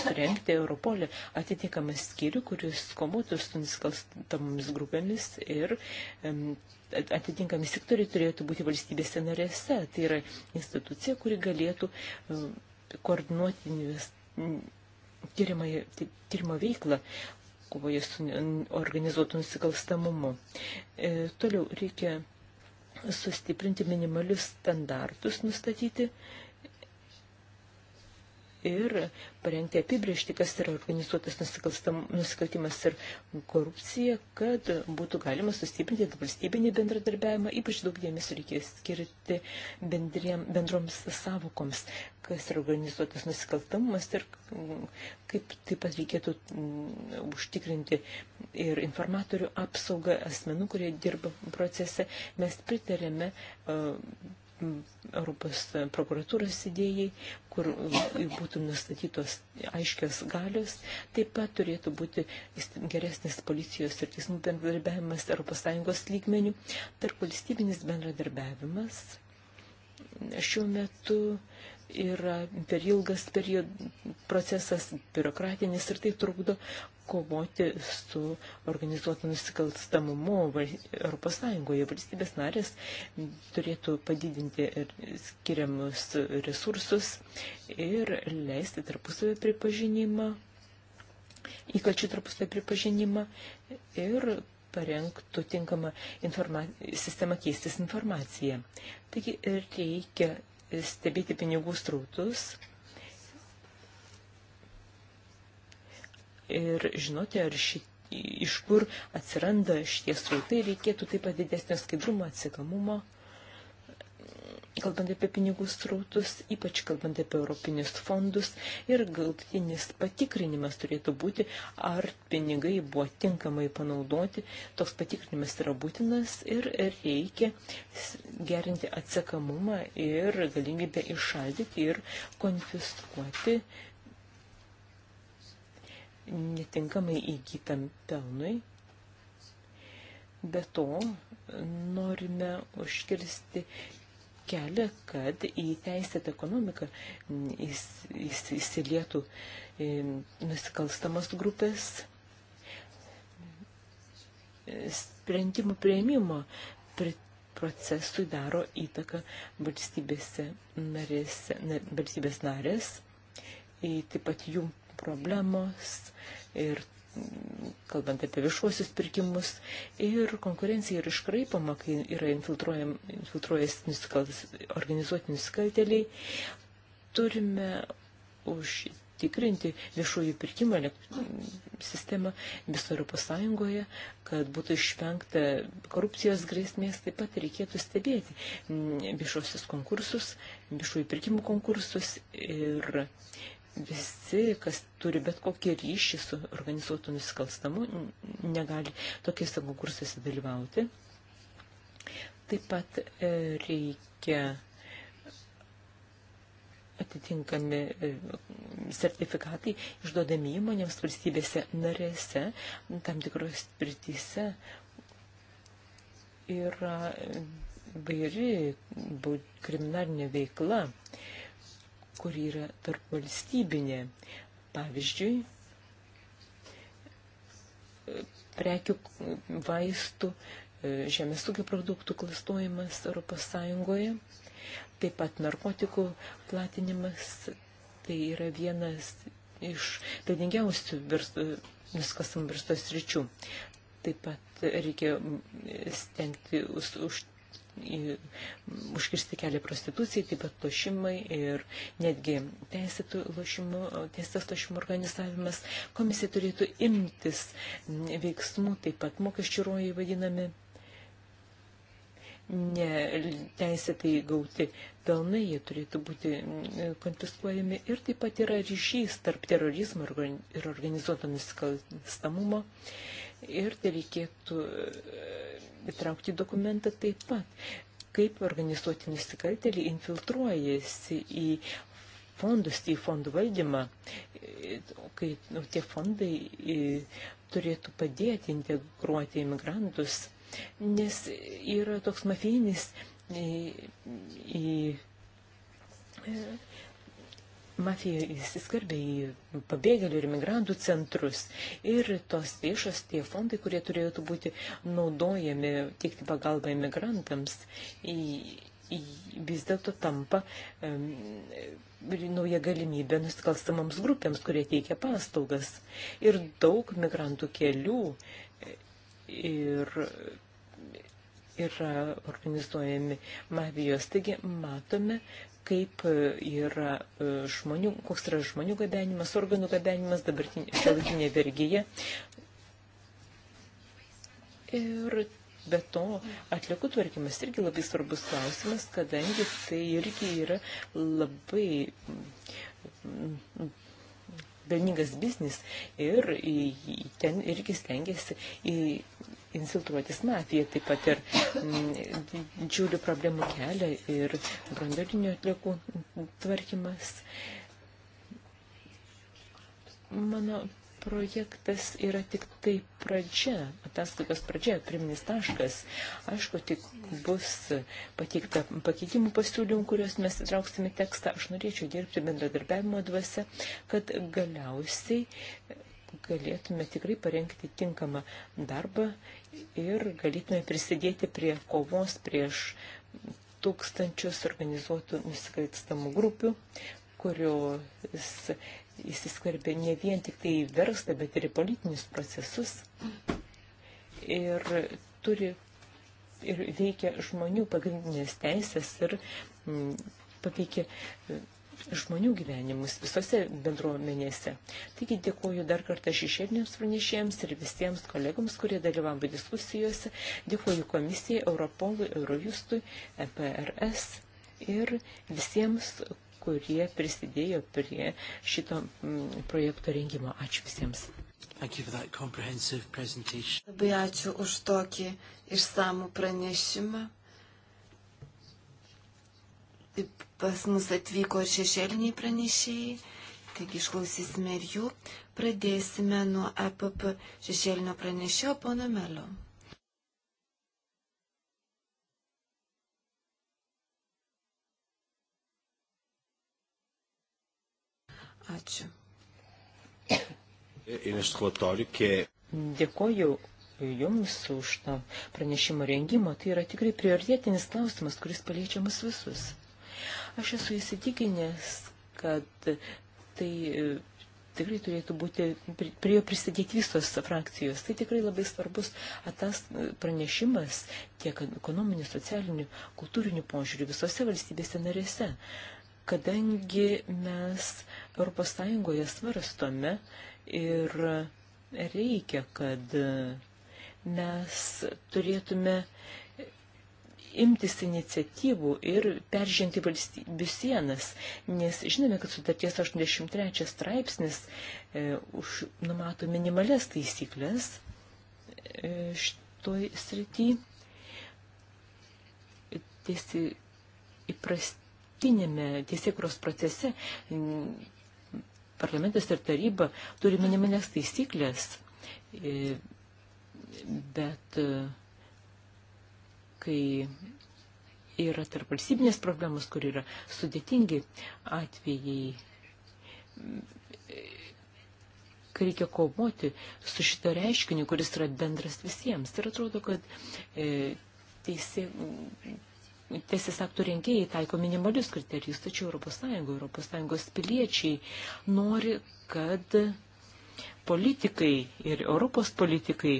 surengti Europolį atitinkamą skyrių, kuris komuotų su nusikalstamomis grupėmis ir atitinkami sektoriai turėtų būti valstybėse narėse. Tai yra institucija, kuri galėtų koordinuoti tyrimo veiklą kovoje su organizuotų nusikalstamumu. E, toliau reikia sustiprinti minimalius standartus, nustatyti, e, ir parengti apibriežti, kas yra organizuotas nusikaltimas ir korupcija, kad būtų galima sustiprinti valstybinį bendradarbiavimą, ypač daug dėmesio reikės skirti bendriem, bendroms savokoms, kas yra organizuotas nusikaltamumas ir kaip taip pat reikėtų mm, užtikrinti ir informatorių apsaugą asmenų, kurie dirba procese. Mes pritarėme uh, Europos prokuratūros idėjai, kur būtų nustatytos aiškios galios, taip pat turėtų būti geresnis policijos ir teismų bendradarbiavimas Europos Sąjungos lygmenių, tarp valstybinis bendradarbiavimas šiuo metu yra per ilgas period, procesas biurokratinis ir tai trukdo kovoti su organizuotu nusikalstamumu Europos Sąjungoje. Valstybės narės turėtų padidinti skiriamus resursus ir leisti tarpusavį pripažinimą, įkalčių tarpusavį pripažinimą ir parengtų tinkamą sistemą keistis informaciją. Taigi reikia stebėti pinigų strautus ir žinote, ar šitie iš kur atsiranda šitie srautai, reikėtų taip pat didesnio skaidrumo, atsikamumo, kalbant apie pinigų srautus, ypač kalbant apie europinius fondus ir galtinis patikrinimas turėtų būti, ar pinigai buvo tinkamai panaudoti. Toks patikrinimas yra būtinas ir reikia gerinti atsakamumą ir galimybę išaldyti ir konfiskuoti netinkamai įgytam pelnui. Be to, norime užkirsti kelią, kad į teisėtą ekonomiką įs, įs, įsilietų e, nusikalstamas grupės sprendimų prieimimo procesui daro įtaką valstybėse narės, nar, valstybės narės, e, taip pat jų problemos ir kalbant apie viešuosius pirkimus, ir konkurencija yra iškraipama, kai yra infiltruojas nusikaltas, organizuoti nusikalteliai, turime užtikrinti viešųjų pirkimą sistemą viso Europos Sąjungoje, kad būtų išvengta korupcijos grėsmės, taip pat reikėtų stebėti mm, viešosius konkursus, viešųjų pirkimų konkursus ir visi, kas turi bet kokį ryšį su organizuotu nusikalstamu, negali tokiuose konkursuose dalyvauti. Taip pat e, reikia atitinkami e, sertifikatai išduodami įmonėms valstybėse narėse, tam tikros spirtyse yra e, vairi kriminalinė veikla. E, kuri yra tarp valstybinė. Pavyzdžiui, prekių vaistų, e, žemės ūkio produktų klastojimas Europos Sąjungoje, taip pat narkotikų platinimas, tai yra vienas iš pėdingiausių e, nuskasamų verstos ryčių. Taip pat reikia stengti už, už užkirsti kelią prostitucijai, taip pat lošimai ir netgi lošimų, teisės lošimų organizavimas. Komisija turėtų imtis veiksmų, taip pat mokesčių rojai vadinami neteisėtai gauti pelnai, jie turėtų būti mm, konfiskuojami ir taip pat yra ryšys tarp terorizmo ir organizuoto nusikalstamumo ir tai reikėtų e, įtraukti dokumentą taip pat, kaip organizuoti nusikaltelį infiltruojasi į fondus, į fondų valdymą, e, kai nu, tie fondai į, e, turėtų padėti integruoti imigrantus, nes yra toks mafijinis į, į, mafija įsiskarbė į pabėgėlių ir imigrantų centrus. Ir tos lėšos, tie fondai, kurie turėtų būti naudojami teikti pagalbą imigrantams, į, į, vis dėlto tampa um, nauja galimybė nusikalstamoms grupėms, kurie teikia paslaugas. Ir daug migrantų kelių e, ir yra organizuojami mafijos. Taigi matome, kaip yra žmonių, koks yra žmonių gabenimas, organų gabenimas, dabartinė šiolikinė vergyje. Ir Be to, atliekų tvarkymas irgi labai svarbus klausimas, kadangi tai irgi yra labai pelningas biznis ir ten irgi stengiasi į infiltruotis mafiją, taip pat ir mm, didžiulių problemų kelia ir branduolinių atliekų tvarkymas. Mano projektas yra tik tai pradžia, ataskaitos pradžia, priminis taškas. Aišku, tik bus pateikta pakeitimų pasiūlymų, kuriuos mes įtrauksime tekstą. Aš norėčiau dirbti bendradarbiavimo dvasia, kad galiausiai galėtume tikrai parengti tinkamą darbą ir galėtume prisidėti prie kovos prieš tūkstančius organizuotų nusikalstamų grupių, kurios įsiskverbė ne vien tik tai į verslą, bet ir į politinius procesus. Ir turi ir veikia žmonių pagrindinės teisės ir mm, paveikia žmonių gyvenimus visose bendruomenėse. Taigi dėkuoju dar kartą šešėliniams pranešėjams ir visiems kolegams, kurie dalyvavo diskusijose. Dėkuoju komisijai, Europolui, Eurojustui, EPRS ir visiems, kurie prisidėjo prie šito projekto rengimo. Ačiū visiems. Labai ačiū už tokį išsamų pranešimą pas mus atvyko ir šešėliniai pranešėjai, taigi išklausysime ir jų. Pradėsime nuo EPP šešėlinio pranešėjo pono Melio. Ačiū. E, Dėkoju Jums už tą pranešimo rengimą. Tai yra tikrai prioritėtinis klausimas, kuris paliečia mus visus. Aš esu įsitikinęs, kad tai e, tikrai turėtų būti, prie jo prisidėti visos frakcijos. Tai tikrai labai svarbus atas e, pranešimas tiek ekonominių, socialinių, kultūrinių požiūrių visose valstybėse narėse. Kadangi mes Europos Sąjungoje svarstome ir reikia, kad e, mes turėtume imtis iniciatyvų ir peržengti valstybių sienas, nes žinome, kad sutarties 83 straipsnis e, už, numato minimales taisyklės e, šitoj srity. Tiesi įprastinėme tiesiekros procese parlamentas ir taryba turi minimales taisyklės, e, bet e, kai yra tarp valstybinės problemos, kur yra sudėtingi atvejai, kai reikia kovoti su šito reiškiniu, kuris yra bendras visiems. Ir atrodo, kad e, teisė, teisės aktų rengėjai taiko minimalius kriterijus, tačiau ES, ES piliečiai nori, kad politikai ir Europos politikai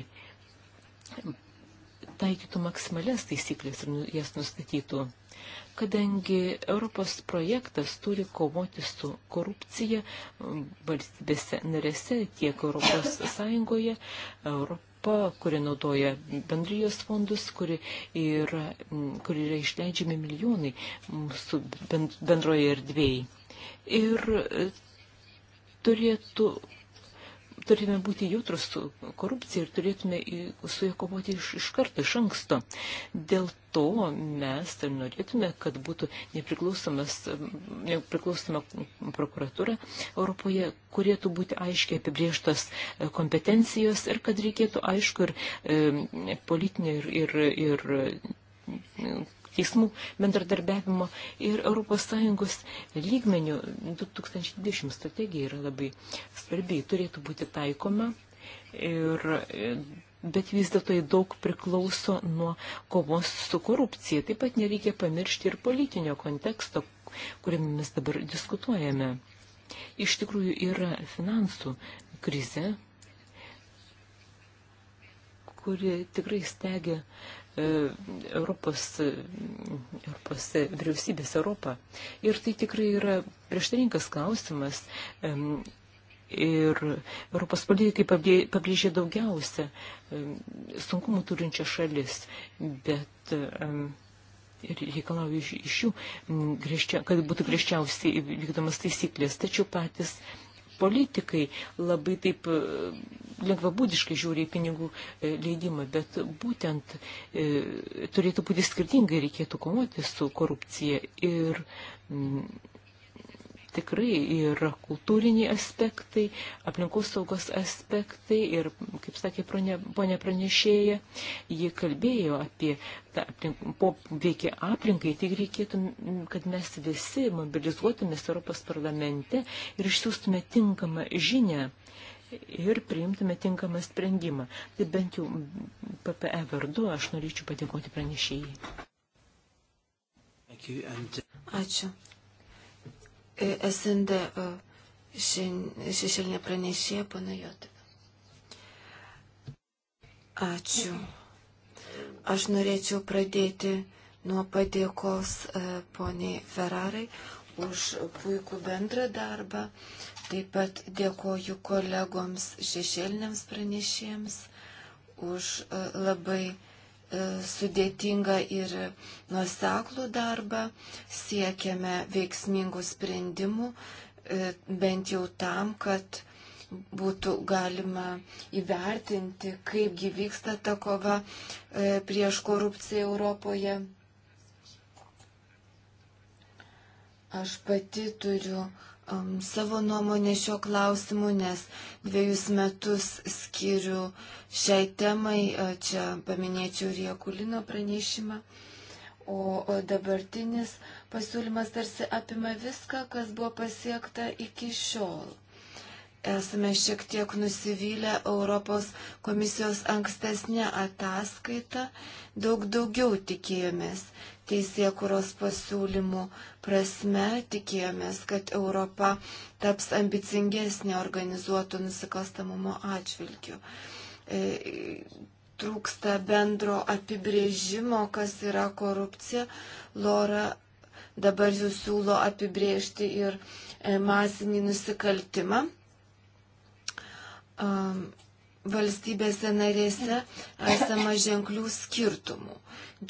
taikytų maksimalias taisyklės ir nu, jas nustatytų. Kadangi Europos projektas turi kovoti su korupcija valstybėse narėse, tiek Europos Sąjungoje, Europos Europa, kuri naudoja bendrijos fondus, kuri yra, kuri yra išleidžiami milijonai mūsų bendroje erdvėjai. Ir e, turėtų turime būti jautrus su korupcija ir turėtume su ją kovoti iš, iš karto, iš anksto. Dėl to mes ir norėtume, kad būtų nepriklausoma prokuratūra Europoje, kurėtų būti aiškiai apibrieštos e, kompetencijos ir kad reikėtų aišku ir e, politinio ir, ir, ir teismų bendradarbiavimo ir ES lygmenių 2020 strategija yra labai svarbi, turėtų būti taikoma ir bet vis dėlto tai daug priklauso nuo kovos su korupcija. Taip pat nereikia pamiršti ir politinio konteksto, kuriame mes dabar diskutuojame. Iš tikrųjų yra finansų krize, kuri tikrai stegia E, Europos, e, Europos vyriausybės Europą. Ir tai tikrai yra prieštarinkas klausimas. E, ir Europos politikai pabrėžė daugiausia sunkumų turinčią šalis, bet ir reikalauju iš jų, kad būtų griežčiausiai vykdomas taisyklės, tačiau patys politikai labai taip e, lengvabūdiškai žiūri į pinigų e, leidimą, bet būtent e, turėtų būti skirtingai, reikėtų komuoti su korupcija ir tikrai yra kultūriniai aspektai, aplinkos saugos aspektai ir, kaip sakė ponė pranešėja, jie kalbėjo apie tą aplink, poveikį aplinkai, tai reikėtų, kad mes visi mobilizuotumės Europos parlamente ir išsiųstume tinkamą žinę ir priimtume tinkamą sprendimą. Tai bent jau PPE vardu aš norėčiau padėkoti pranešėjai. Ačiū. SND e, šešėlinė pranešėja pana Jotovė. Ačiū. Aš norėčiau pradėti nuo padėkos e, poniai Ferrarai už puikų bendrą darbą. Taip pat dėkoju kolegoms šešėliniams pranešėjams už e, labai E, sudėtingą ir nuoseklų darbą, siekiame veiksmingų sprendimų, e, bent jau tam, kad būtų galima įvertinti, kaip gyvyksta ta kova e, prieš korupciją Europoje. Aš pati turiu uh, um, savo nuomonę šio klausimu, nes dviejus metus skiriu šiai temai, čia paminėčiau ir Jekulino pranešimą. O, o dabartinis pasiūlymas tarsi apima viską, kas buvo pasiekta iki šiol. Esame šiek tiek nusivylę Europos komisijos ankstesnė ataskaita, daug daugiau tikėjomės teisėkuros pasiūlymų prasme. Tikėjomės, kad Europa taps ambicingesnė organizuotų nusikalstamumo atžvilgių. E, trūksta bendro apibrėžimo, kas yra korupcija. Lora dabar jūs siūlo apibrėžti ir e, masinį nusikaltimą. Um, valstybėse narėse esama ženklių skirtumų,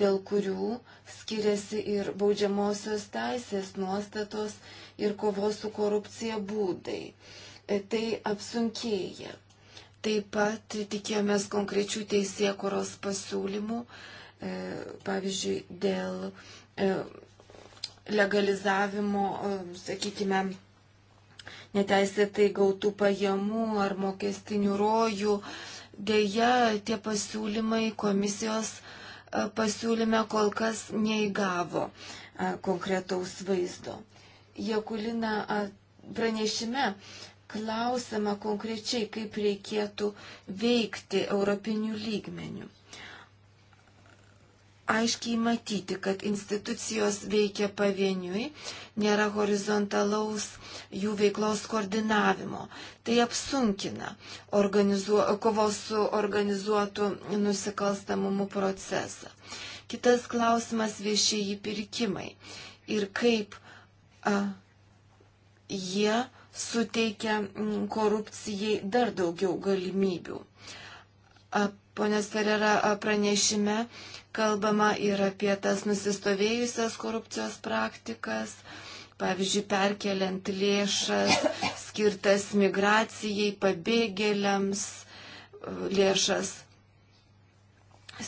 dėl kurių skiriasi ir baudžiamosios teisės nuostatos ir kovos su korupcija būdai. E, tai apsunkėja. Taip pat tikėjomės konkrečių teisėkoros pasiūlymų, e, pavyzdžiui, dėl e, legalizavimo, sakykime, neteisėtai gautų pajamų ar mokestinių rojų. Deja, tie pasiūlymai komisijos e, pasiūlyme kol kas neįgavo e, konkretaus vaizdo. Jekulina pranešime klausima konkrečiai, kaip reikėtų veikti europinių lygmenių aiškiai matyti, kad institucijos veikia pavieniui, nėra horizontalaus jų veiklos koordinavimo. Tai apsunkina organizuo, kovos su organizuotu nusikalstamumu procesą. Kitas klausimas - viešieji pirkimai ir kaip a, jie suteikia mm, korupcijai dar daugiau galimybių. A, Pone Ferrera pranešime kalbama ir apie tas nusistovėjusias korupcijos praktikas, pavyzdžiui, perkeliant lėšas skirtas migracijai, pabėgėliams, lėšas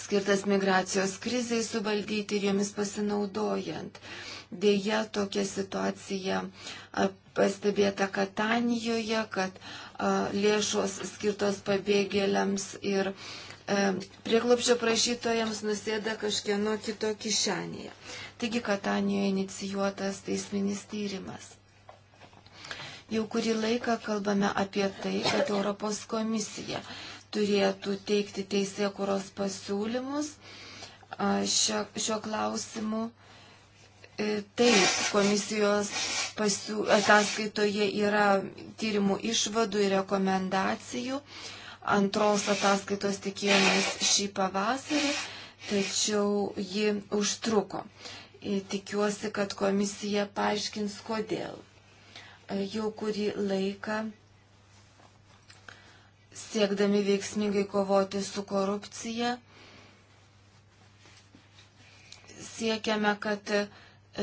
skirtas migracijos krizai suvaldyti ir jomis pasinaudojant. Deja, tokia situacija pastebėta Katanijoje, kad lėšos skirtos pabėgėliams ir uh, E, prieglopščio prašytojams nusėda kažkieno kito kišenėje. Taigi Katanijoje inicijuotas teisminis tyrimas. Jau kurį laiką kalbame apie tai, kad Europos komisija turėtų teikti teisėkuros pasiūlymus šio, šio klausimu. E, taip, komisijos pasiū, ataskaitoje yra tyrimų išvadų ir rekomendacijų antros ataskaitos tikėjomės šį pavasarį, tačiau ji užtruko. Ir tikiuosi, kad komisija paaiškins, kodėl. E, jau kurį laiką siekdami veiksmingai kovoti su korupcija, siekiame, kad E,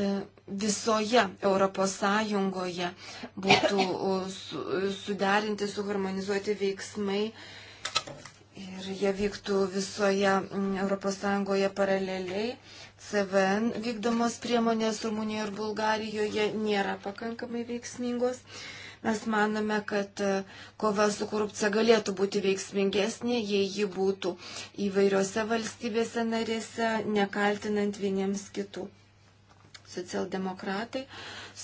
visoje Europos Sąjungoje būtų suderinti, suharmonizuoti veiksmai ir jie vyktų visoje Europos Sąjungoje paraleliai. CVN vykdomos priemonės Rumunijoje ir Bulgarijoje nėra pakankamai veiksmingos. Mes manome, kad e, kova su korupcija galėtų būti veiksmingesnė, jei ji būtų įvairiose valstybėse narėse, nekaltinant vieniems kitų socialdemokratai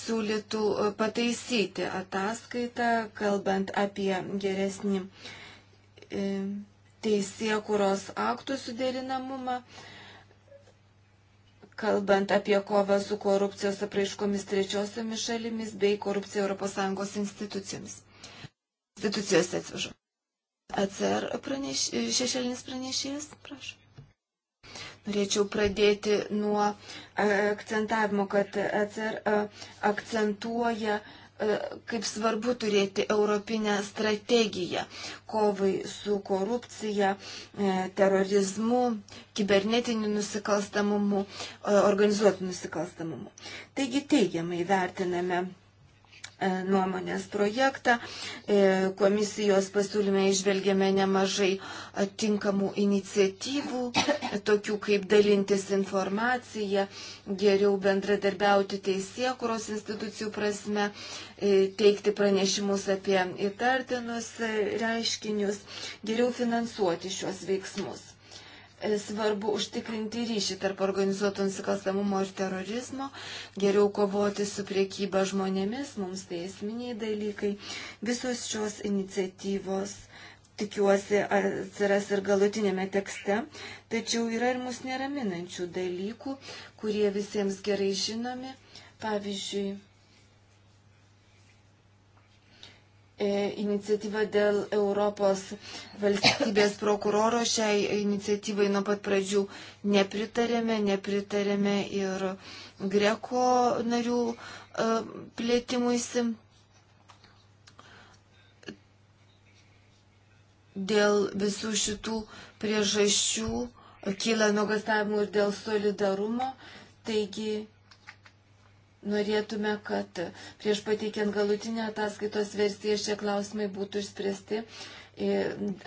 siūlytų e, pataisyti ataskaitą, kalbant apie geresnį e, teisėkuros aktų suderinamumą, kalbant apie kovą su korupcijos apraiškomis trečiosiomis šalimis bei korupcija ES institucijomis. Institucijose atsivažu. ACR praneš, šešėlinis pranešėjas, prašau. Norėčiau pradėti nuo e, akcentavimo, kad ACR e, akcentuoja, e, kaip svarbu turėti europinę strategiją kovai su korupcija, terorizmu, kibernetiniu nusikalstamumu, organizuotu nusikalstamumu. Taigi teigiamai vertiname E, nuomonės projektą. E, komisijos pasiūlyme išvelgėme nemažai tinkamų iniciatyvų, tokių kaip dalintis informaciją, geriau bendradarbiauti teisėkuros institucijų prasme, e, teikti pranešimus apie įtartinus reiškinius, geriau finansuoti šios veiksmus svarbu užtikrinti ryšį tarp organizuoto nusikalstamumo ir terorizmo, geriau kovoti su priekyba žmonėmis, mums tai esminiai dalykai. Visos šios iniciatyvos, tikiuosi, atsiras ir galutinėme tekste, tačiau yra ir mus neraminančių dalykų, kurie visiems gerai žinomi. Pavyzdžiui, E, iniciatyva dėl Europos valstybės prokuroro. Šiai iniciatyvai nuo pat pradžių nepritarėme, nepritarėme ir greko narių e, plėtimuisi. Dėl visų šitų priežasčių kyla nuogastavimų ir dėl solidarumo. Taigi Norėtume, kad prieš pateikiant galutinę ataskaitos versiją šie klausimai būtų išspręsti,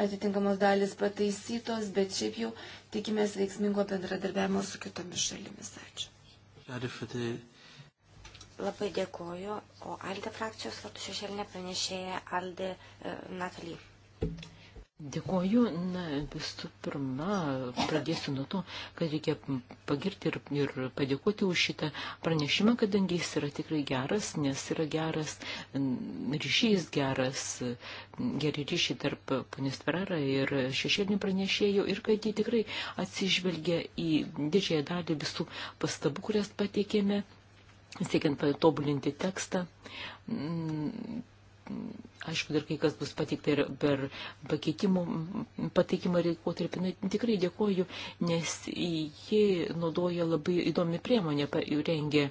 atitinkamos dalis pataisytos, bet šiaip jau tikimės veiksmingo bendradarbiavimo su kitomis šalimis. Ačiū. Labai dėkoju. O Alde frakcijos vardu šešėlinė pranešėja Alde uh, Natalie. Dėkuoju. Na, visų pirma, pradėsiu nuo to, kad reikia pagirti ir, ir padėkoti už šitą pranešimą, kadangi jis yra tikrai geras, nes yra geras ryšys, geras, geri ryšiai tarp ponės Ferrara ir šešėlinių pranešėjų ir kad jie tikrai atsižvelgia į didžiąją dalį visų pastabų, kurias pateikėme siekiant patobulinti tekstą aišku, dar kai kas bus pateikta ir per pakeitimų pateikimą laikotarpį. Na, tikrai dėkoju, nes jie naudoja labai įdomi priemonę, e, parengė,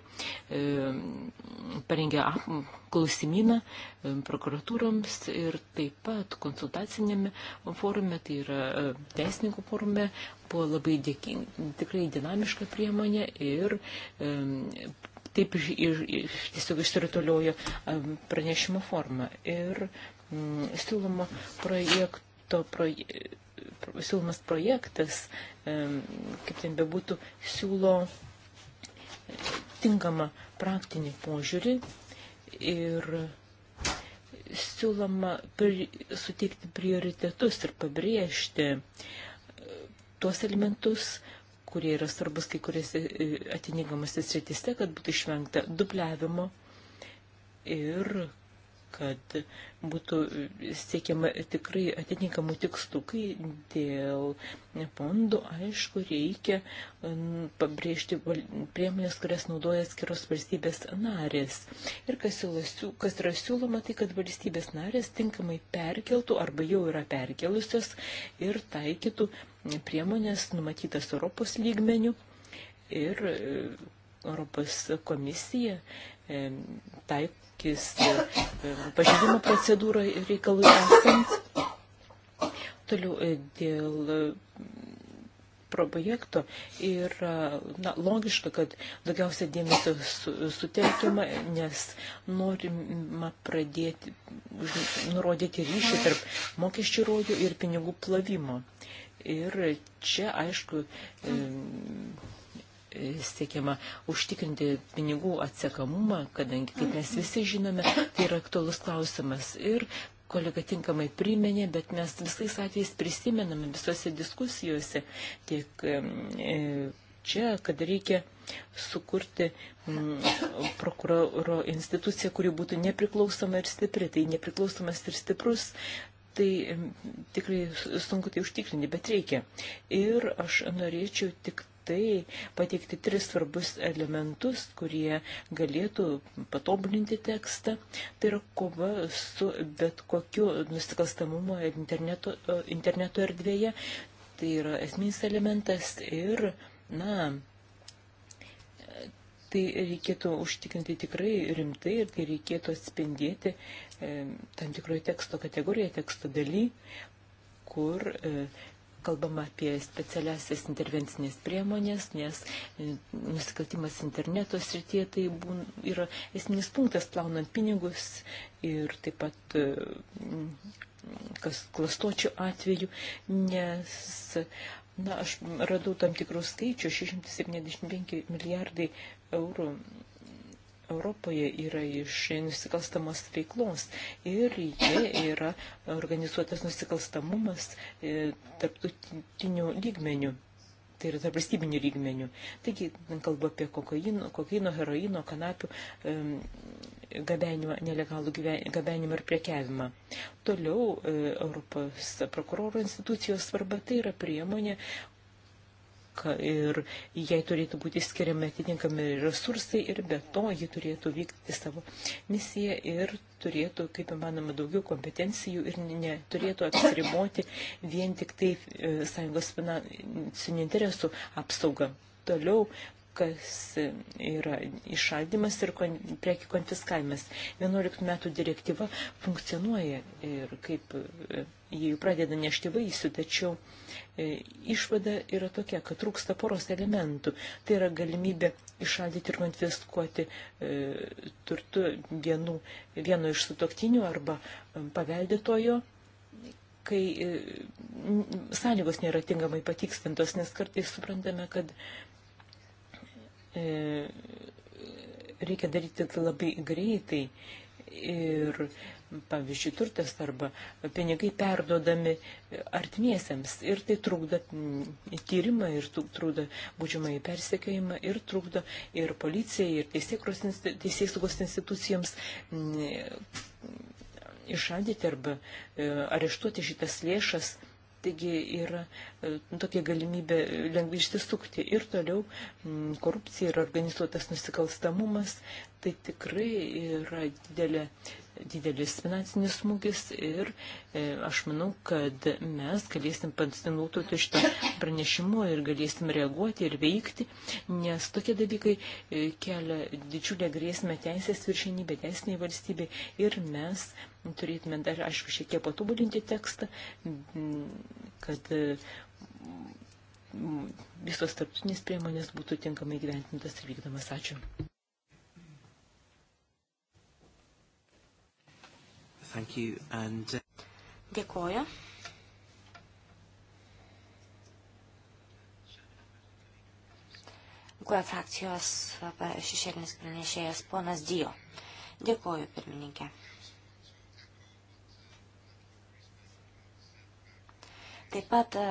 parengė klausimyną e, prokuratūroms ir taip pat konsultacinėme forume, tai yra e, teisininkų forume, buvo labai dėkingi, tikrai dinamiška priemonė ir taip iš, iš, tiesiog išsirituliojo pranešimo formą. Ir mm, siūloma projekto, proje, siūlomas projektas, mm, kaip ten bebūtų, siūlo e, tinkamą praktinį požiūrį ir siūloma pri, suteikti prioritetus ir pabrėžti e, tuos elementus, kurie yra svarbus kai kuriuose e, atininkamuose srityse, kad būtų išvengta dubliavimo ir kad būtų siekiama tikrai atitinkamų tikslų, kai dėl fondų, aišku, reikia pabrėžti priemonės, kurias naudoja skiros valstybės narės. Ir kas, siūlo, kas yra siūloma, tai kad valstybės narės tinkamai perkeltų arba jau yra perkelusios ir taikytų priemonės numatytas Europos lygmenių. Ir e, Europos komisija E, taikys e, pažeidimo procedūrą reikalui esant. Toliau e, dėl projekto ir na, logiška, kad daugiausia dėmesio su, sutelkiama, nes norima pradėti, nurodyti ryšį tarp mokesčių rojų ir pinigų plavimo. Ir čia, aišku, siekiama užtikrinti pinigų atsekamumą, kadangi, kaip mes visi žinome, tai yra aktualus klausimas. Ir kolega tinkamai priminė, bet mes visais atvejais prisimename visose diskusijose tiek e, čia, kad reikia sukurti prokuroro instituciją, kuri būtų nepriklausoma ir stipri. Tai nepriklausomas ir stiprus tai tikrai sunku tai užtikrinti, bet reikia. Ir aš norėčiau tik tai pateikti tris svarbus elementus, kurie galėtų patobulinti tekstą. Tai yra kova su bet kokiu nusikalstamumo interneto, interneto erdvėje. Tai yra esminis elementas ir, na, tai reikėtų užtikrinti tikrai rimtai ir tai reikėtų atspindėti e, tam tikroje teksto kategorijoje, teksto daly, kur e, kalbama apie specialiasias intervencinės priemonės, nes e, nusikaltimas interneto srityje tai būn, yra esminis punktas plaunant pinigus ir taip pat e, kas klastočių atveju, nes na, aš radau tam tikrų skaičių, 675 milijardai eurų Europoje yra iš nusikalstamos veiklos ir jie yra organizuotas nusikalstamumas e, tarptautinių lygmenių tai yra tarp valstybinių lygmenių. Taigi, kalbu apie kokaino, kokaino heroino, kanapių e, gabenimą, nelegalų gabenimą ir priekiavimą. Toliau e, Europos prokuroro institucijos svarba tai yra priemonė, ir jai turėtų būti skiriami atitinkami resursai ir be to ji turėtų vykti savo misiją ir turėtų, kaip įmanoma, daugiau kompetencijų ir neturėtų apsiriboti vien tik tai e, sąjungos finansinių interesų apsauga. Toliau kas yra išaldymas ir kon, prekių konfiskavimas. 11 metų direktyva funkcionuoja ir kaip e, jie jau pradeda nešti vaisių, tačiau uh, E, išvada yra tokia, kad trūksta poros elementų. Tai yra galimybė išaldyti ir konfiskuoti e, turtų vienu, vieno iš sutoktinių arba e, paveldėtojo kai sąlygos nėra tinkamai patikstintos, nes kartais suprantame, kad reikia daryti tai labai greitai ir pavyzdžiui, turtas arba pinigai perduodami artimiesiems ir tai trukdo tyrimą ir trukdo būdžiamąjį persekiojimą ir trukdo ir policijai, ir teisėsaugos institucijoms mm, išradyti arba e, areštuoti šitas lėšas. Taigi yra e, tokia galimybė lengvai išsisukti. Ir toliau mm, korupcija ir organizuotas nusikalstamumas, tai tikrai yra didelė didelis finansinis smūgis ir e, aš manau, kad mes galėsim pasinaudoti šitą pranešimu ir galėsim reaguoti ir veikti, nes tokie dalykai e, kelia didžiulę grėsmę teisės viršinybė, teisiniai valstybė ir mes turėtume dar, aišku, šiek tiek patobulinti tekstą, kad e, visos tarptautinės priemonės būtų tinkamai gyventintas ir vykdomas. Ačiū. Thank you. And... Uh, Dėkoju. GUE frakcijos šešėlinis pranešėjas ponas Dijo. Dėkoju, pirmininkė. Taip pat e,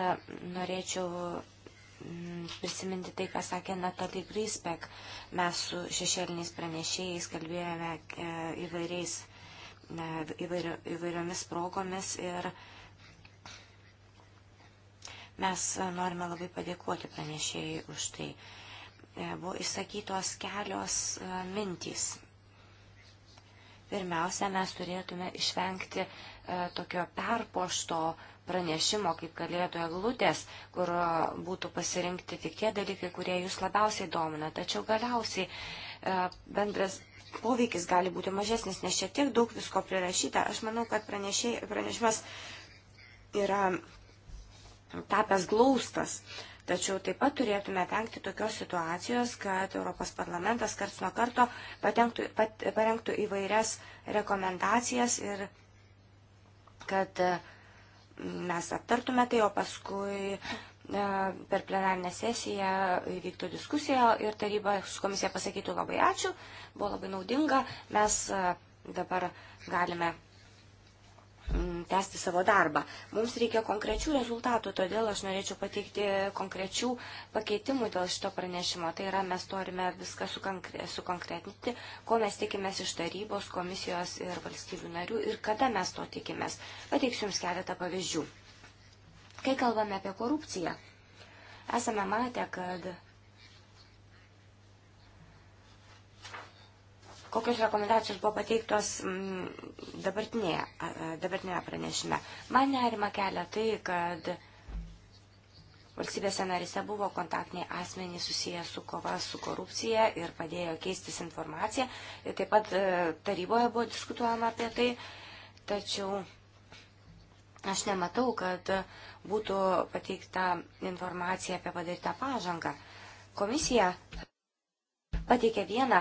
norėčiau prisiminti tai, ką sakė Natalie Grisbeck. Mes su šešėliniais pranešėjais kalbėjome e, įvairiais E, įvairio, įvairiomis progomis ir mes norime labai padėkoti pranešėjai už tai. E, buvo išsakytos kelios e, mintys. Pirmiausia, mes turėtume išvengti tokio perpošto pranešimo, kaip galėtų eglutės, kur būtų pasirinkti tik tie dalykai, kurie jūs labiausiai domina. Tačiau galiausiai e, bendras poveikis gali būti mažesnis, nes čia tiek daug visko prirašyta. Aš manau, kad pranešiai, pranešimas yra tapęs glaustas. Tačiau taip pat turėtume vengti tokios situacijos, kad Europos parlamentas karts nuo karto patenktų, pat, parengtų įvairias rekomendacijas ir kad uh, mes aptartume tai, o paskui e, per plenarinę sesiją įvyktų diskusija ir taryba su komisija pasakytų labai ačiū, buvo labai naudinga, mes e, dabar galime Mm, tęsti savo darbą. Mums reikia konkrečių rezultatų, todėl aš norėčiau pateikti konkrečių pakeitimų dėl šito pranešimo. Tai yra, mes norime viską sukonkretinti, ko mes tikimės iš tarybos, komisijos ir valstybių narių ir kada mes to tikimės. Pateiksiu Jums keletą pavyzdžių. Kai kalbame apie korupciją, esame matę, kad kokios rekomendacijos buvo pateiktos mm, dabartinėje, dabartinėje pranešime. Man nerima kelia tai, kad valstybėse narise buvo kontaktiniai asmenys susiję su kova su korupcija ir padėjo keistis informaciją. Ir taip pat e, taryboje buvo diskutuojama apie tai, tačiau aš nematau, kad būtų pateikta informacija apie padarytą pažangą. Komisija pateikė vieną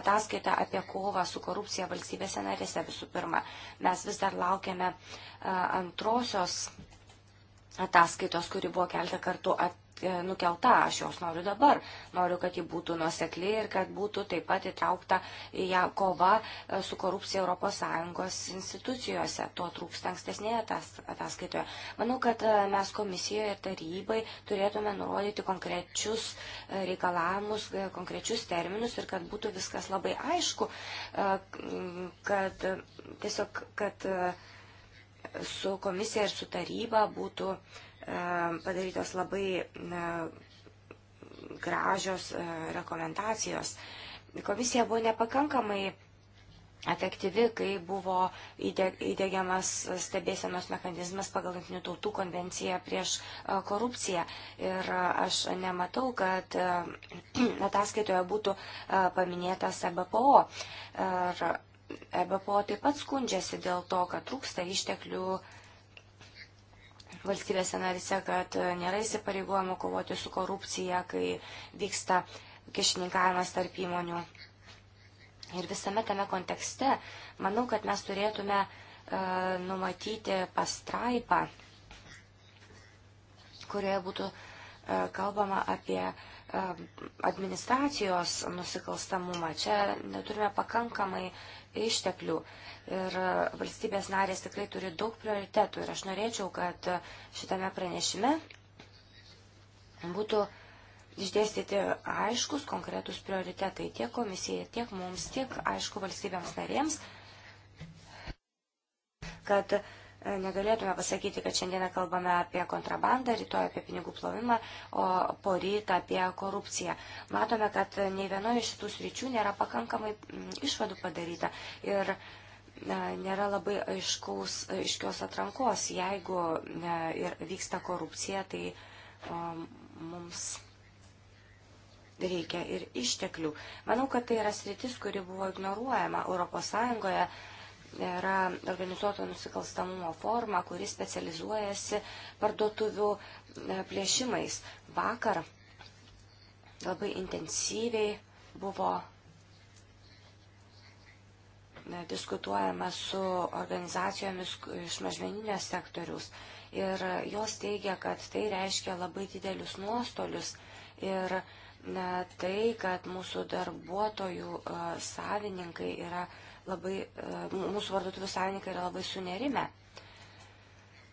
ataskaitą apie kovą su korupcija valstybėse narėse visų pirma. Mes vis dar laukiame antrosios ataskaitos, kuri buvo keltą kartų at E, nukelta, aš jos noriu dabar. Noriu, kad ji būtų nuosekli ir kad būtų taip pat įtraukta į ją kova e, su korupcija ES institucijose. To trūksta ankstesnėje ataskaitoje. Manau, kad e, mes komisijoje ir tarybai turėtume nurodyti konkrečius reikalavimus, konkrečius terminus ir kad būtų viskas labai aišku, kad tiesiog, kad su komisija ir su taryba būtų uh, padarytos labai gražios e, rekomendacijos. Komisija buvo nepakankamai efektyvi, kai buvo įdėgiamas stebėsenos mechanizmas pagal Junktinių tautų konvenciją prieš e, korupciją. Ir e, aš nematau, kad ataskaitoje būtų paminėtas EBPO. Ir EBPO taip pat skundžiasi dėl to, kad trūksta išteklių valstybėse narise, kad e, nėra įsipareigojimo kovoti su korupcija, kai vyksta kišininkavimas tarp įmonių. Ir visame tame kontekste manau, kad mes turėtume e, numatyti pastraipą, kurioje būtų e, kalbama apie uh, Um, administracijos nusikalstamumą. Čia neturime pakankamai išteklių ir uh, valstybės narės tikrai turi daug prioritetų ir aš norėčiau, kad uh, šitame pranešime būtų išdėstyti aiškus, konkretus prioritetai tiek komisijai, tiek mums, tiek aišku valstybėms narėms, kad negalėtume pasakyti, kad šiandieną kalbame apie kontrabandą, rytoj apie pinigų plovimą, o po rytą apie korupciją. Matome, kad nei vienoje iš šitų sričių nėra pakankamai mm, išvadų padaryta. Ir e, nėra labai aiškaus, aiškios atrankos. Jeigu e, ir vyksta korupcija, tai mums reikia ir išteklių. Manau, kad tai yra sritis, kuri buvo ignoruojama Europos Sąjungoje yra organizuoto nusikalstamumo forma, kuri specializuojasi parduotuvių e, plėšimais. Vakar labai intensyviai buvo e, diskutuojama su organizacijomis iš mažmeninio sektoriaus. Ir jos teigia, kad tai reiškia labai didelius nuostolius. Ir ne, tai, kad mūsų darbuotojų a, e, savininkai yra a, labai, e, mūsų vardotuvių savininkai yra labai sunerime.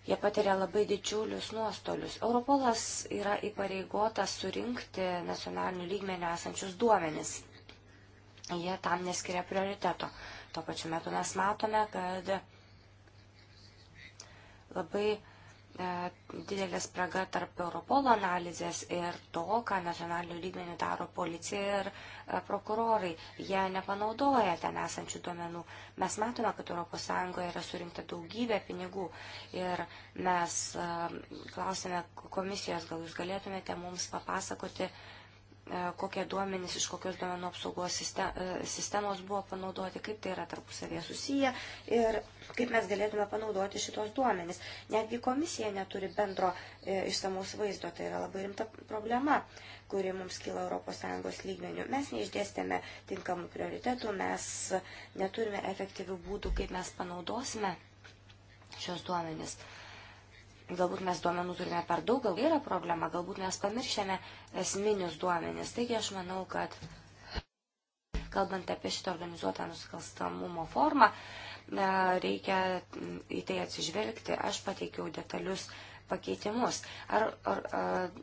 Jie patiria labai didžiulius nuostolius. Europolas yra įpareigotas surinkti nacionalinių lygmenių esančius duomenis. Jie tam neskiria prioriteto. Tuo pačiu metu mes matome, kad labai uh, E, didelė spraga tarp Europolo analizės ir to, ką nacionalinių lygmenių daro policija ir e, prokurorai. Jie nepanaudoja ten esančių duomenų. Mes matome, kad ES yra surinkta daugybė pinigų ir mes e, klausime komisijos, gal jūs galėtumėte mums papasakoti, uh, E, kokie duomenys iš kokios duomenų apsaugos e, sistemos buvo panaudoti, kaip tai yra tarpusavėje susiję ir kaip mes galėtume panaudoti šitos duomenys. Netgi komisija neturi bendro e, išsamaus vaizdo, tai yra labai rimta problema, kuri mums kyla ES lygmenių. Mes neišdėstėme tinkamų prioritetų, mes neturime efektyvių būdų, kaip mes panaudosime šios duomenys. Galbūt mes duomenų turime per daug, gal yra problema, galbūt mes pamiršėme esminius duomenis. Taigi aš manau, kad kalbant apie šitą organizuotą nusikalstamumo formą, reikia į tai atsižvelgti. Aš pateikiau detalius pakeitimus. Ar, ar, ar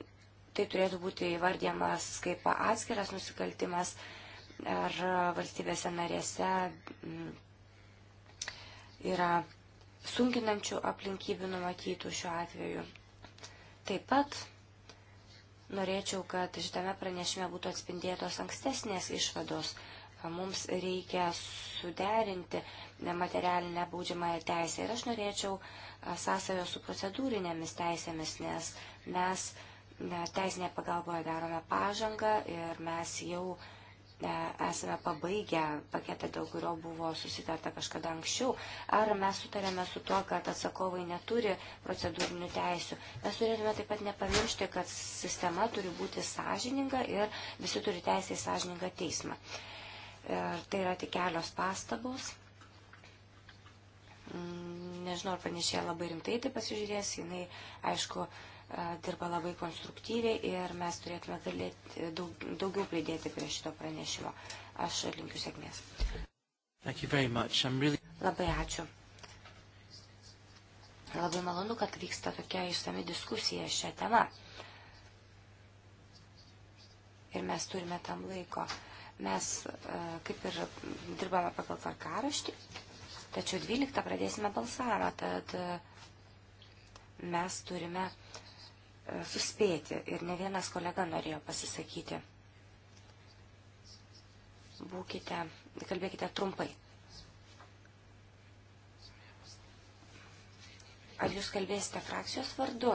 tai turėtų būti įvardiamas kaip atskiras nusikaltimas, ar valstybėse narėse yra sunkinančių aplinkybių numatytų šiuo atveju. Taip pat norėčiau, kad šitame pranešime būtų atspindėtos ankstesnės išvados. Mums reikia suderinti materialinę baudžiamąją teisę. Ir aš norėčiau sąsajo su procedūrinėmis teisėmis, nes mes teisinė pagalboje darome pažangą ir mes jau uh, E, esame pabaigę paketą, dėl kurio buvo susitarta kažkada anksčiau, ar mes sutarėme su tuo, kad atsakovai neturi procedūrinių teisių. Mes turėtume taip pat nepamiršti, kad sistema turi būti sąžininga ir visi turi teisę į sąžiningą teismą. Ir tai yra tik kelios pastabos. Mm, nežinau, ar panešė labai rimtai tai pasižiūrės, jinai, aišku, uh, E, dirba labai konstruktyviai ir mes turėtume galėti e, daug, daugiau pridėti prie šito pranešimo. Aš linkiu sėkmės. Really... Labai ačiū. Labai malonu, kad vyksta tokia išsami diskusija šią temą. Ir mes turime tam laiko. Mes e, kaip ir dirbame pagal tvarkaraštį, tačiau 12 pradėsime balsavimą, tad mes turime uh, suspėti ir ne vienas kolega norėjo pasisakyti. Būkite, kalbėkite trumpai. Ar jūs kalbėsite frakcijos vardu?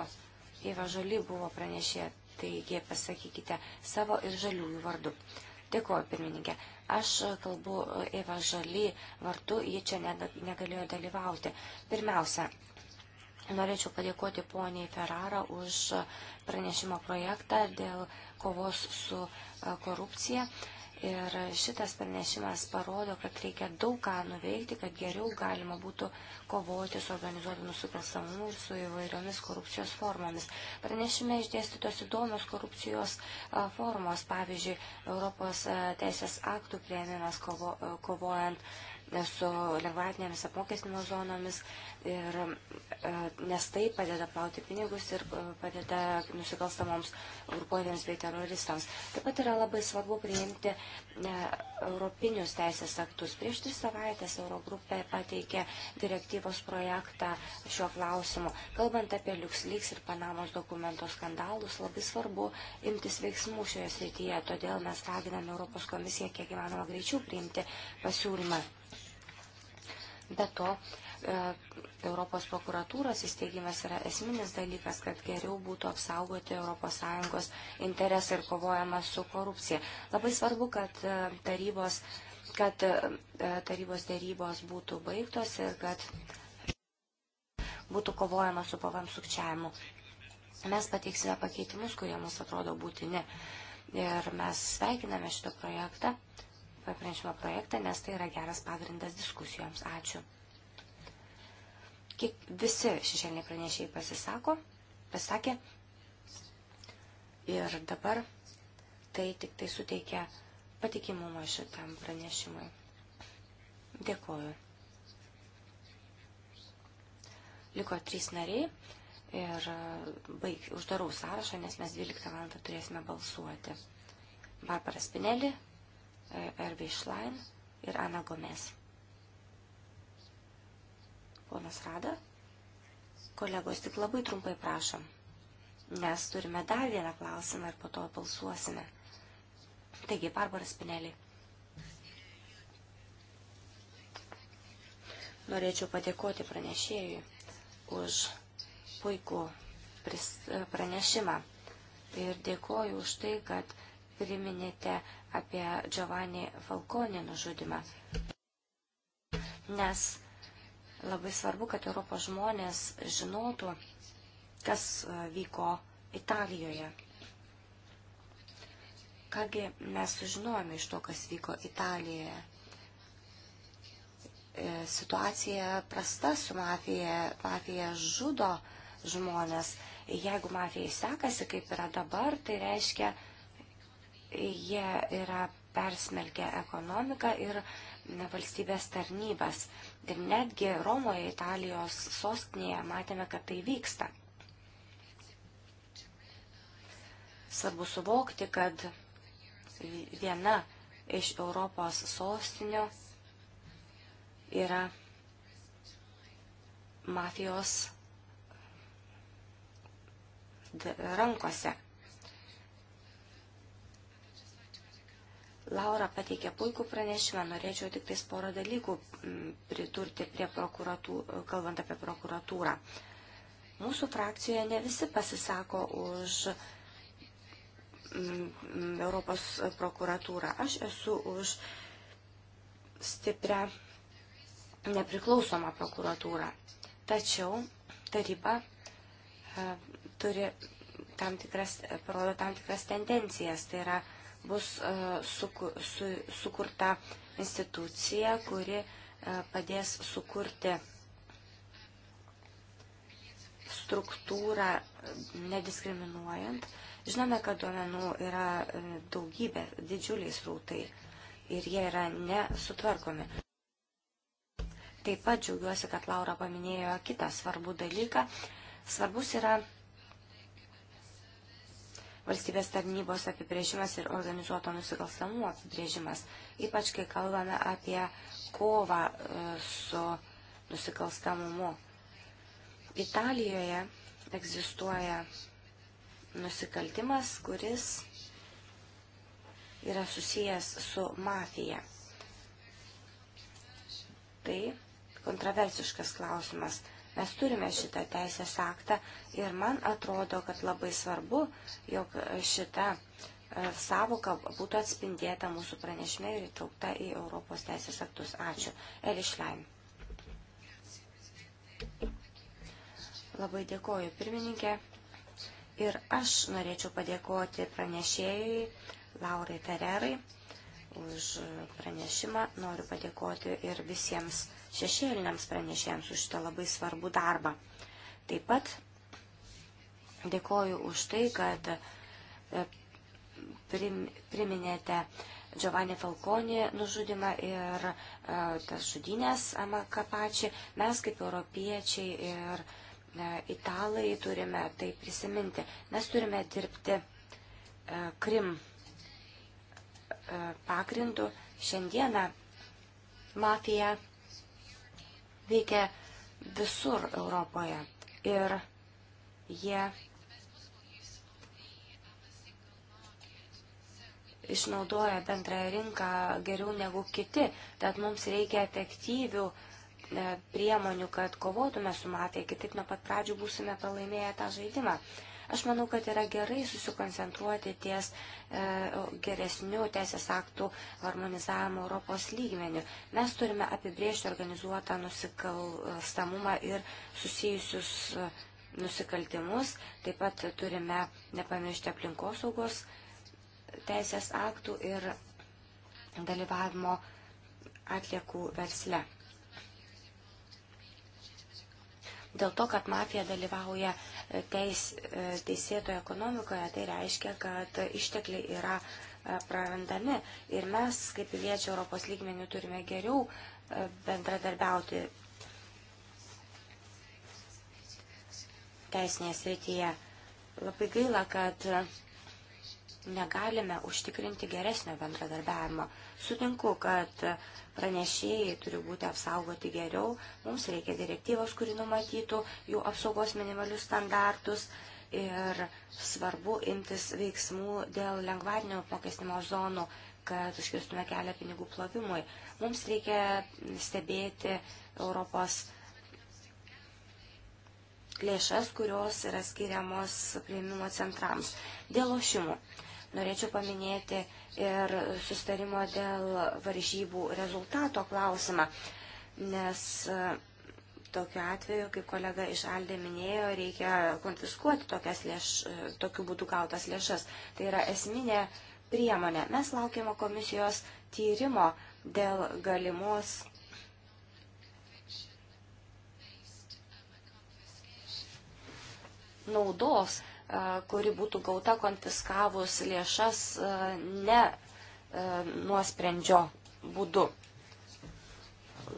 Iva Žoly buvo pranešė, taigi pasakykite savo ir žaliųjų vardu. Dėkuoju, pirmininkė. Aš kalbu Iva Žoly vardu, ji čia negalėjo dalyvauti. Pirmiausia, Norėčiau padėkoti poniai Ferrara už pranešimo projektą dėl kovos su e, korupcija. Ir šitas pranešimas parodo, kad reikia daug ką nuveikti, kad geriau galima būtų kovoti su organizuotu nusikalstamumu ir su įvairiomis korupcijos formomis. Pranešime išdėstytos įdomios korupcijos e, formos, pavyzdžiui, Europos e, teisės aktų prieimimas kovo, kovojant su lengvatinėmis apmokestinimo zonomis, ir, e, nes tai padeda plauti pinigus ir e, padeda nusikalstamoms grupuotėms bei teroristams. Taip pat yra labai svarbu priimti e, europinius teisės aktus. Prieš tris savaitės Eurogrupė pateikė direktyvos projektą šiuo klausimu. Kalbant apie LuxLeaks ir Panamos dokumento skandalus, labai svarbu imtis veiksmų šioje srityje. Todėl mes raginame Europos komisiją kiek įmanoma greičiau priimti pasiūlymą. Be to, e, Europos prokuratūros įsteigimas yra esminis dalykas, kad geriau būtų apsaugoti ES interesą ir kovojama su korupcija. Labai svarbu, kad e, tarybos, kad e, tarybos dėrybos būtų baigtos ir kad būtų kovojama su pavam sukčiavimu. Mes pateiksime pakeitimus, kurie mums atrodo būtini. Ir mes sveikiname šitą projektą pranešimo projektą, nes tai yra geras pagrindas diskusijoms. Ačiū. Kiek visi šešėliniai pranešėjai pasisako, pasakė. Ir dabar tai tik tai suteikia patikimumą šitam pranešimui. Dėkuoju. Liko trys nariai ir baig, uždarau sąrašą, nes mes 12 val. turėsime balsuoti. Barbara Spinelli, Ervei Šlain ir Ana Gomes. Ponas Rada, kolegos tik labai trumpai prašom, nes turime dar vieną klausimą ir po to balsuosime. Taigi, Barbara Spinelį. Norėčiau padėkoti pranešėjui už puikų pranešimą ir dėkoju už tai, kad priminėte apie Giovanni Falkonį nužudimą. Nes labai svarbu, kad Europos žmonės žinotų, kas e, vyko Italijoje. Kągi mes sužinojome iš to, kas vyko Italijoje. E, situacija prasta su mafija, mafija žudo žmonės. Jeigu mafijai sekasi, kaip yra dabar, tai reiškia, jie yra persmelkę ekonomiką ir valstybės tarnybas. Ir netgi Romoje, Italijos sostinėje, matėme, kad tai vyksta. Svarbu suvokti, kad viena iš Europos sostinių yra mafijos rankose. Laura pateikė puikų pranešimą, norėčiau tik tais porą dalykų mm, priturti prie prokuratū, kalbant apie prokuratūrą. Mūsų frakcijoje ne visi pasisako už mm, Europos prokuratūrą. Aš esu už stiprią nepriklausomą prokuratūrą. Tačiau taryba e, turi tam tikras, parodo tam tikras tendencijas. Tai yra bus e, sukurta institucija, kuri e, padės sukurti struktūrą nediskriminuojant. Žinome, kad duomenų yra e, daugybė, didžiuliai srautai ir jie yra nesutvarkomi. Taip pat džiaugiuosi, kad Laura paminėjo kitą svarbų dalyką. Svarbus yra valstybės tarnybos apibrėžimas ir organizuoto nusikalstamumo apibrėžimas, ypač kai kalbame apie kovą e, su nusikalstamumu. Italijoje egzistuoja nusikaltimas, kuris yra susijęs su mafija. Tai kontroversiškas klausimas. Mes turime šitą teisės aktą ir man atrodo, kad labai svarbu, jog šita e, savoka būtų atspindėta mūsų pranešime ir įtraukta į Europos teisės aktus. Ačiū. Elišlein. Labai dėkoju pirmininkė. Ir aš norėčiau padėkoti pranešėjai Laurai Tererai už pranešimą. Noriu padėkoti ir visiems šešėliniams pranešėjams už šitą labai svarbų darbą. Taip pat dėkoju už tai, kad e, priminėte Giovanni Falconi nužudimą ir e, tas žudinės Amakapači. Mes kaip europiečiai ir e, italai turime tai prisiminti. Mes turime dirbti Krim pagrindu šiandieną mafija veikia visur Europoje ir jie išnaudoja bendrąją rinką geriau negu kiti, tad mums reikia efektyvių e, priemonių, kad kovotume su mafija, kitaip nuo pat pradžių būsime pralaimėję tą žaidimą. Aš manau, kad yra gerai susikoncentruoti ties e, geresnių teisės aktų harmonizavimo Europos lygmenių. Mes turime apibriežti organizuotą nusikalstamumą ir susijusius e, nusikaltimus. Taip pat turime nepamiršti aplinkosaugos teisės aktų ir dalyvavimo atliekų versle. Dėl to, kad mafija dalyvauja e, teis, e, teisėtoje ekonomikoje, tai reiškia, kad ištekliai yra e, prarandami. Ir mes, kaip piliečiai Europos lygmenių, turime geriau bendradarbiauti teisinėje srityje. Labai gaila, kad negalime užtikrinti geresnio bendradarbiavimo. Sutinku, kad pranešėjai turi būti apsaugoti geriau, mums reikia direktyvos, kuri numatytų jų apsaugos minimalius standartus ir svarbu imtis veiksmų dėl lengvatinio apmokestinimo zonų, kad užkirstume kelią pinigų plovimui. Mums reikia stebėti Europos lėšas, kurios yra skiriamos prieimimo centrams. Dėl lošimų. Norėčiau paminėti ir sustarimo dėl varžybų rezultato klausimą, nes e, tokiu atveju, kaip kolega iš Aldė minėjo, reikia konfiskuoti lėš, e, tokiu būdu gautas lėšas. Tai yra esminė priemonė. Mes laukiame komisijos tyrimo dėl galimos. naudos kuri būtų gauta konfiskavus lėšas ne nuosprendžio būdu.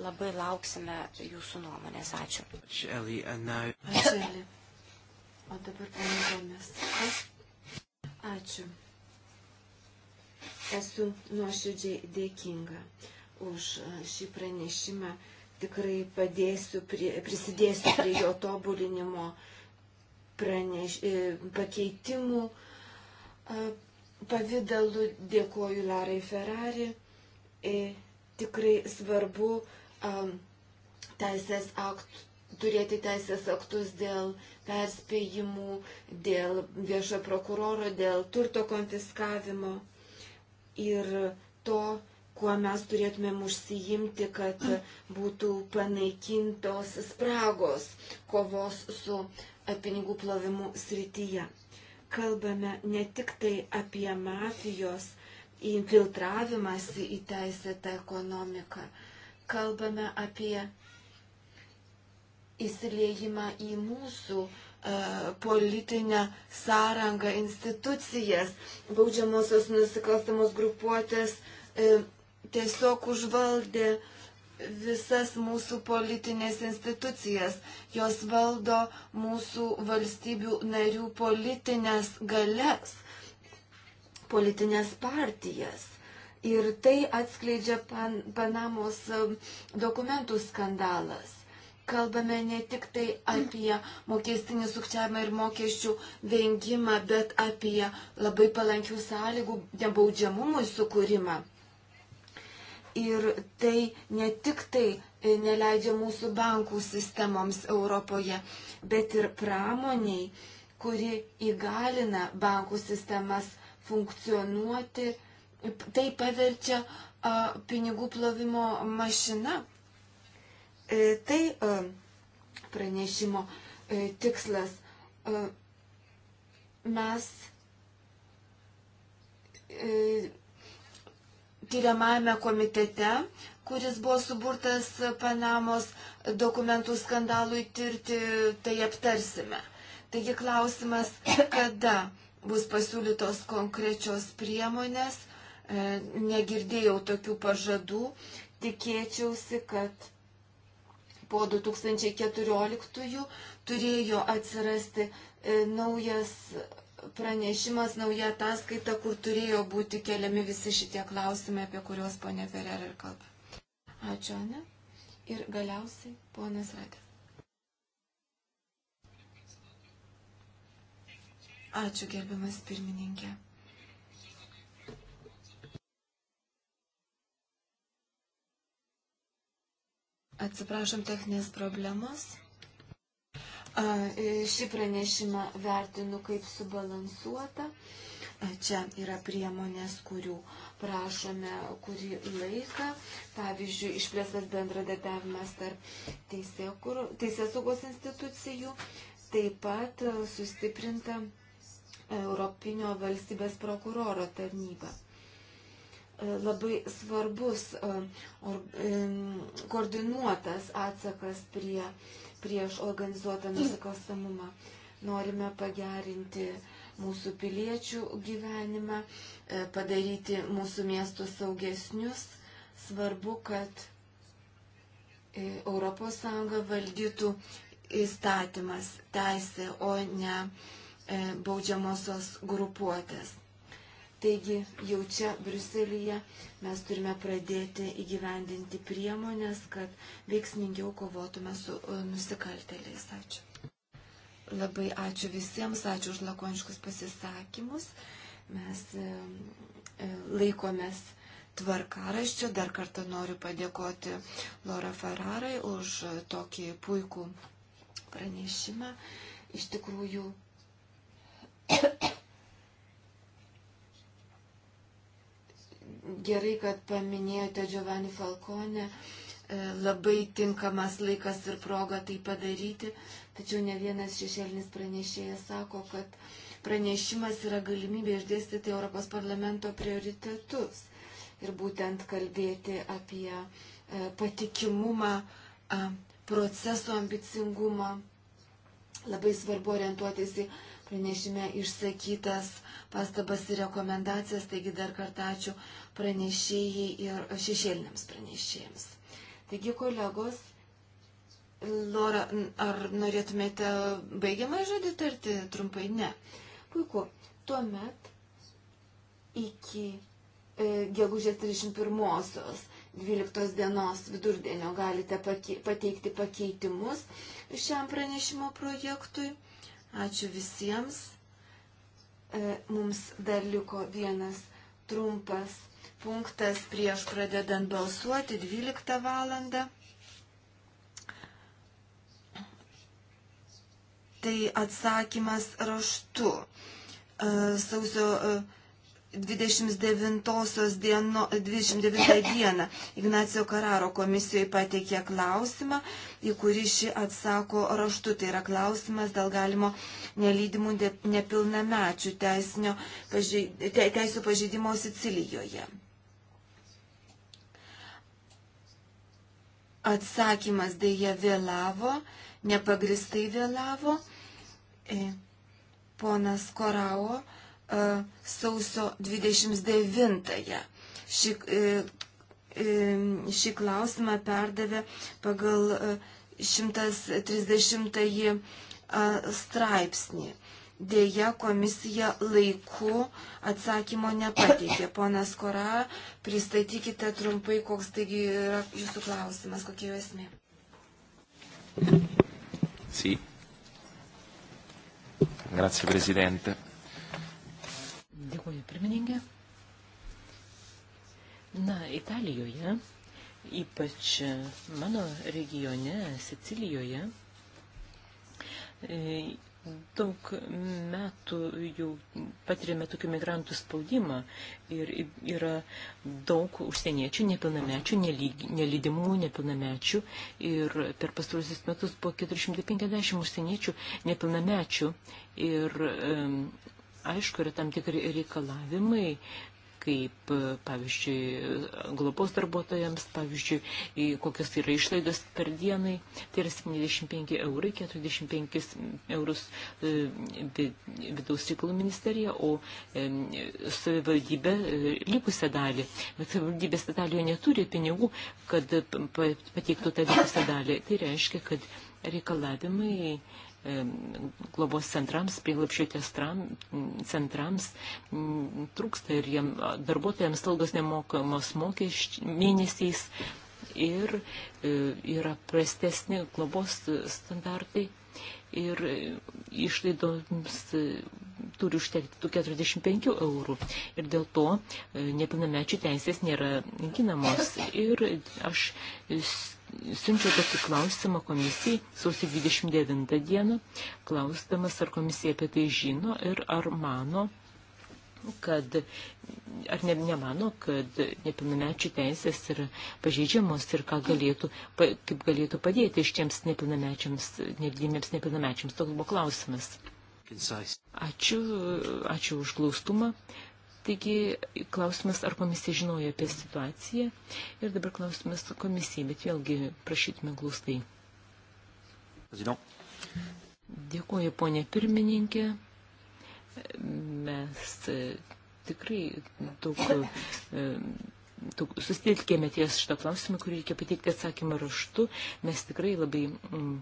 Labai lauksime jūsų nuomonės. Ačiū. Ačiū, Eli. O dabar pamokomis. Ačiū. Esu nuoširdžiai dėkinga už šį pranešimą. Tikrai padėsiu, prie, prisidėsiu prie jo tobulinimo. Uh, praneš, e, pakeitimų e, pavydalu. Dėkoju Larai Ferrari. E, tikrai svarbu teisės aktų turėti teisės aktus dėl perspėjimų, dėl viešo prokuroro, dėl turto konfiskavimo ir to, kuo mes turėtumėm užsijimti, kad būtų panaikintos spragos kovos su pinigų plovimų srityje. Kalbame ne tik tai apie mafijos infiltravimąsi į teisėtą ekonomiką, kalbame apie įsiliejimą į mūsų e, politinę sąrangą, institucijas, baudžiamosios nusikalstamos grupuotės e, tiesiog užvaldė e, visas mūsų politinės institucijas. Jos valdo mūsų valstybių narių politinės galias, politinės partijas. Ir tai atskleidžia pan, Panamos um, dokumentų skandalas. Kalbame ne tik tai apie mokestinį sukčiavimą ir mokesčių vengimą, bet apie labai palankių sąlygų nebaudžiamumui sukūrimą. Ir tai ne tik tai e, neleidžia mūsų bankų sistemoms Europoje, bet ir pramoniai, kuri įgalina bankų sistemas funkcionuoti, tai paverčia a, pinigų plovimo mašina. E, tai a, pranešimo e, tikslas. A, mes e, tyriamajame komitete, kuris buvo suburtas Panamos dokumentų skandalui tirti, tai aptarsime. Taigi klausimas, kada bus pasiūlytos konkrečios priemonės, e, negirdėjau tokių pažadų, tikėčiausi, kad po 2014 turėjo atsirasti e, naujas pranešimas, nauja ataskaita, kur turėjo būti keliami visi šitie klausimai, apie kuriuos ponė Ferrer ir kalba. Ačiū, Ane. Ir galiausiai ponas Radė. Ačiū, gerbiamas pirmininkė. Atsiprašom techninės problemos. E, šį pranešimą vertinu kaip subalansuotą. Čia yra priemonės, kurių prašome kurį laiką. Pavyzdžiui, išplėstas bendradarbiavimas tarp teisės saugos institucijų, taip pat sustiprinta Europinio valstybės prokuroro tarnyba labai svarbus koordinuotas atsakas prie prieš organizuotą nusikalstamumą. Norime pagerinti mūsų piliečių gyvenimą, e, padaryti mūsų miestus saugesnius. Svarbu, kad ES valdytų įstatymas, teisė, o ne e, baudžiamosios grupuotės. Taigi jau čia Bruselėje mes turime pradėti įgyvendinti priemonės, kad veiksmingiau kovotume su e, nusikalteliais. Ačiū. Labai ačiū visiems, ačiū už lakoniškus pasisakymus. Mes e, e, laikomės tvarkaraščio. Dar kartą noriu padėkoti Laura Ferrarai už tokį puikų pranešimą. Iš tikrųjų. gerai, kad paminėjote Giovanni Falcone. E, labai tinkamas laikas ir proga tai padaryti. Tačiau ne vienas šešėlinis pranešėjas sako, kad pranešimas yra galimybė išdėstyti Europos parlamento prioritetus ir būtent kalbėti apie e, patikimumą, proceso ambicingumą. Labai svarbu orientuotis į pranešime išsakytas pastabas ir rekomendacijas, taigi dar kartą ačiū pranešėjai ir šešėliniams pranešėjams. Taigi, kolegos, Lora, ar norėtumėte baigiamą žodį tarti trumpai? Ne. Puiku. Tuomet iki e, gegužės 31-osios 12 dienos vidurdienio galite pakei, pateikti pakeitimus šiam pranešimo projektui. Ačiū visiems. E, mums dar liko vienas trumpas punktas prieš pradedant balsuoti 12 valandą. Tai atsakymas raštu. E, sausio e, 29, dieno, 29 dieną Ignacio Kararo komisijoje pateikė klausimą, į kurį ši atsako raštu. Tai yra klausimas dėl galimo nelydimų nepilnamečių teisinio, te, teisų pažydimo Sicilijoje. Atsakymas dėja vėlavo, nepagristai vėlavo. E, ponas Korao E, sausio 29-ąją. Šį, e, e, šį klausimą perdavė pagal 130-ąjį straipsnį. Dėja, komisija laiku atsakymo nepateikė. Ponas Kora, pristatykite trumpai, koks taigi yra jūsų klausimas, kokia jo esmė. Sì. Grazie Presidente. Dėkuoju, pirmininkė. Na, Italijoje, ypač mano regione, Sicilijoje, e, daug metų jau patiriame tokių migrantų spaudimą ir yra daug užsieniečių, nepilnamečių, nelydimų nepilnamečių ir per pastarusius metus buvo 450 užsieniečių nepilnamečių ir aišku, yra tam tikri reikalavimai, kaip, pavyzdžiui, globos darbuotojams, pavyzdžiui, kokios tai yra išlaidos per dienai, tai yra 75 eurai, 45 eurus e, vidaus reikalų ministerija, o e, savivaldybė e, likusią dalį. Bet savivaldybės dalį neturi pinigų, kad pateiktų tą likusią dalį. Tai reiškia, kad reikalavimai globos centrams, prieglapšio centrams mm, trūksta ir jiem darbuotojams algos nemokamos mokesčiais mėnesiais ir e, yra prastesni globos standartai ir išlaidoms e, turi užtekti tų 45 eurų. Ir dėl to e, nepilnamečių teisės nėra ginamos. Ir aš siunčiau tokį klausimą komisijai sausio 29 dieną, klausdamas, ar komisija apie tai žino ir ar mano, kad, ar ne, nemano, kad nepilnamečių teisės yra pažeidžiamos ir ką galėtų, pa, kaip galėtų padėti šiems nepilnamečiams, nedidėmėms nepilnamečiams. Toks buvo klausimas. Ačiū, ačiū už glaustumą. Taigi klausimas, ar komisija žinojo apie situaciją ir dabar klausimas komisijai, bet vėlgi prašytume glūstai. Dėkuoju, ponė pirmininkė. Mes e, tikrai daug, e, daug susitelkėme ties šitą klausimą, kurį reikia pateikti atsakymą raštu. Mes tikrai labai. Mm,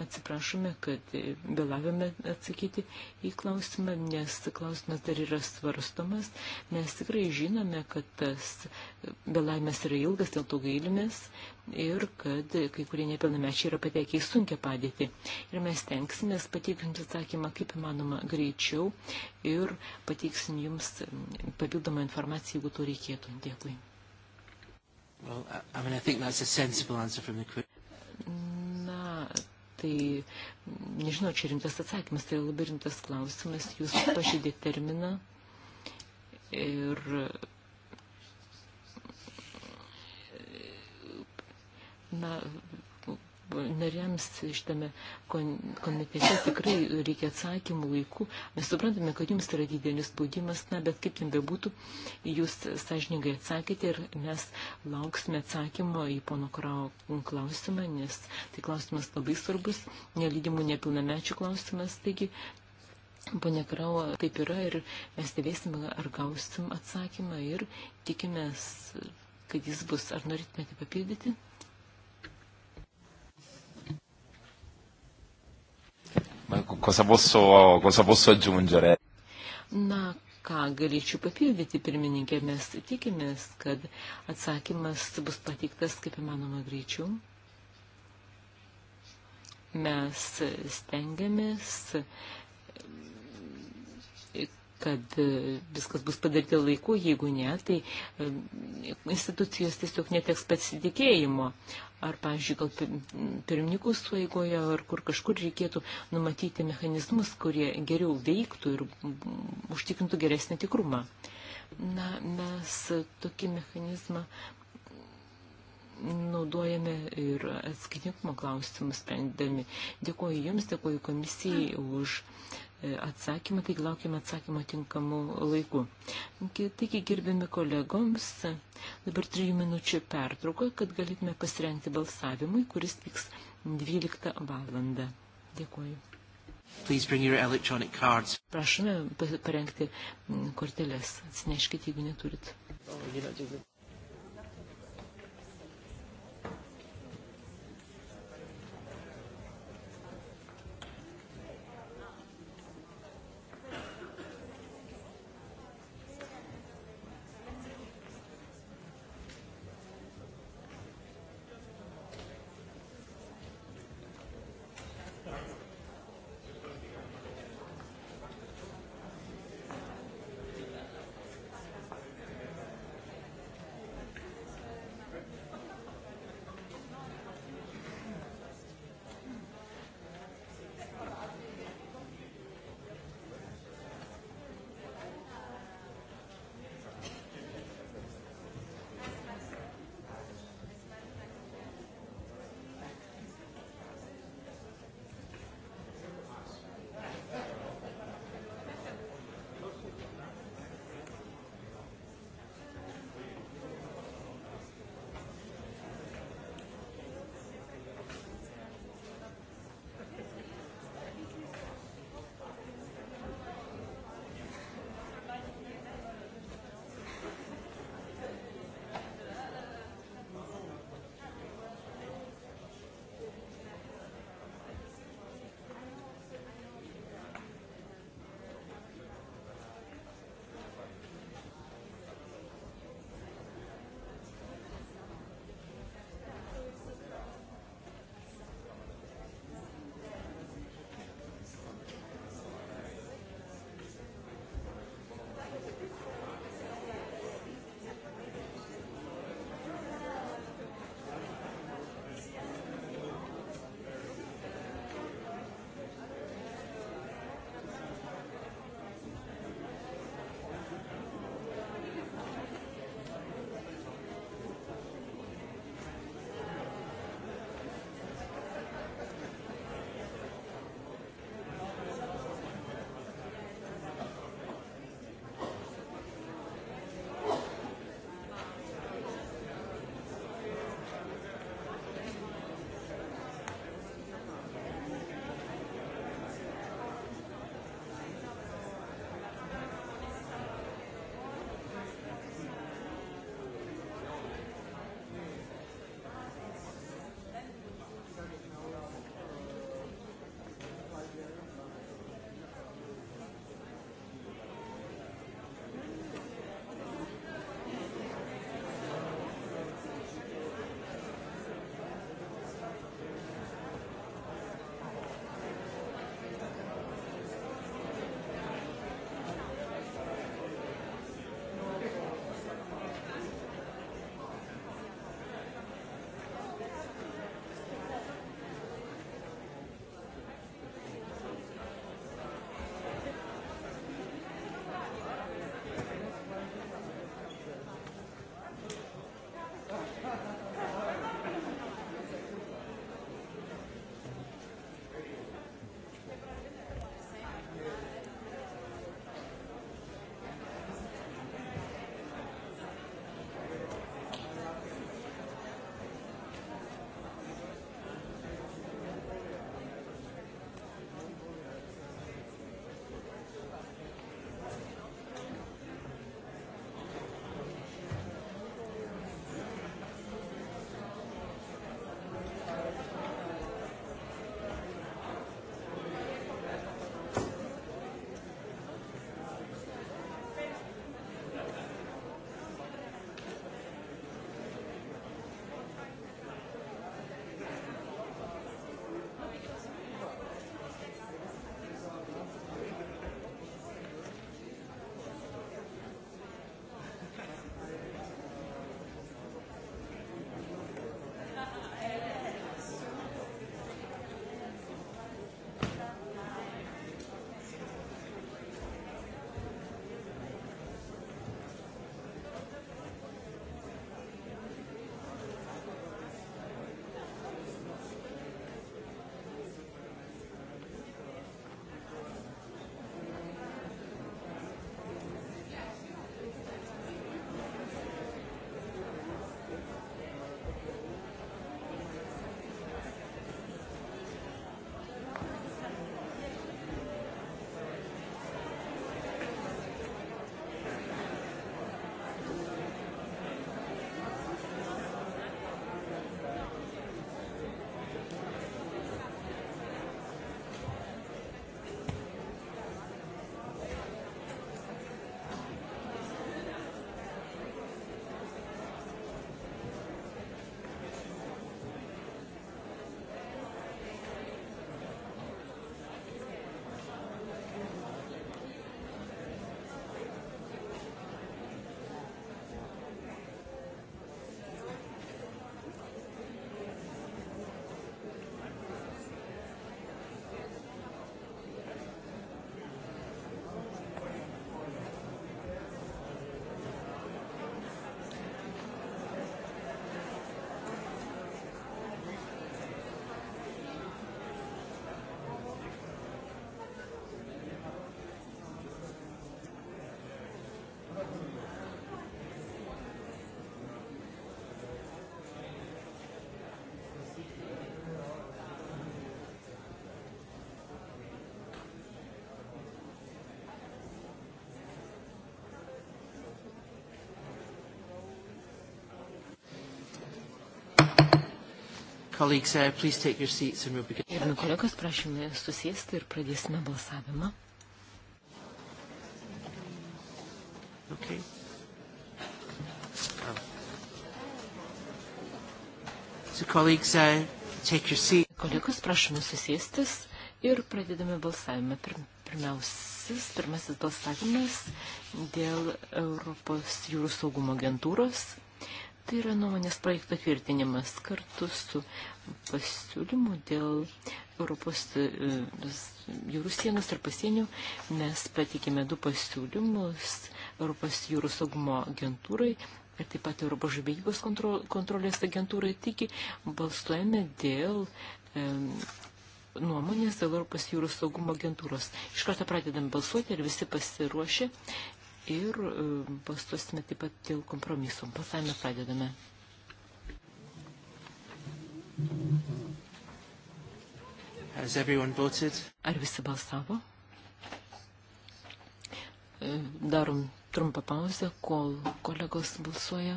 atsiprašome, kad vėlavome atsakyti į klausimą, nes klausimas dar yra svarstomas. Mes tikrai žinome, kad tas vėlavimas yra ilgas, dėl to gailimės ir kad kai kurie nepilnamečiai yra patekę į sunkę padėtį. Ir mes tenksime pateikinti atsakymą kaip įmanoma greičiau ir pateiksim jums papildomą informaciją, jeigu to reikėtų. Dėkui. Well, I mean, I think that's a sensible answer from the... Na, Tai, nežinau, čia rimtas atsakymas, tai labai rimtas klausimas. Jūs pažydėt terminą ir na, nariams šitame komitete tikrai reikia atsakymų laikų. Mes suprantame, kad jums yra didelis spaudimas, na, bet kaip ten bebūtų, jūs sąžininkai atsakėte ir mes lauksime atsakymo į pono Krau klausimą, nes tai klausimas labai svarbus, nelydimų nepilnamečių klausimas, taigi Pone Krau, taip yra ir mes stebėsime, ar gausim atsakymą ir tikimės, kad jis bus. Ar norėtumėte papildyti? Ma cosa posso, cosa posso aggiungere? Na, ką galėčiau papildyti, pirmininkė, mes tikimės, kad atsakymas bus patiktas kaip įmanoma greičiau. Mes stengiamės kad e, viskas bus padaryta laiku, jeigu ne, tai e, institucijos tiesiog neteks pasitikėjimo. Ar, pavyzdžiui, gal pirmininkų suėgoje, ar kur kažkur reikėtų numatyti mechanizmus, kurie geriau veiktų ir mm, užtikrintų geresnį tikrumą. Na, mes tokį mechanizmą naudojame ir atskaitinkumo klausimus sprendami. Dėkuoju Jums, dėkuoju komisijai už E, atsakymą, taigi laukiame atsakymo tinkamų laikų. Taigi gerbėme kolegoms, dabar trijų minučių pertrauką, kad galėtume pasirengti balsavimui, kuris vyks 12 valandą. Dėkuoju. Prašome parengti korteles, atsineškite, jeigu neturit. Oh, colleagues, uh, please take your seats and we'll begin. Gerbiami kolegos, prašome susėsti ir pradėsime balsavimą. Okay. Oh. So colleagues, uh, take your seat. Kolegos, prašome susėstis ir pradedame balsavimą. Pirmiausias, pirmasis balsavimas dėl Europos jūrų saugumo agentūros Tai yra nuomonės projekto tvirtinimas kartu su pasiūlymų dėl Europos e, jūrų sienos ir pasienio. Mes pateikėme du pasiūlymus Europos jūrų saugumo agentūrai ir taip pat Europos žvejybos kontrolės agentūrai. Taigi balsuojame dėl e, nuomonės dėl Europos jūrų saugumo agentūros. Iš karto pradedam balsuoti ir visi pasiruošė ir balsuosime taip pat dėl kompromisų. Balsavimą pradedame. Ar visi balsavo? E, darom trumpą pauzę, kol kolegos balsuoja.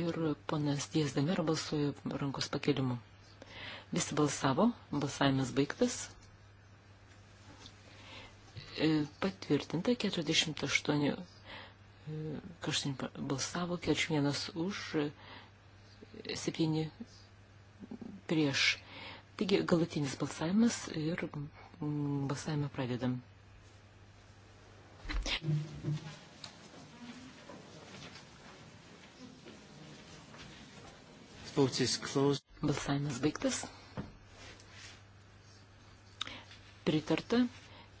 Ir ponas Diezdamir balsuoja rankos pakelimu. Visi balsavo, balsavimas baigtas. E, patvirtinta 48 e, kažkaip balsavo, 41 už, 7 prieš Taigi galutinis balsavimas ir mm, balsavimą pradedam. Balsavimas baigtas. Pritarta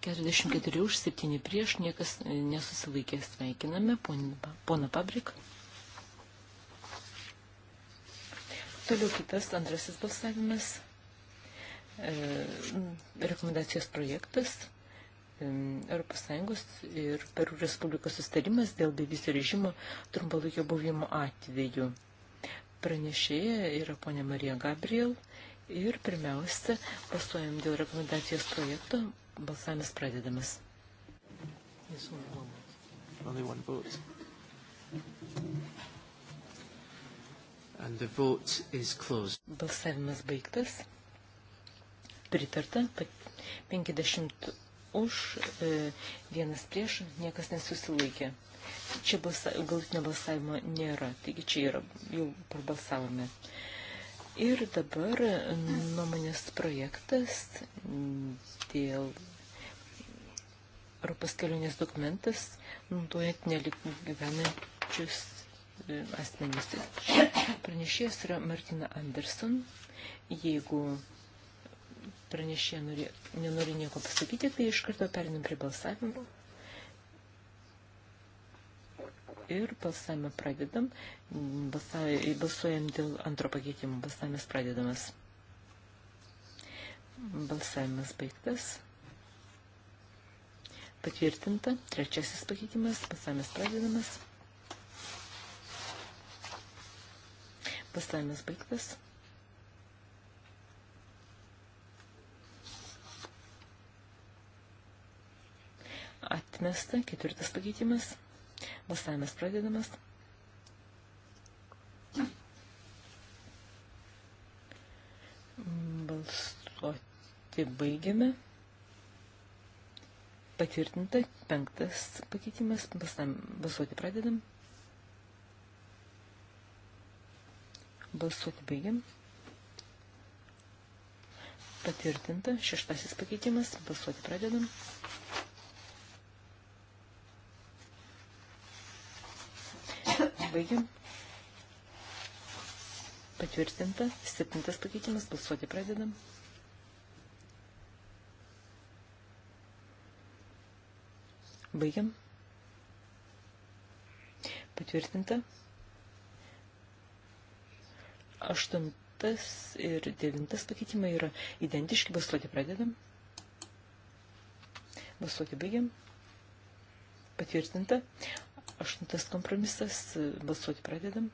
44 už 7 prieš, niekas e, nesusilaikė. Sveikiname poną Pabrik. Toliau kitas antrasis balsavimas rekomendacijos projektas ES ir Perų Respublikos sustarimas dėl bevizio režimo trumpalaikio buvimo atveju. Pranešėja yra ponė Marija Gabriel ir pirmiausia pasuojam dėl rekomendacijos projekto, balsavimas pradedamas. Balsavimas baigtas pritarta, 50 už, e, vienas prieš, niekas nesusilaikė. Čia balsa, galutinio balsavimo nėra, taigi čia yra, jau prabalsavome. Ir dabar nuomonės projektas dėl Europos kelionės dokumentas, naudojant neligyvenančius e, asmenys. Pranešėjas yra Martina Anderson. Jeigu pranešė nori, nenori nieko pasakyti, tai iš karto perinim prie balsavimo. Ir balsavimą pradedam. Balsuojam dėl antro pakeitimo. Balsavimas pradedamas. Balsavimas baigtas. Patvirtinta. Trečiasis pakeitimas. Balsavimas pradedamas. Balsavimas baigtas. Atmesta. Ketvirtas pakeitimas. Balsavimas pradedamas. Balsuoti baigiame. Patvirtinta. Penktas pakeitimas. Balsuoti pradedam. Balsuoti baigiam. Patvirtinta. Šeštasis pakeitimas. Balsuoti pradedam. Balsuoti pradedam. baigiam. Patvirtinta. Septintas pakeitimas. Balsuoti pradedam. Baigiam. Patvirtinta. Aštuntas ir devintas pakeitimai yra identiški. Balsuoti pradedam. Balsuoti baigiam. Patvirtinta. Aštuntas kompromisas. Balsuoti pradedam.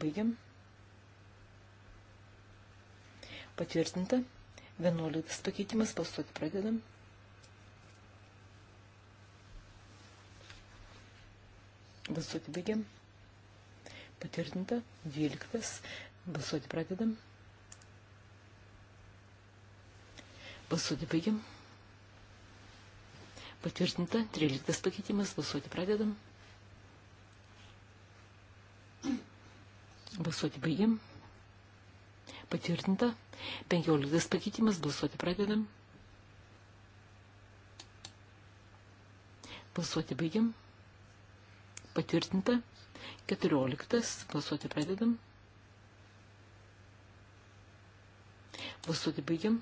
Baigiam. Patvirtinta. Vienuoliktas pakeitimas. Balsuoti pradedam. Balsuoti baigiam. Patvirtinta. Dvyliktas. Balsuoti pradedam. Balsuoti baigiam. Patvirtinta. 13 pakeitimas. Balsuoti pradedam. Balsuoti baigiam. Patvirtinta. 15 pakeitimas. Balsuoti pradedam. Balsuoti baigiam. Patvirtinta. 14. Balsuoti pradedam. Balsuoti baigiam.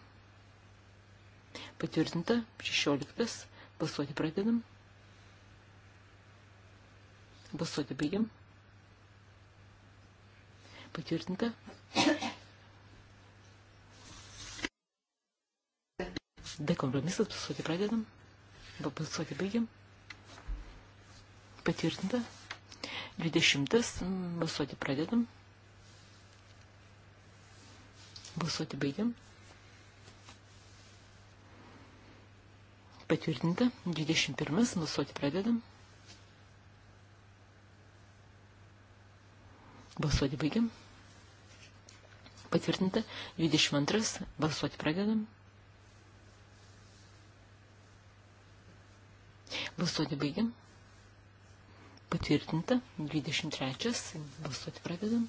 Patvirtinta. 16. Balsuoti pradedam. Balsuoti baigiam. Patvirtinta. Dekompromisas. Balsuoti pradedam. Balsuoti baigiam. Patvirtinta. Dvidešimtas. Balsuoti pradedam. Balsuoti baigiam. Patvirtinta. 21. Balsuoti pradedam. Balsuoti baigiam. Patvirtinta. 22. Balsuoti pradedam. Balsuoti baigiam. Patvirtinta. 23. Balsuoti pradedam.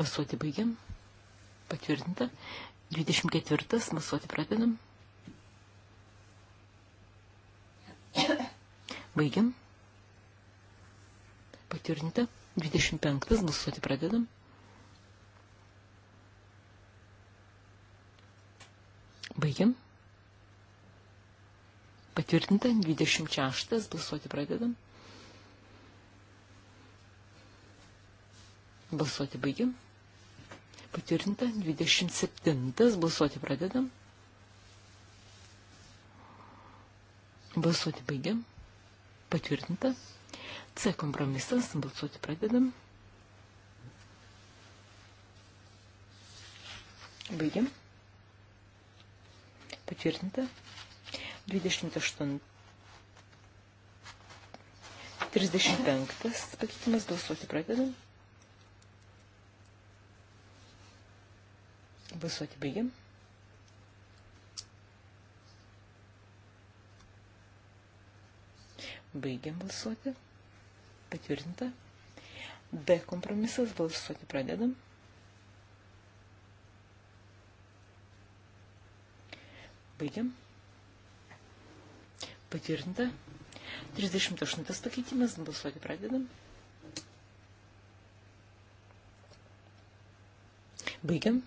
Balsuoti baigiam. Patvirtinta. 24. Balsuoti pradedam. Baigiam. Patvirtinta. 25. Balsuoti pradedam. Baigiam. Patvirtinta. 26. Balsuoti pradedam. Balsuoti baigiam. Patvirtinta. 27. Balsuoti pradedam. Balsuoti baigiam. Patvirtinta. C kompromisas. Balsuoti pradedam. Baigiam. Patvirtinta. 28. 35. Pakeitimas. Balsuoti pradedam. Balsuoti baigiam. Baigiam balsuoti. Patvirtinta. B kompromisas. Balsuoti pradedam. Baigiam. Patvirtinta. 38 pakeitimas. Balsuoti pradedam. Baigiam.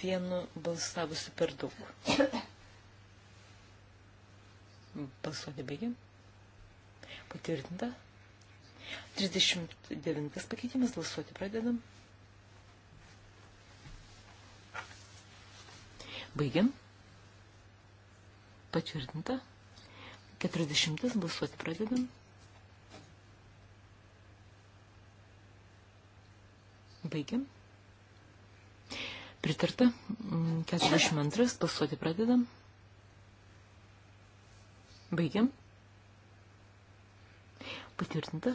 vienu balsavusiu per daug. Balsuoti baigiam. Patvirtinta. 39 pakeitimas, balsuoti pradedam. Baigiam. Patvirtinta. 40 balsuoti pradedam. Baigiam. Pritarta. 42. Mm, balsuoti pradedam. Baigiam. Patvirtinta.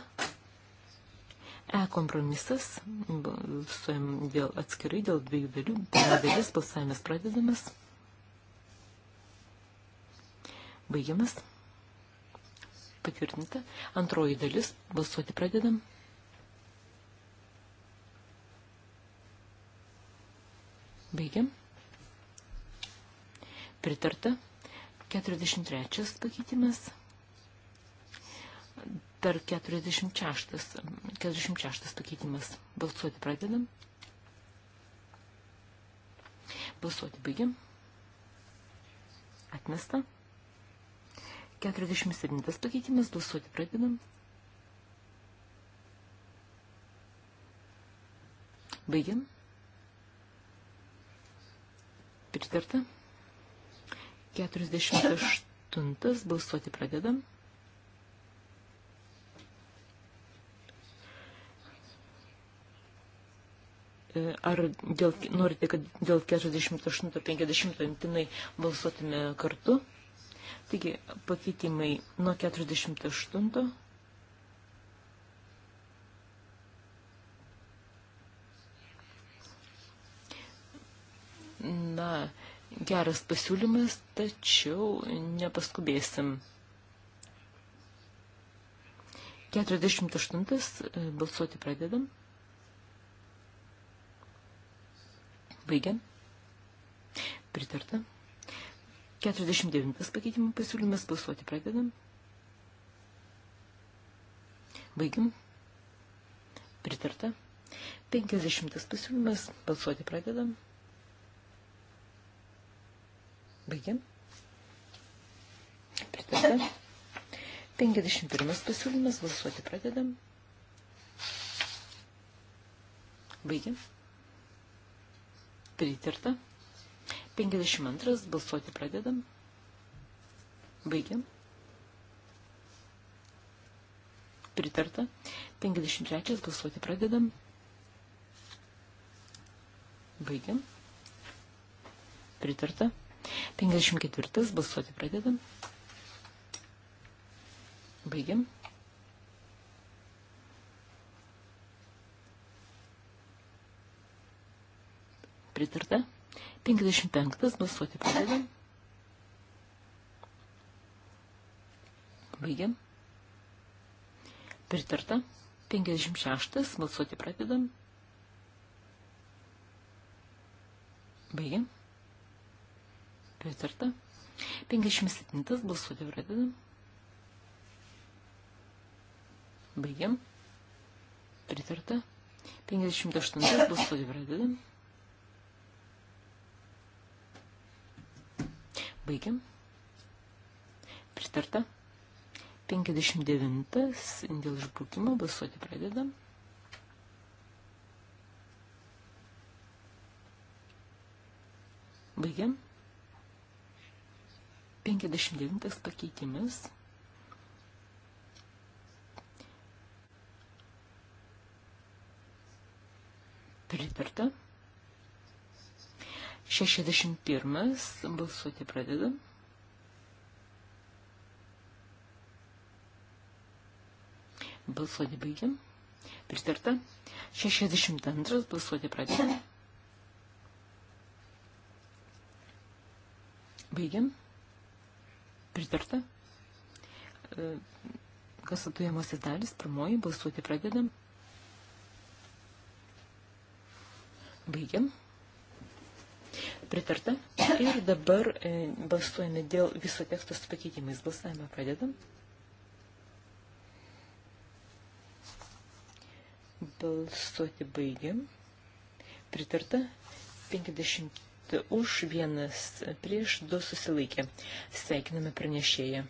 E kompromisas. Balsuojam dėl atskirai, dėl dviejų dalių. Pirma dalis. Balsavimas pradedamas. Baigiamas. Patvirtinta. Antroji dalis. Balsuoti pradedam. Baigiam. Baigiam. Pritarta. 43 pakeitimas. Dar 46, 46 pakeitimas. Balsuoti pradedam. Balsuoti baigiam. Atmesta. 47 pakeitimas. Balsuoti pradedam. Baigiam pritarta. 48 balsuoti pradedam. E, ar dėl, norite, kad dėl 48-50 imtinai balsuotume kartu? Taigi pakeitimai nuo 48 na, geras pasiūlymas, tačiau nepaskubėsim. 48. E, balsuoti pradedam. Baigiam. Pritarta. 49. Pakeitimų pasiūlymas. Balsuoti pradedam. Baigiam. Pritarta. 50. Pasiūlymas. Balsuoti pradedam. Baigiam. Baigiam. Pritarta. 51 pasiūlymas. Balsuoti pradedam. Baigiam. Pritarta. 52. Balsuoti pradedam. Baigiam. Pritarta. 53. Balsuoti pradedam. Baigiam. Pritarta. 54. Balsuoti pradedam. Baigiam. Pritarta. 55. Balsuoti pradedam. Baigiam. Pritarta. 56. Balsuoti pradedam. Baigiam pritarta. 57 balsuoti pradedam. Baigiam. Pritarta. 58 balsuoti pradedam. Baigiam. Pritarta. 59 dėl išbūkimo balsuoti pradedam. Baigiam. 59 pakeitimis. Pritarta. 61 balsuoti pradedam. Balsuoti baigiam. Pritarta. 62 balsuoti pradedam. Baigiam pritarta. E, kas atujamosios dalis, pirmoji, balsuoti pradedam. Baigiam. Pritarta. Ir dabar e, balsuojame dėl viso teksto su pakeitimais. Balsavimą pradedam. Balsuoti baigiam. Pritarta. 53 už vienas prieš du susilaikė. Sveikiname pranešėją.